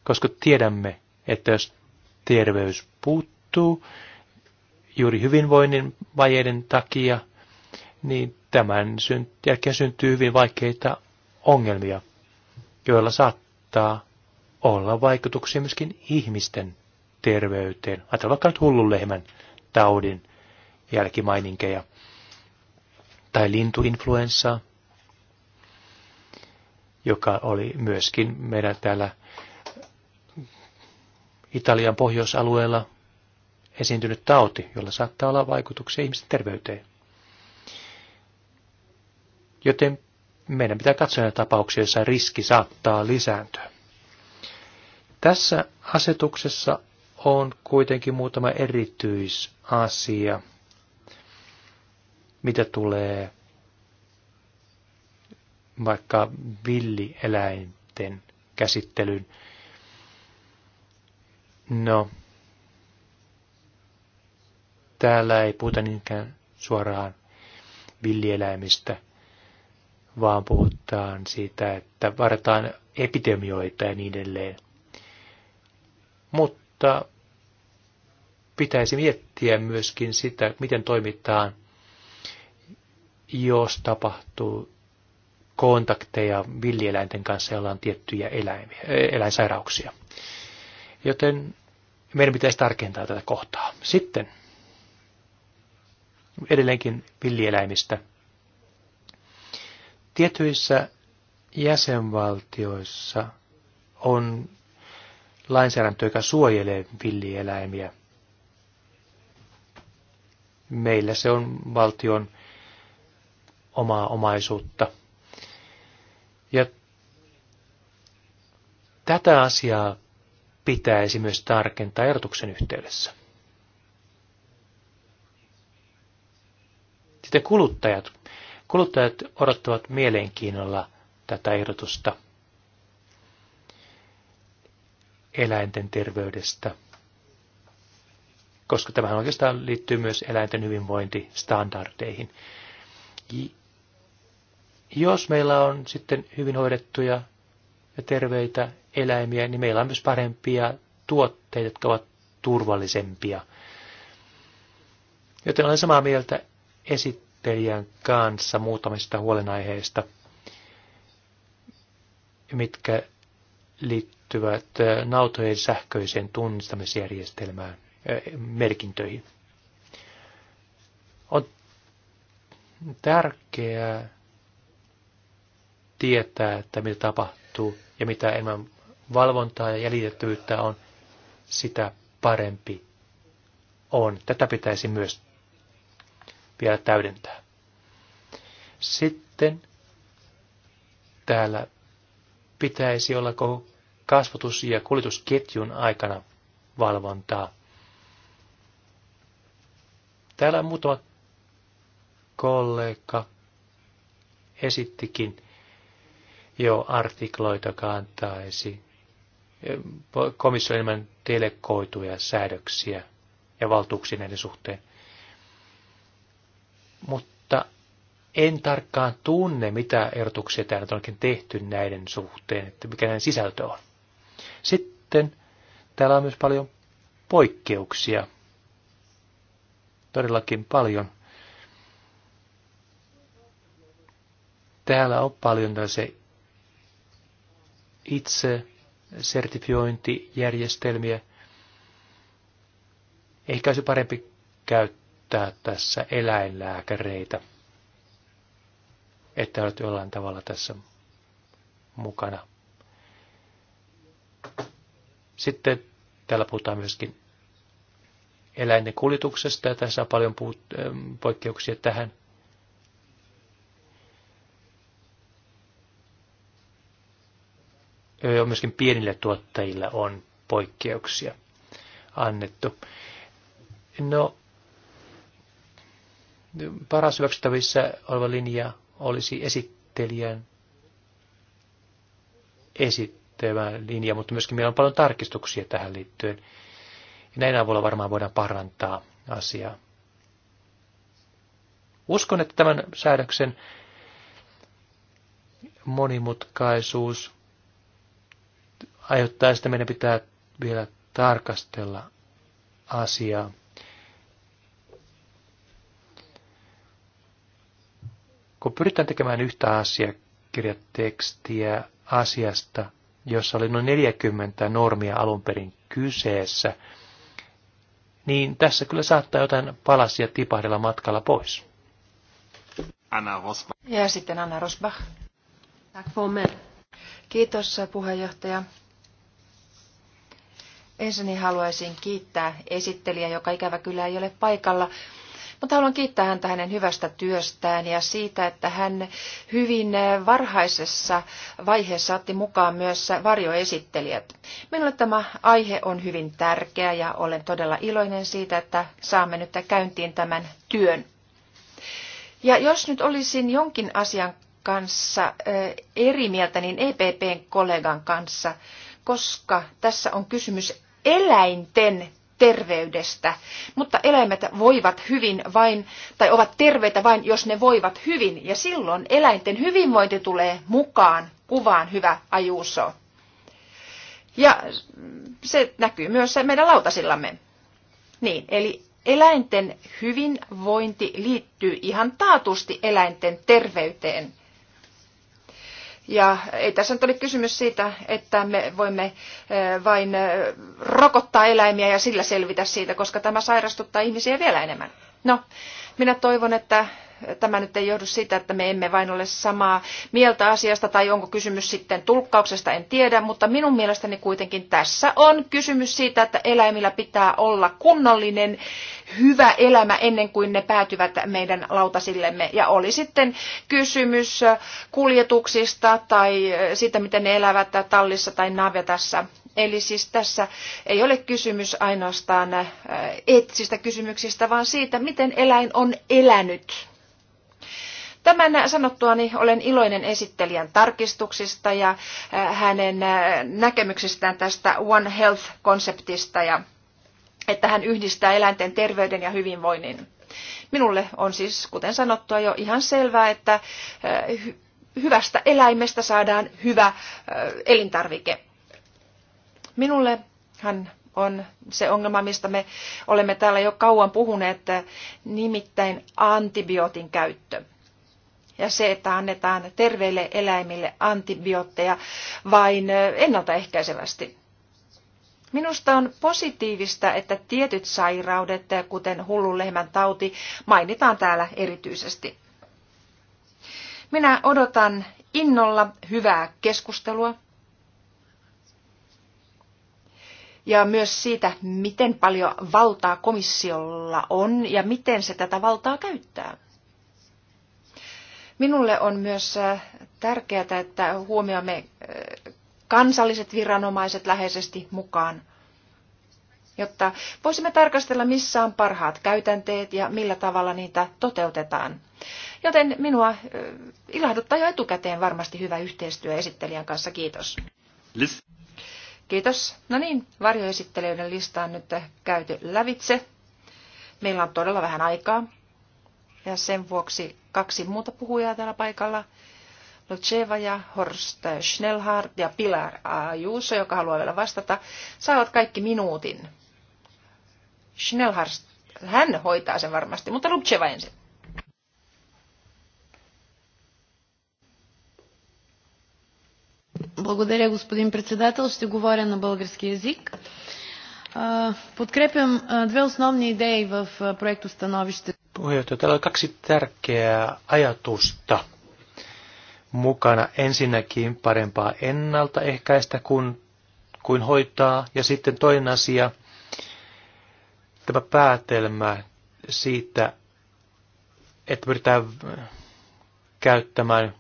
koska tiedämme, että jos terveys puuttuu juuri hyvinvoinnin vajeiden takia, niin tämän jälkeen syntyy hyvin vaikeita ongelmia, joilla saattaa olla vaikutuksia myöskin ihmisten terveyteen. Ajatellaan vaikka nyt hullun lehmän taudin jälkimaininkeja tai lintuinfluenssaa, joka oli myöskin meidän täällä Italian pohjoisalueella esiintynyt tauti, jolla saattaa olla vaikutuksia ihmisten terveyteen. Joten meidän pitää katsoa näitä tapauksia, joissa riski saattaa lisääntyä. Tässä asetuksessa on kuitenkin muutama erityisasia, mitä tulee vaikka villieläinten käsittelyyn. No, täällä ei puhuta niinkään suoraan villieläimistä, vaan puhutaan siitä, että varataan epidemioita ja niin edelleen. Mutta pitäisi miettiä myöskin sitä, miten toimitaan, jos tapahtuu kontakteja villieläinten kanssa, joilla on tiettyjä eläimiä, eläinsairauksia. Joten meidän pitäisi tarkentaa tätä kohtaa. Sitten edelleenkin villieläimistä. Tietyissä jäsenvaltioissa on lainsäädäntö, joka suojelee villieläimiä – meillä se on valtion omaa omaisuutta. Ja tätä asiaa pitäisi myös tarkentaa erotuksen yhteydessä. Sitten kuluttajat. Kuluttajat odottavat mielenkiinnolla tätä ehdotusta eläinten terveydestä – koska tämähän oikeastaan liittyy myös eläinten hyvinvointistandardeihin. Jos meillä on sitten hyvin hoidettuja ja terveitä eläimiä, niin meillä on myös parempia tuotteita, jotka ovat turvallisempia. Joten olen samaa mieltä esittelijän kanssa muutamista huolenaiheista, mitkä liittyvät nautojen sähköiseen tunnistamisjärjestelmään merkintöihin. On tärkeää tietää, että mitä tapahtuu ja mitä enemmän valvontaa ja jäljitettävyyttä on, sitä parempi on. Tätä pitäisi myös vielä täydentää. Sitten täällä pitäisi olla koko kasvatus- ja kuljetusketjun aikana valvontaa. Täällä muutama kollega esittikin jo artikloita kantaisi komission enemmän delegoituja säädöksiä ja valtuuksia näiden suhteen. Mutta en tarkkaan tunne, mitä erotuksia täällä onkin tehty näiden suhteen, että mikä näiden sisältö on. Sitten täällä on myös paljon poikkeuksia todellakin paljon. Täällä on paljon se itse sertifiointijärjestelmiä. Ehkä olisi parempi käyttää tässä eläinlääkäreitä, että olet jollain tavalla tässä mukana. Sitten täällä puhutaan myöskin eläinten kuljetuksesta, ja tässä on paljon puut- ähm, poikkeuksia tähän. Myöskin pienille tuottajille on poikkeuksia annettu. No, paras hyväksyttävissä oleva linja olisi esittelijän esittävä linja, mutta myöskin meillä on paljon tarkistuksia tähän liittyen. Ja näin avulla varmaan voidaan parantaa asiaa. Uskon, että tämän säädöksen monimutkaisuus aiheuttaa sitä, meidän pitää vielä tarkastella asiaa. Kun pyritään tekemään yhtä asiakirjatekstiä asiasta, jossa oli noin 40 normia alun perin kyseessä, niin tässä kyllä saattaa jotain palasia tipahdella matkalla pois. Anna Rosbach. Ja sitten Anna Rosbach. Kiitos puheenjohtaja. Ensin haluaisin kiittää esittelijä, joka ikävä kyllä ei ole paikalla, mutta haluan kiittää häntä hänen hyvästä työstään ja siitä, että hän hyvin varhaisessa vaiheessa otti mukaan myös varjoesittelijät. Minulle tämä aihe on hyvin tärkeä ja olen todella iloinen siitä, että saamme nyt käyntiin tämän työn. Ja jos nyt olisin jonkin asian kanssa eh, eri mieltä, niin EPPn kollegan kanssa, koska tässä on kysymys eläinten terveydestä. Mutta eläimet voivat hyvin vain, tai ovat terveitä vain, jos ne voivat hyvin. Ja silloin eläinten hyvinvointi tulee mukaan kuvaan, hyvä ajuuso. Ja se näkyy myös meidän lautasillamme. Niin, eli eläinten hyvinvointi liittyy ihan taatusti eläinten terveyteen. Ja ei tässä nyt ole kysymys siitä, että me voimme vain rokottaa eläimiä ja sillä selvitä siitä, koska tämä sairastuttaa ihmisiä vielä enemmän. No, minä toivon, että tämä nyt ei johdu siitä, että me emme vain ole samaa mieltä asiasta tai onko kysymys sitten tulkkauksesta, en tiedä, mutta minun mielestäni kuitenkin tässä on kysymys siitä, että eläimillä pitää olla kunnollinen, hyvä elämä ennen kuin ne päätyvät meidän lautasillemme. Ja oli sitten kysymys kuljetuksista tai siitä, miten ne elävät tallissa tai navetassa. Eli siis tässä ei ole kysymys ainoastaan eettisistä kysymyksistä, vaan siitä, miten eläin on elänyt Tämän sanottuani olen iloinen esittelijän tarkistuksista ja äh, hänen äh, näkemyksistään tästä One Health-konseptista ja että hän yhdistää eläinten terveyden ja hyvinvoinnin. Minulle on siis, kuten sanottua, jo ihan selvää, että äh, hyvästä eläimestä saadaan hyvä elintarvike. Minulle hän on se ongelma, mistä me olemme täällä jo kauan puhuneet, nimittäin antibiootin käyttö ja se, että annetaan terveille eläimille antibiootteja vain ennaltaehkäisevästi. Minusta on positiivista, että tietyt sairaudet, kuten hullun lehmän tauti, mainitaan täällä erityisesti. Minä odotan innolla hyvää keskustelua ja myös siitä, miten paljon valtaa komissiolla on ja miten se tätä valtaa käyttää. Minulle on myös äh, tärkeää, että huomioimme äh, kansalliset viranomaiset läheisesti mukaan, jotta voisimme tarkastella, missä on parhaat käytänteet ja millä tavalla niitä toteutetaan. Joten minua äh, ilahduttaa jo etukäteen varmasti hyvä yhteistyö esittelijän kanssa. Kiitos. List. Kiitos. No niin, varjoesittelijöiden lista on nyt käyty lävitse. Meillä on todella vähän aikaa ja sen vuoksi kaksi muuta puhujaa täällä paikalla. Loceva ja Horst Schnellhardt ja Pilar Ajuso, joka haluaa vielä vastata, saavat kaikki minuutin. Schnellhardt, hän hoitaa sen varmasti, mutta Lubcheva ensin. Благодаря, господин председател. Ще говоря на български язик. Подкрепям две основни идеи в проекто становище puheenjohtaja, täällä on kaksi tärkeää ajatusta mukana. Ensinnäkin parempaa ennaltaehkäistä kuin, kuin hoitaa, ja sitten toinen asia, tämä päätelmä siitä, että pyritään käyttämään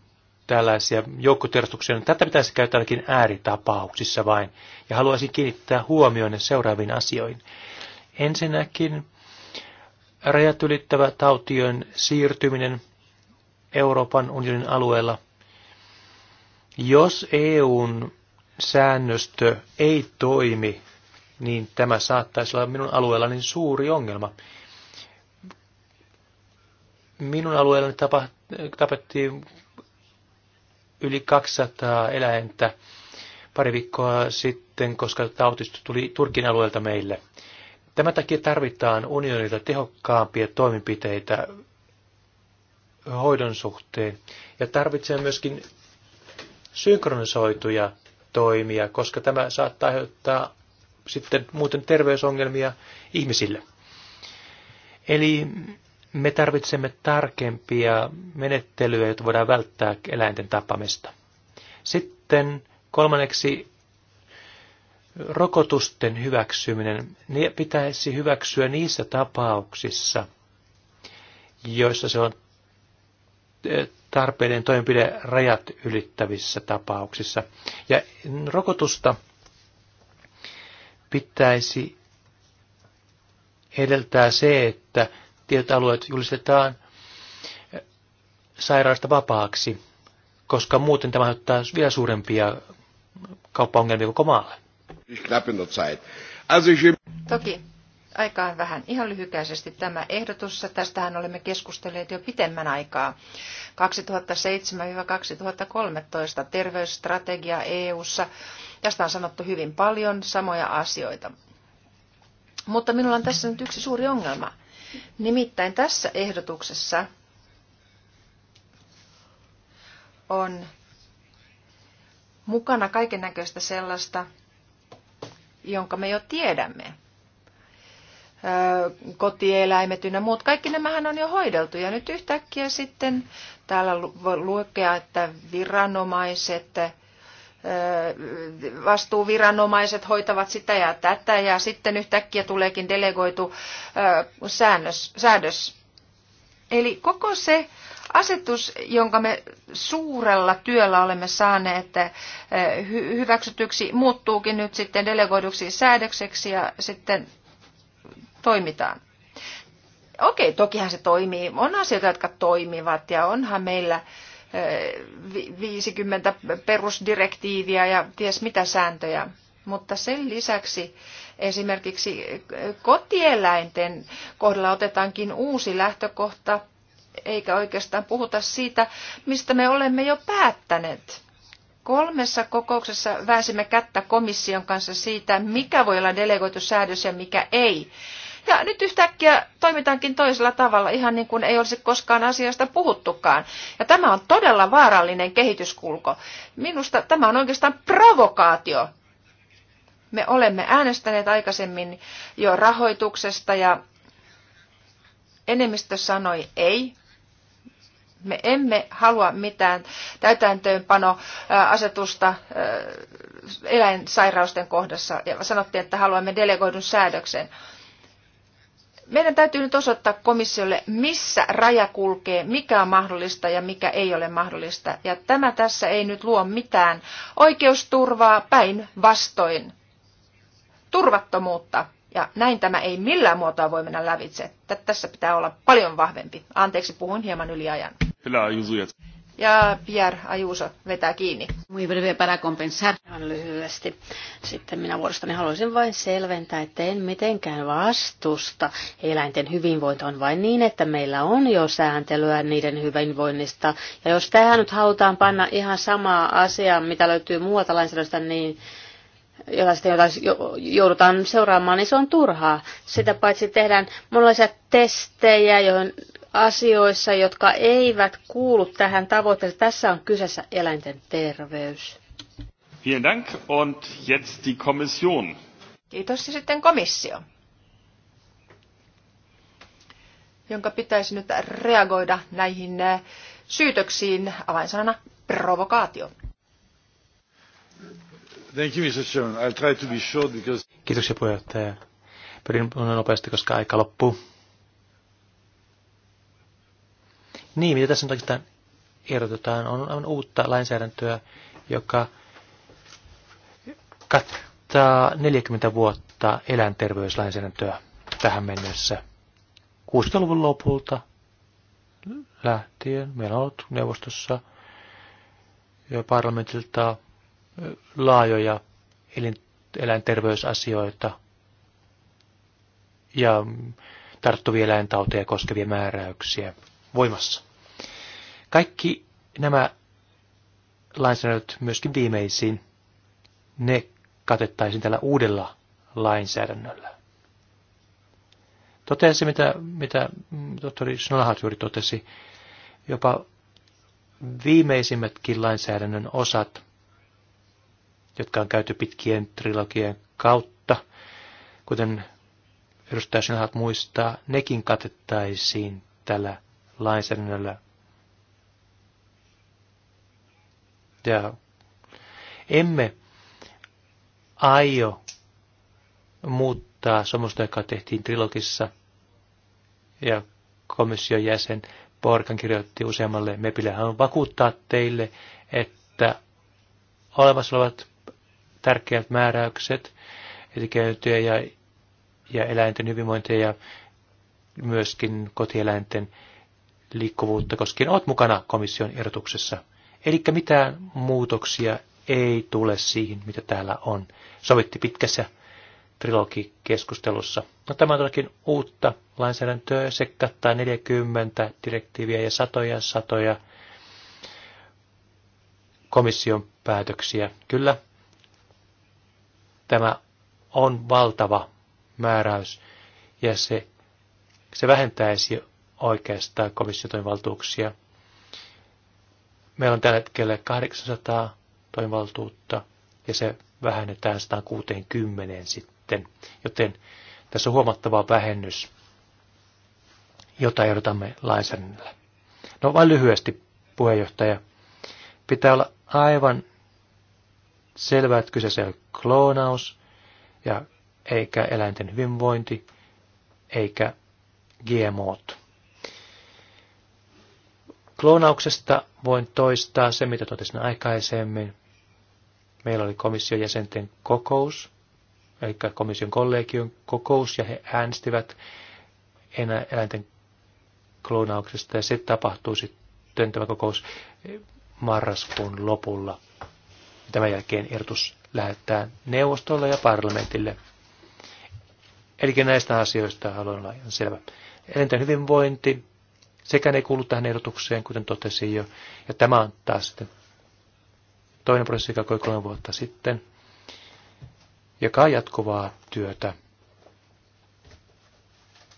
tällaisia joukkotiedostuksia. Tätä pitäisi käyttää ainakin ääritapauksissa vain. Ja haluaisin kiinnittää huomioon seuraaviin asioihin. Ensinnäkin rajat ylittävä tautien siirtyminen Euroopan unionin alueella. Jos EUn säännöstö ei toimi, niin tämä saattaisi olla minun alueellani suuri ongelma. Minun alueellani tapettiin yli 200 eläintä pari viikkoa sitten, koska tautista tuli Turkin alueelta meille. Tämän takia tarvitaan unionilta tehokkaampia toimenpiteitä hoidon suhteen ja tarvitsee myöskin synkronisoituja toimia, koska tämä saattaa aiheuttaa sitten muuten terveysongelmia ihmisille. Eli me tarvitsemme tarkempia menettelyjä, joita voidaan välttää eläinten tapamista. Sitten kolmanneksi rokotusten hyväksyminen ne pitäisi hyväksyä niissä tapauksissa, joissa se on eh, tarpeiden toimenpide rajat ylittävissä tapauksissa. Ja rokotusta pitäisi edeltää se, että tietyt alueet julistetaan eh, sairaasta vapaaksi, koska muuten tämä ottaa vielä suurempia kauppaongelmia koko maalle. No Toki aika on vähän. Ihan lyhykäisesti tämä ehdotus. Tästähän olemme keskustelleet jo pitemmän aikaa. 2007-2013 terveysstrategia EU-ssa. Tästä on sanottu hyvin paljon samoja asioita. Mutta minulla on tässä nyt yksi suuri ongelma. Nimittäin tässä ehdotuksessa on mukana kaiken näköistä sellaista, jonka me jo tiedämme. Kotieläimet ynnä muut, kaikki nämähän on jo hoideltu. Ja nyt yhtäkkiä sitten täällä voi lukea, että viranomaiset, vastuuviranomaiset hoitavat sitä ja tätä ja sitten yhtäkkiä tuleekin delegoitu säännös, säädös. Eli koko se asetus, jonka me suurella työllä olemme saaneet eh, hyväksytyksi, muuttuukin nyt sitten delegoiduksi säädökseksi ja sitten toimitaan. Okei, tokihan se toimii. On asioita, jotka toimivat ja onhan meillä 50 eh, perusdirektiiviä ja ties mitä sääntöjä. Mutta sen lisäksi esimerkiksi kotieläinten kohdalla otetaankin uusi lähtökohta – eikä oikeastaan puhuta siitä, mistä me olemme jo päättäneet. Kolmessa kokouksessa väänsimme kättä komission kanssa siitä, mikä voi olla delegoitu säädös ja mikä ei. Ja nyt yhtäkkiä toimitaankin toisella tavalla, ihan niin kuin ei olisi koskaan asiasta puhuttukaan. Ja tämä on todella vaarallinen kehityskulko. Minusta tämä on oikeastaan provokaatio. Me olemme äänestäneet aikaisemmin jo rahoituksesta ja enemmistö sanoi ei. Me emme halua mitään täytäntöönpanoasetusta eläinsairausten kohdassa. Ja sanottiin, että haluamme delegoidun säädöksen. Meidän täytyy nyt osoittaa komissiolle, missä raja kulkee, mikä on mahdollista ja mikä ei ole mahdollista. Ja tämä tässä ei nyt luo mitään oikeusturvaa päinvastoin turvattomuutta. Ja näin tämä ei millään muotoa voi mennä lävitse. Tässä pitää olla paljon vahvempi. Anteeksi, puhun hieman yli ajan. Hyvä Ja Pierre Ajuso vetää kiinni. Muy breve para compensar. lyhyesti. Sitten minä vuorostani haluaisin vain selventää, että en mitenkään vastusta. Eläinten hyvinvointi on vain niin, että meillä on jo sääntelyä niiden hyvinvoinnista. Ja jos tähän nyt halutaan panna ihan samaa asiaa, mitä löytyy muualta lainsäädännöstä, niin jota sitten joudutaan seuraamaan, niin se on turhaa. Sitä paitsi tehdään monenlaisia testejä, joihin asioissa, jotka eivät kuulu tähän tavoitteeseen. Tässä on kyseessä eläinten terveys. Vielen Dank und jetzt die Kommission. Kiitos ja sitten komissio, jonka pitäisi nyt reagoida näihin eh, syytöksiin avainsanana provokaatio. Thank you, Mr. Chairman. I'll try to be short because... Kiitoksia puheenjohtaja. Pyrin nopeasti, koska aika loppuu. Niin, mitä tässä nyt oikeastaan ehdotetaan, on aivan uutta lainsäädäntöä, joka kattaa 40 vuotta eläinterveyslainsäädäntöä tähän mennessä. 60-luvun lopulta lähtien meillä on ollut neuvostossa ja parlamentilta laajoja eläinterveysasioita ja tarttuvia eläintauteja koskevia määräyksiä voimassa. Kaikki nämä lainsäädännöt myöskin viimeisiin, ne katettaisiin tällä uudella lainsäädännöllä. se, mitä, mitä tohtori Snellahat juuri totesi, jopa viimeisimmätkin lainsäädännön osat, jotka on käyty pitkien trilogien kautta, kuten edustaja Snellhardt muistaa, nekin katettaisiin tällä lainsäädännöllä. Ja emme aio muuttaa sopimusta, joka tehtiin trilogissa. Ja komission jäsen Porkan kirjoitti useammalle mepille, hän vakuuttaa teille, että olemassa olevat tärkeät määräykset, etikäyntiä ja, ja eläinten hyvinvointia ja myöskin kotieläinten liikkuvuutta koskien olet mukana komission erotuksessa. Eli mitään muutoksia ei tule siihen, mitä täällä on. Sovitti pitkässä trilogikeskustelussa. No, tämä on todellakin uutta lainsäädäntöä. Se kattaa 40 direktiiviä ja satoja satoja komission päätöksiä. Kyllä, tämä on valtava määräys ja se, se vähentäisi oikeastaan komission toimivaltuuksia. Meillä on tällä hetkellä 800 toimivaltuutta ja se vähennetään 160 sitten, joten tässä on huomattava vähennys, jota ehdotamme lainsäädännöllä. No vain lyhyesti, puheenjohtaja. Pitää olla aivan selvää, että kyseessä ei ole kloonaus ja eikä eläinten hyvinvointi, eikä GMOt. Kloonauksesta voin toistaa se, mitä totesin aikaisemmin. Meillä oli komission jäsenten kokous, eli komission kollegion kokous, ja he äänestivät eläinten kloonauksesta, ja se tapahtuu sitten tämä kokous marraskuun lopulla. Tämän jälkeen ehdotus lähettää neuvostolle ja parlamentille. Eli näistä asioista haluan olla ihan selvä. Eläinten hyvinvointi, Sekään ei kuulu tähän ehdotukseen, kuten totesin jo. Ja tämä on taas sitten toinen prosessi, joka koi kolme vuotta sitten, joka on jatkuvaa työtä,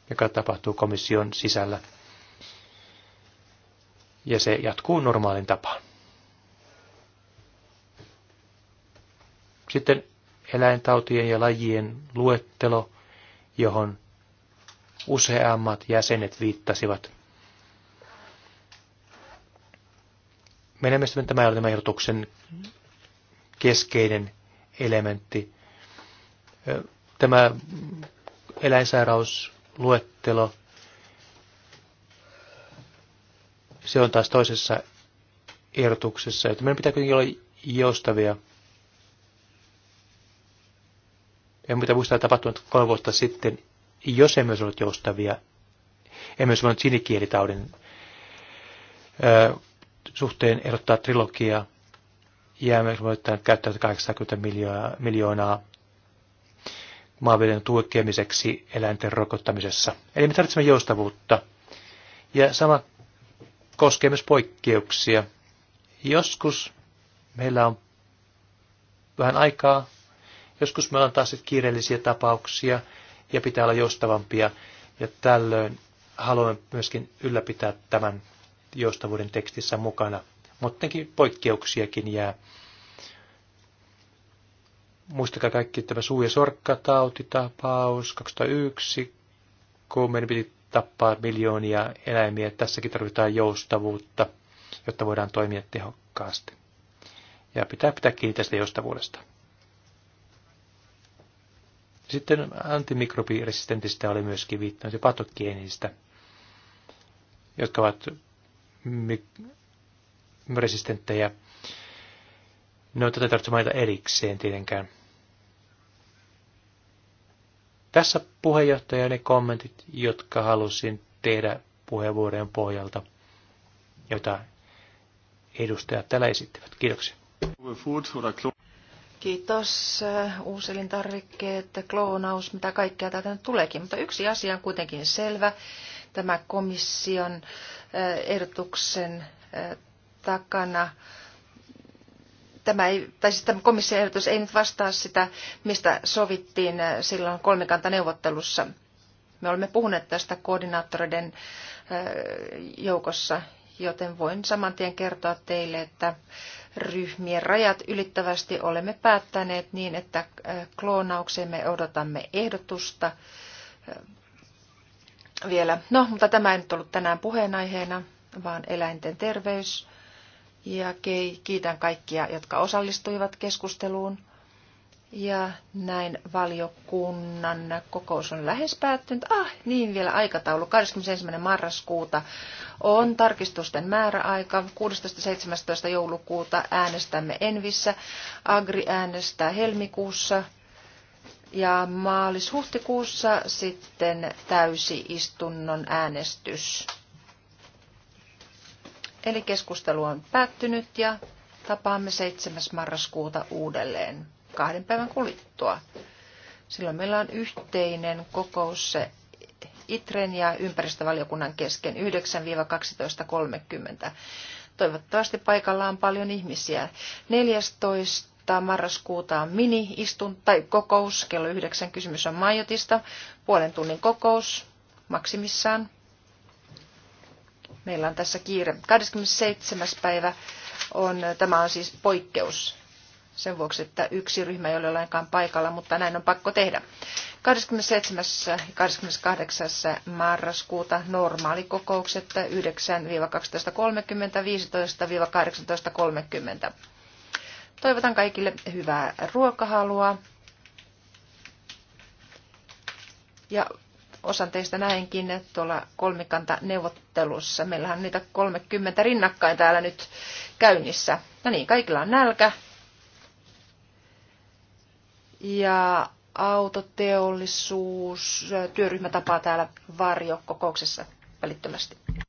joka tapahtuu komission sisällä. Ja se jatkuu normaalin tapaan. Sitten eläintautien ja lajien luettelo, johon useammat jäsenet viittasivat. Meidän mielestämme tämä ei ole tämän ehdotuksen keskeinen elementti. Tämä eläinsairausluettelo, se on taas toisessa ehdotuksessa, että meidän pitää kuitenkin olla joustavia. En mitä muistaa tapahtunut kolme vuotta sitten, jos emme olisi ollut joustavia, emme olisi voinut sinikielitaudin suhteen erottaa trilogia ja me voidaan käyttää 80 miljoonaa, miljoonaa maanviljelijän tuekemiseksi eläinten rokottamisessa. Eli me tarvitsemme joustavuutta. Ja sama koskee myös poikkeuksia. Joskus meillä on vähän aikaa, joskus meillä on taas kiireellisiä tapauksia ja pitää olla joustavampia. Ja tällöin haluamme myöskin ylläpitää tämän joustavuuden tekstissä mukana, mutta poikkeuksiakin jää. Muistakaa kaikki tämä suu- ja sorkkatautitapaus 2001, kun meidän piti tappaa miljoonia eläimiä. Tässäkin tarvitaan joustavuutta, jotta voidaan toimia tehokkaasti. Ja pitää pitää kiinni tästä joustavuudesta. Sitten antimikrobiresistentistä oli myöskin viittaus ja patogeenistä, jotka ovat resistenttejä. No, tätä tarvitse mainita erikseen tietenkään. Tässä puheenjohtaja ne kommentit, jotka halusin tehdä puheenvuoron pohjalta, jota edustajat täällä esittivät. Kiitoksia. Kiitos. Uh, uuselintarvikkeet, kloonaus, mitä kaikkea täältä nyt tuleekin. Mutta yksi asia on kuitenkin selvä tämä komission ehdotuksen takana. Tämä, ei, tai siis tämä komission ehdotus ei nyt vastaa sitä, mistä sovittiin silloin kolmikantaneuvottelussa. Me olemme puhuneet tästä koordinaattoreiden joukossa, joten voin saman tien kertoa teille, että ryhmien rajat ylittävästi olemme päättäneet niin, että kloonaukseen me odotamme ehdotusta vielä. No, mutta tämä ei nyt ollut tänään puheenaiheena, vaan eläinten terveys. Ja kiitän kaikkia, jotka osallistuivat keskusteluun. Ja näin valiokunnan kokous on lähes päättynyt. Ah, niin vielä aikataulu. 21. marraskuuta on tarkistusten määräaika. 16.17. joulukuuta äänestämme Envissä. Agri äänestää helmikuussa ja maalis-huhtikuussa sitten täysiistunnon äänestys. Eli keskustelu on päättynyt ja tapaamme 7. marraskuuta uudelleen kahden päivän kulittua. Silloin meillä on yhteinen kokous se ITREN ja ympäristövaliokunnan kesken 9-12.30. Toivottavasti paikalla on paljon ihmisiä. 14 marraskuuta on mini-istun tai kokous, kello yhdeksän kysymys on Majotista, puolen tunnin kokous maksimissaan. Meillä on tässä kiire. 27. päivä on, tämä on siis poikkeus sen vuoksi, että yksi ryhmä ei ole lainkaan paikalla, mutta näin on pakko tehdä. 27. ja 28. marraskuuta normaalikokoukset 9-12.30, 15-18.30. Toivotan kaikille hyvää ruokahalua. Ja osan teistä näinkin tuolla kolmikanta neuvottelussa. Meillähän on niitä 30 rinnakkain täällä nyt käynnissä. No niin, kaikilla on nälkä. Ja autoteollisuus, työryhmä tapaa täällä varjokokouksessa välittömästi.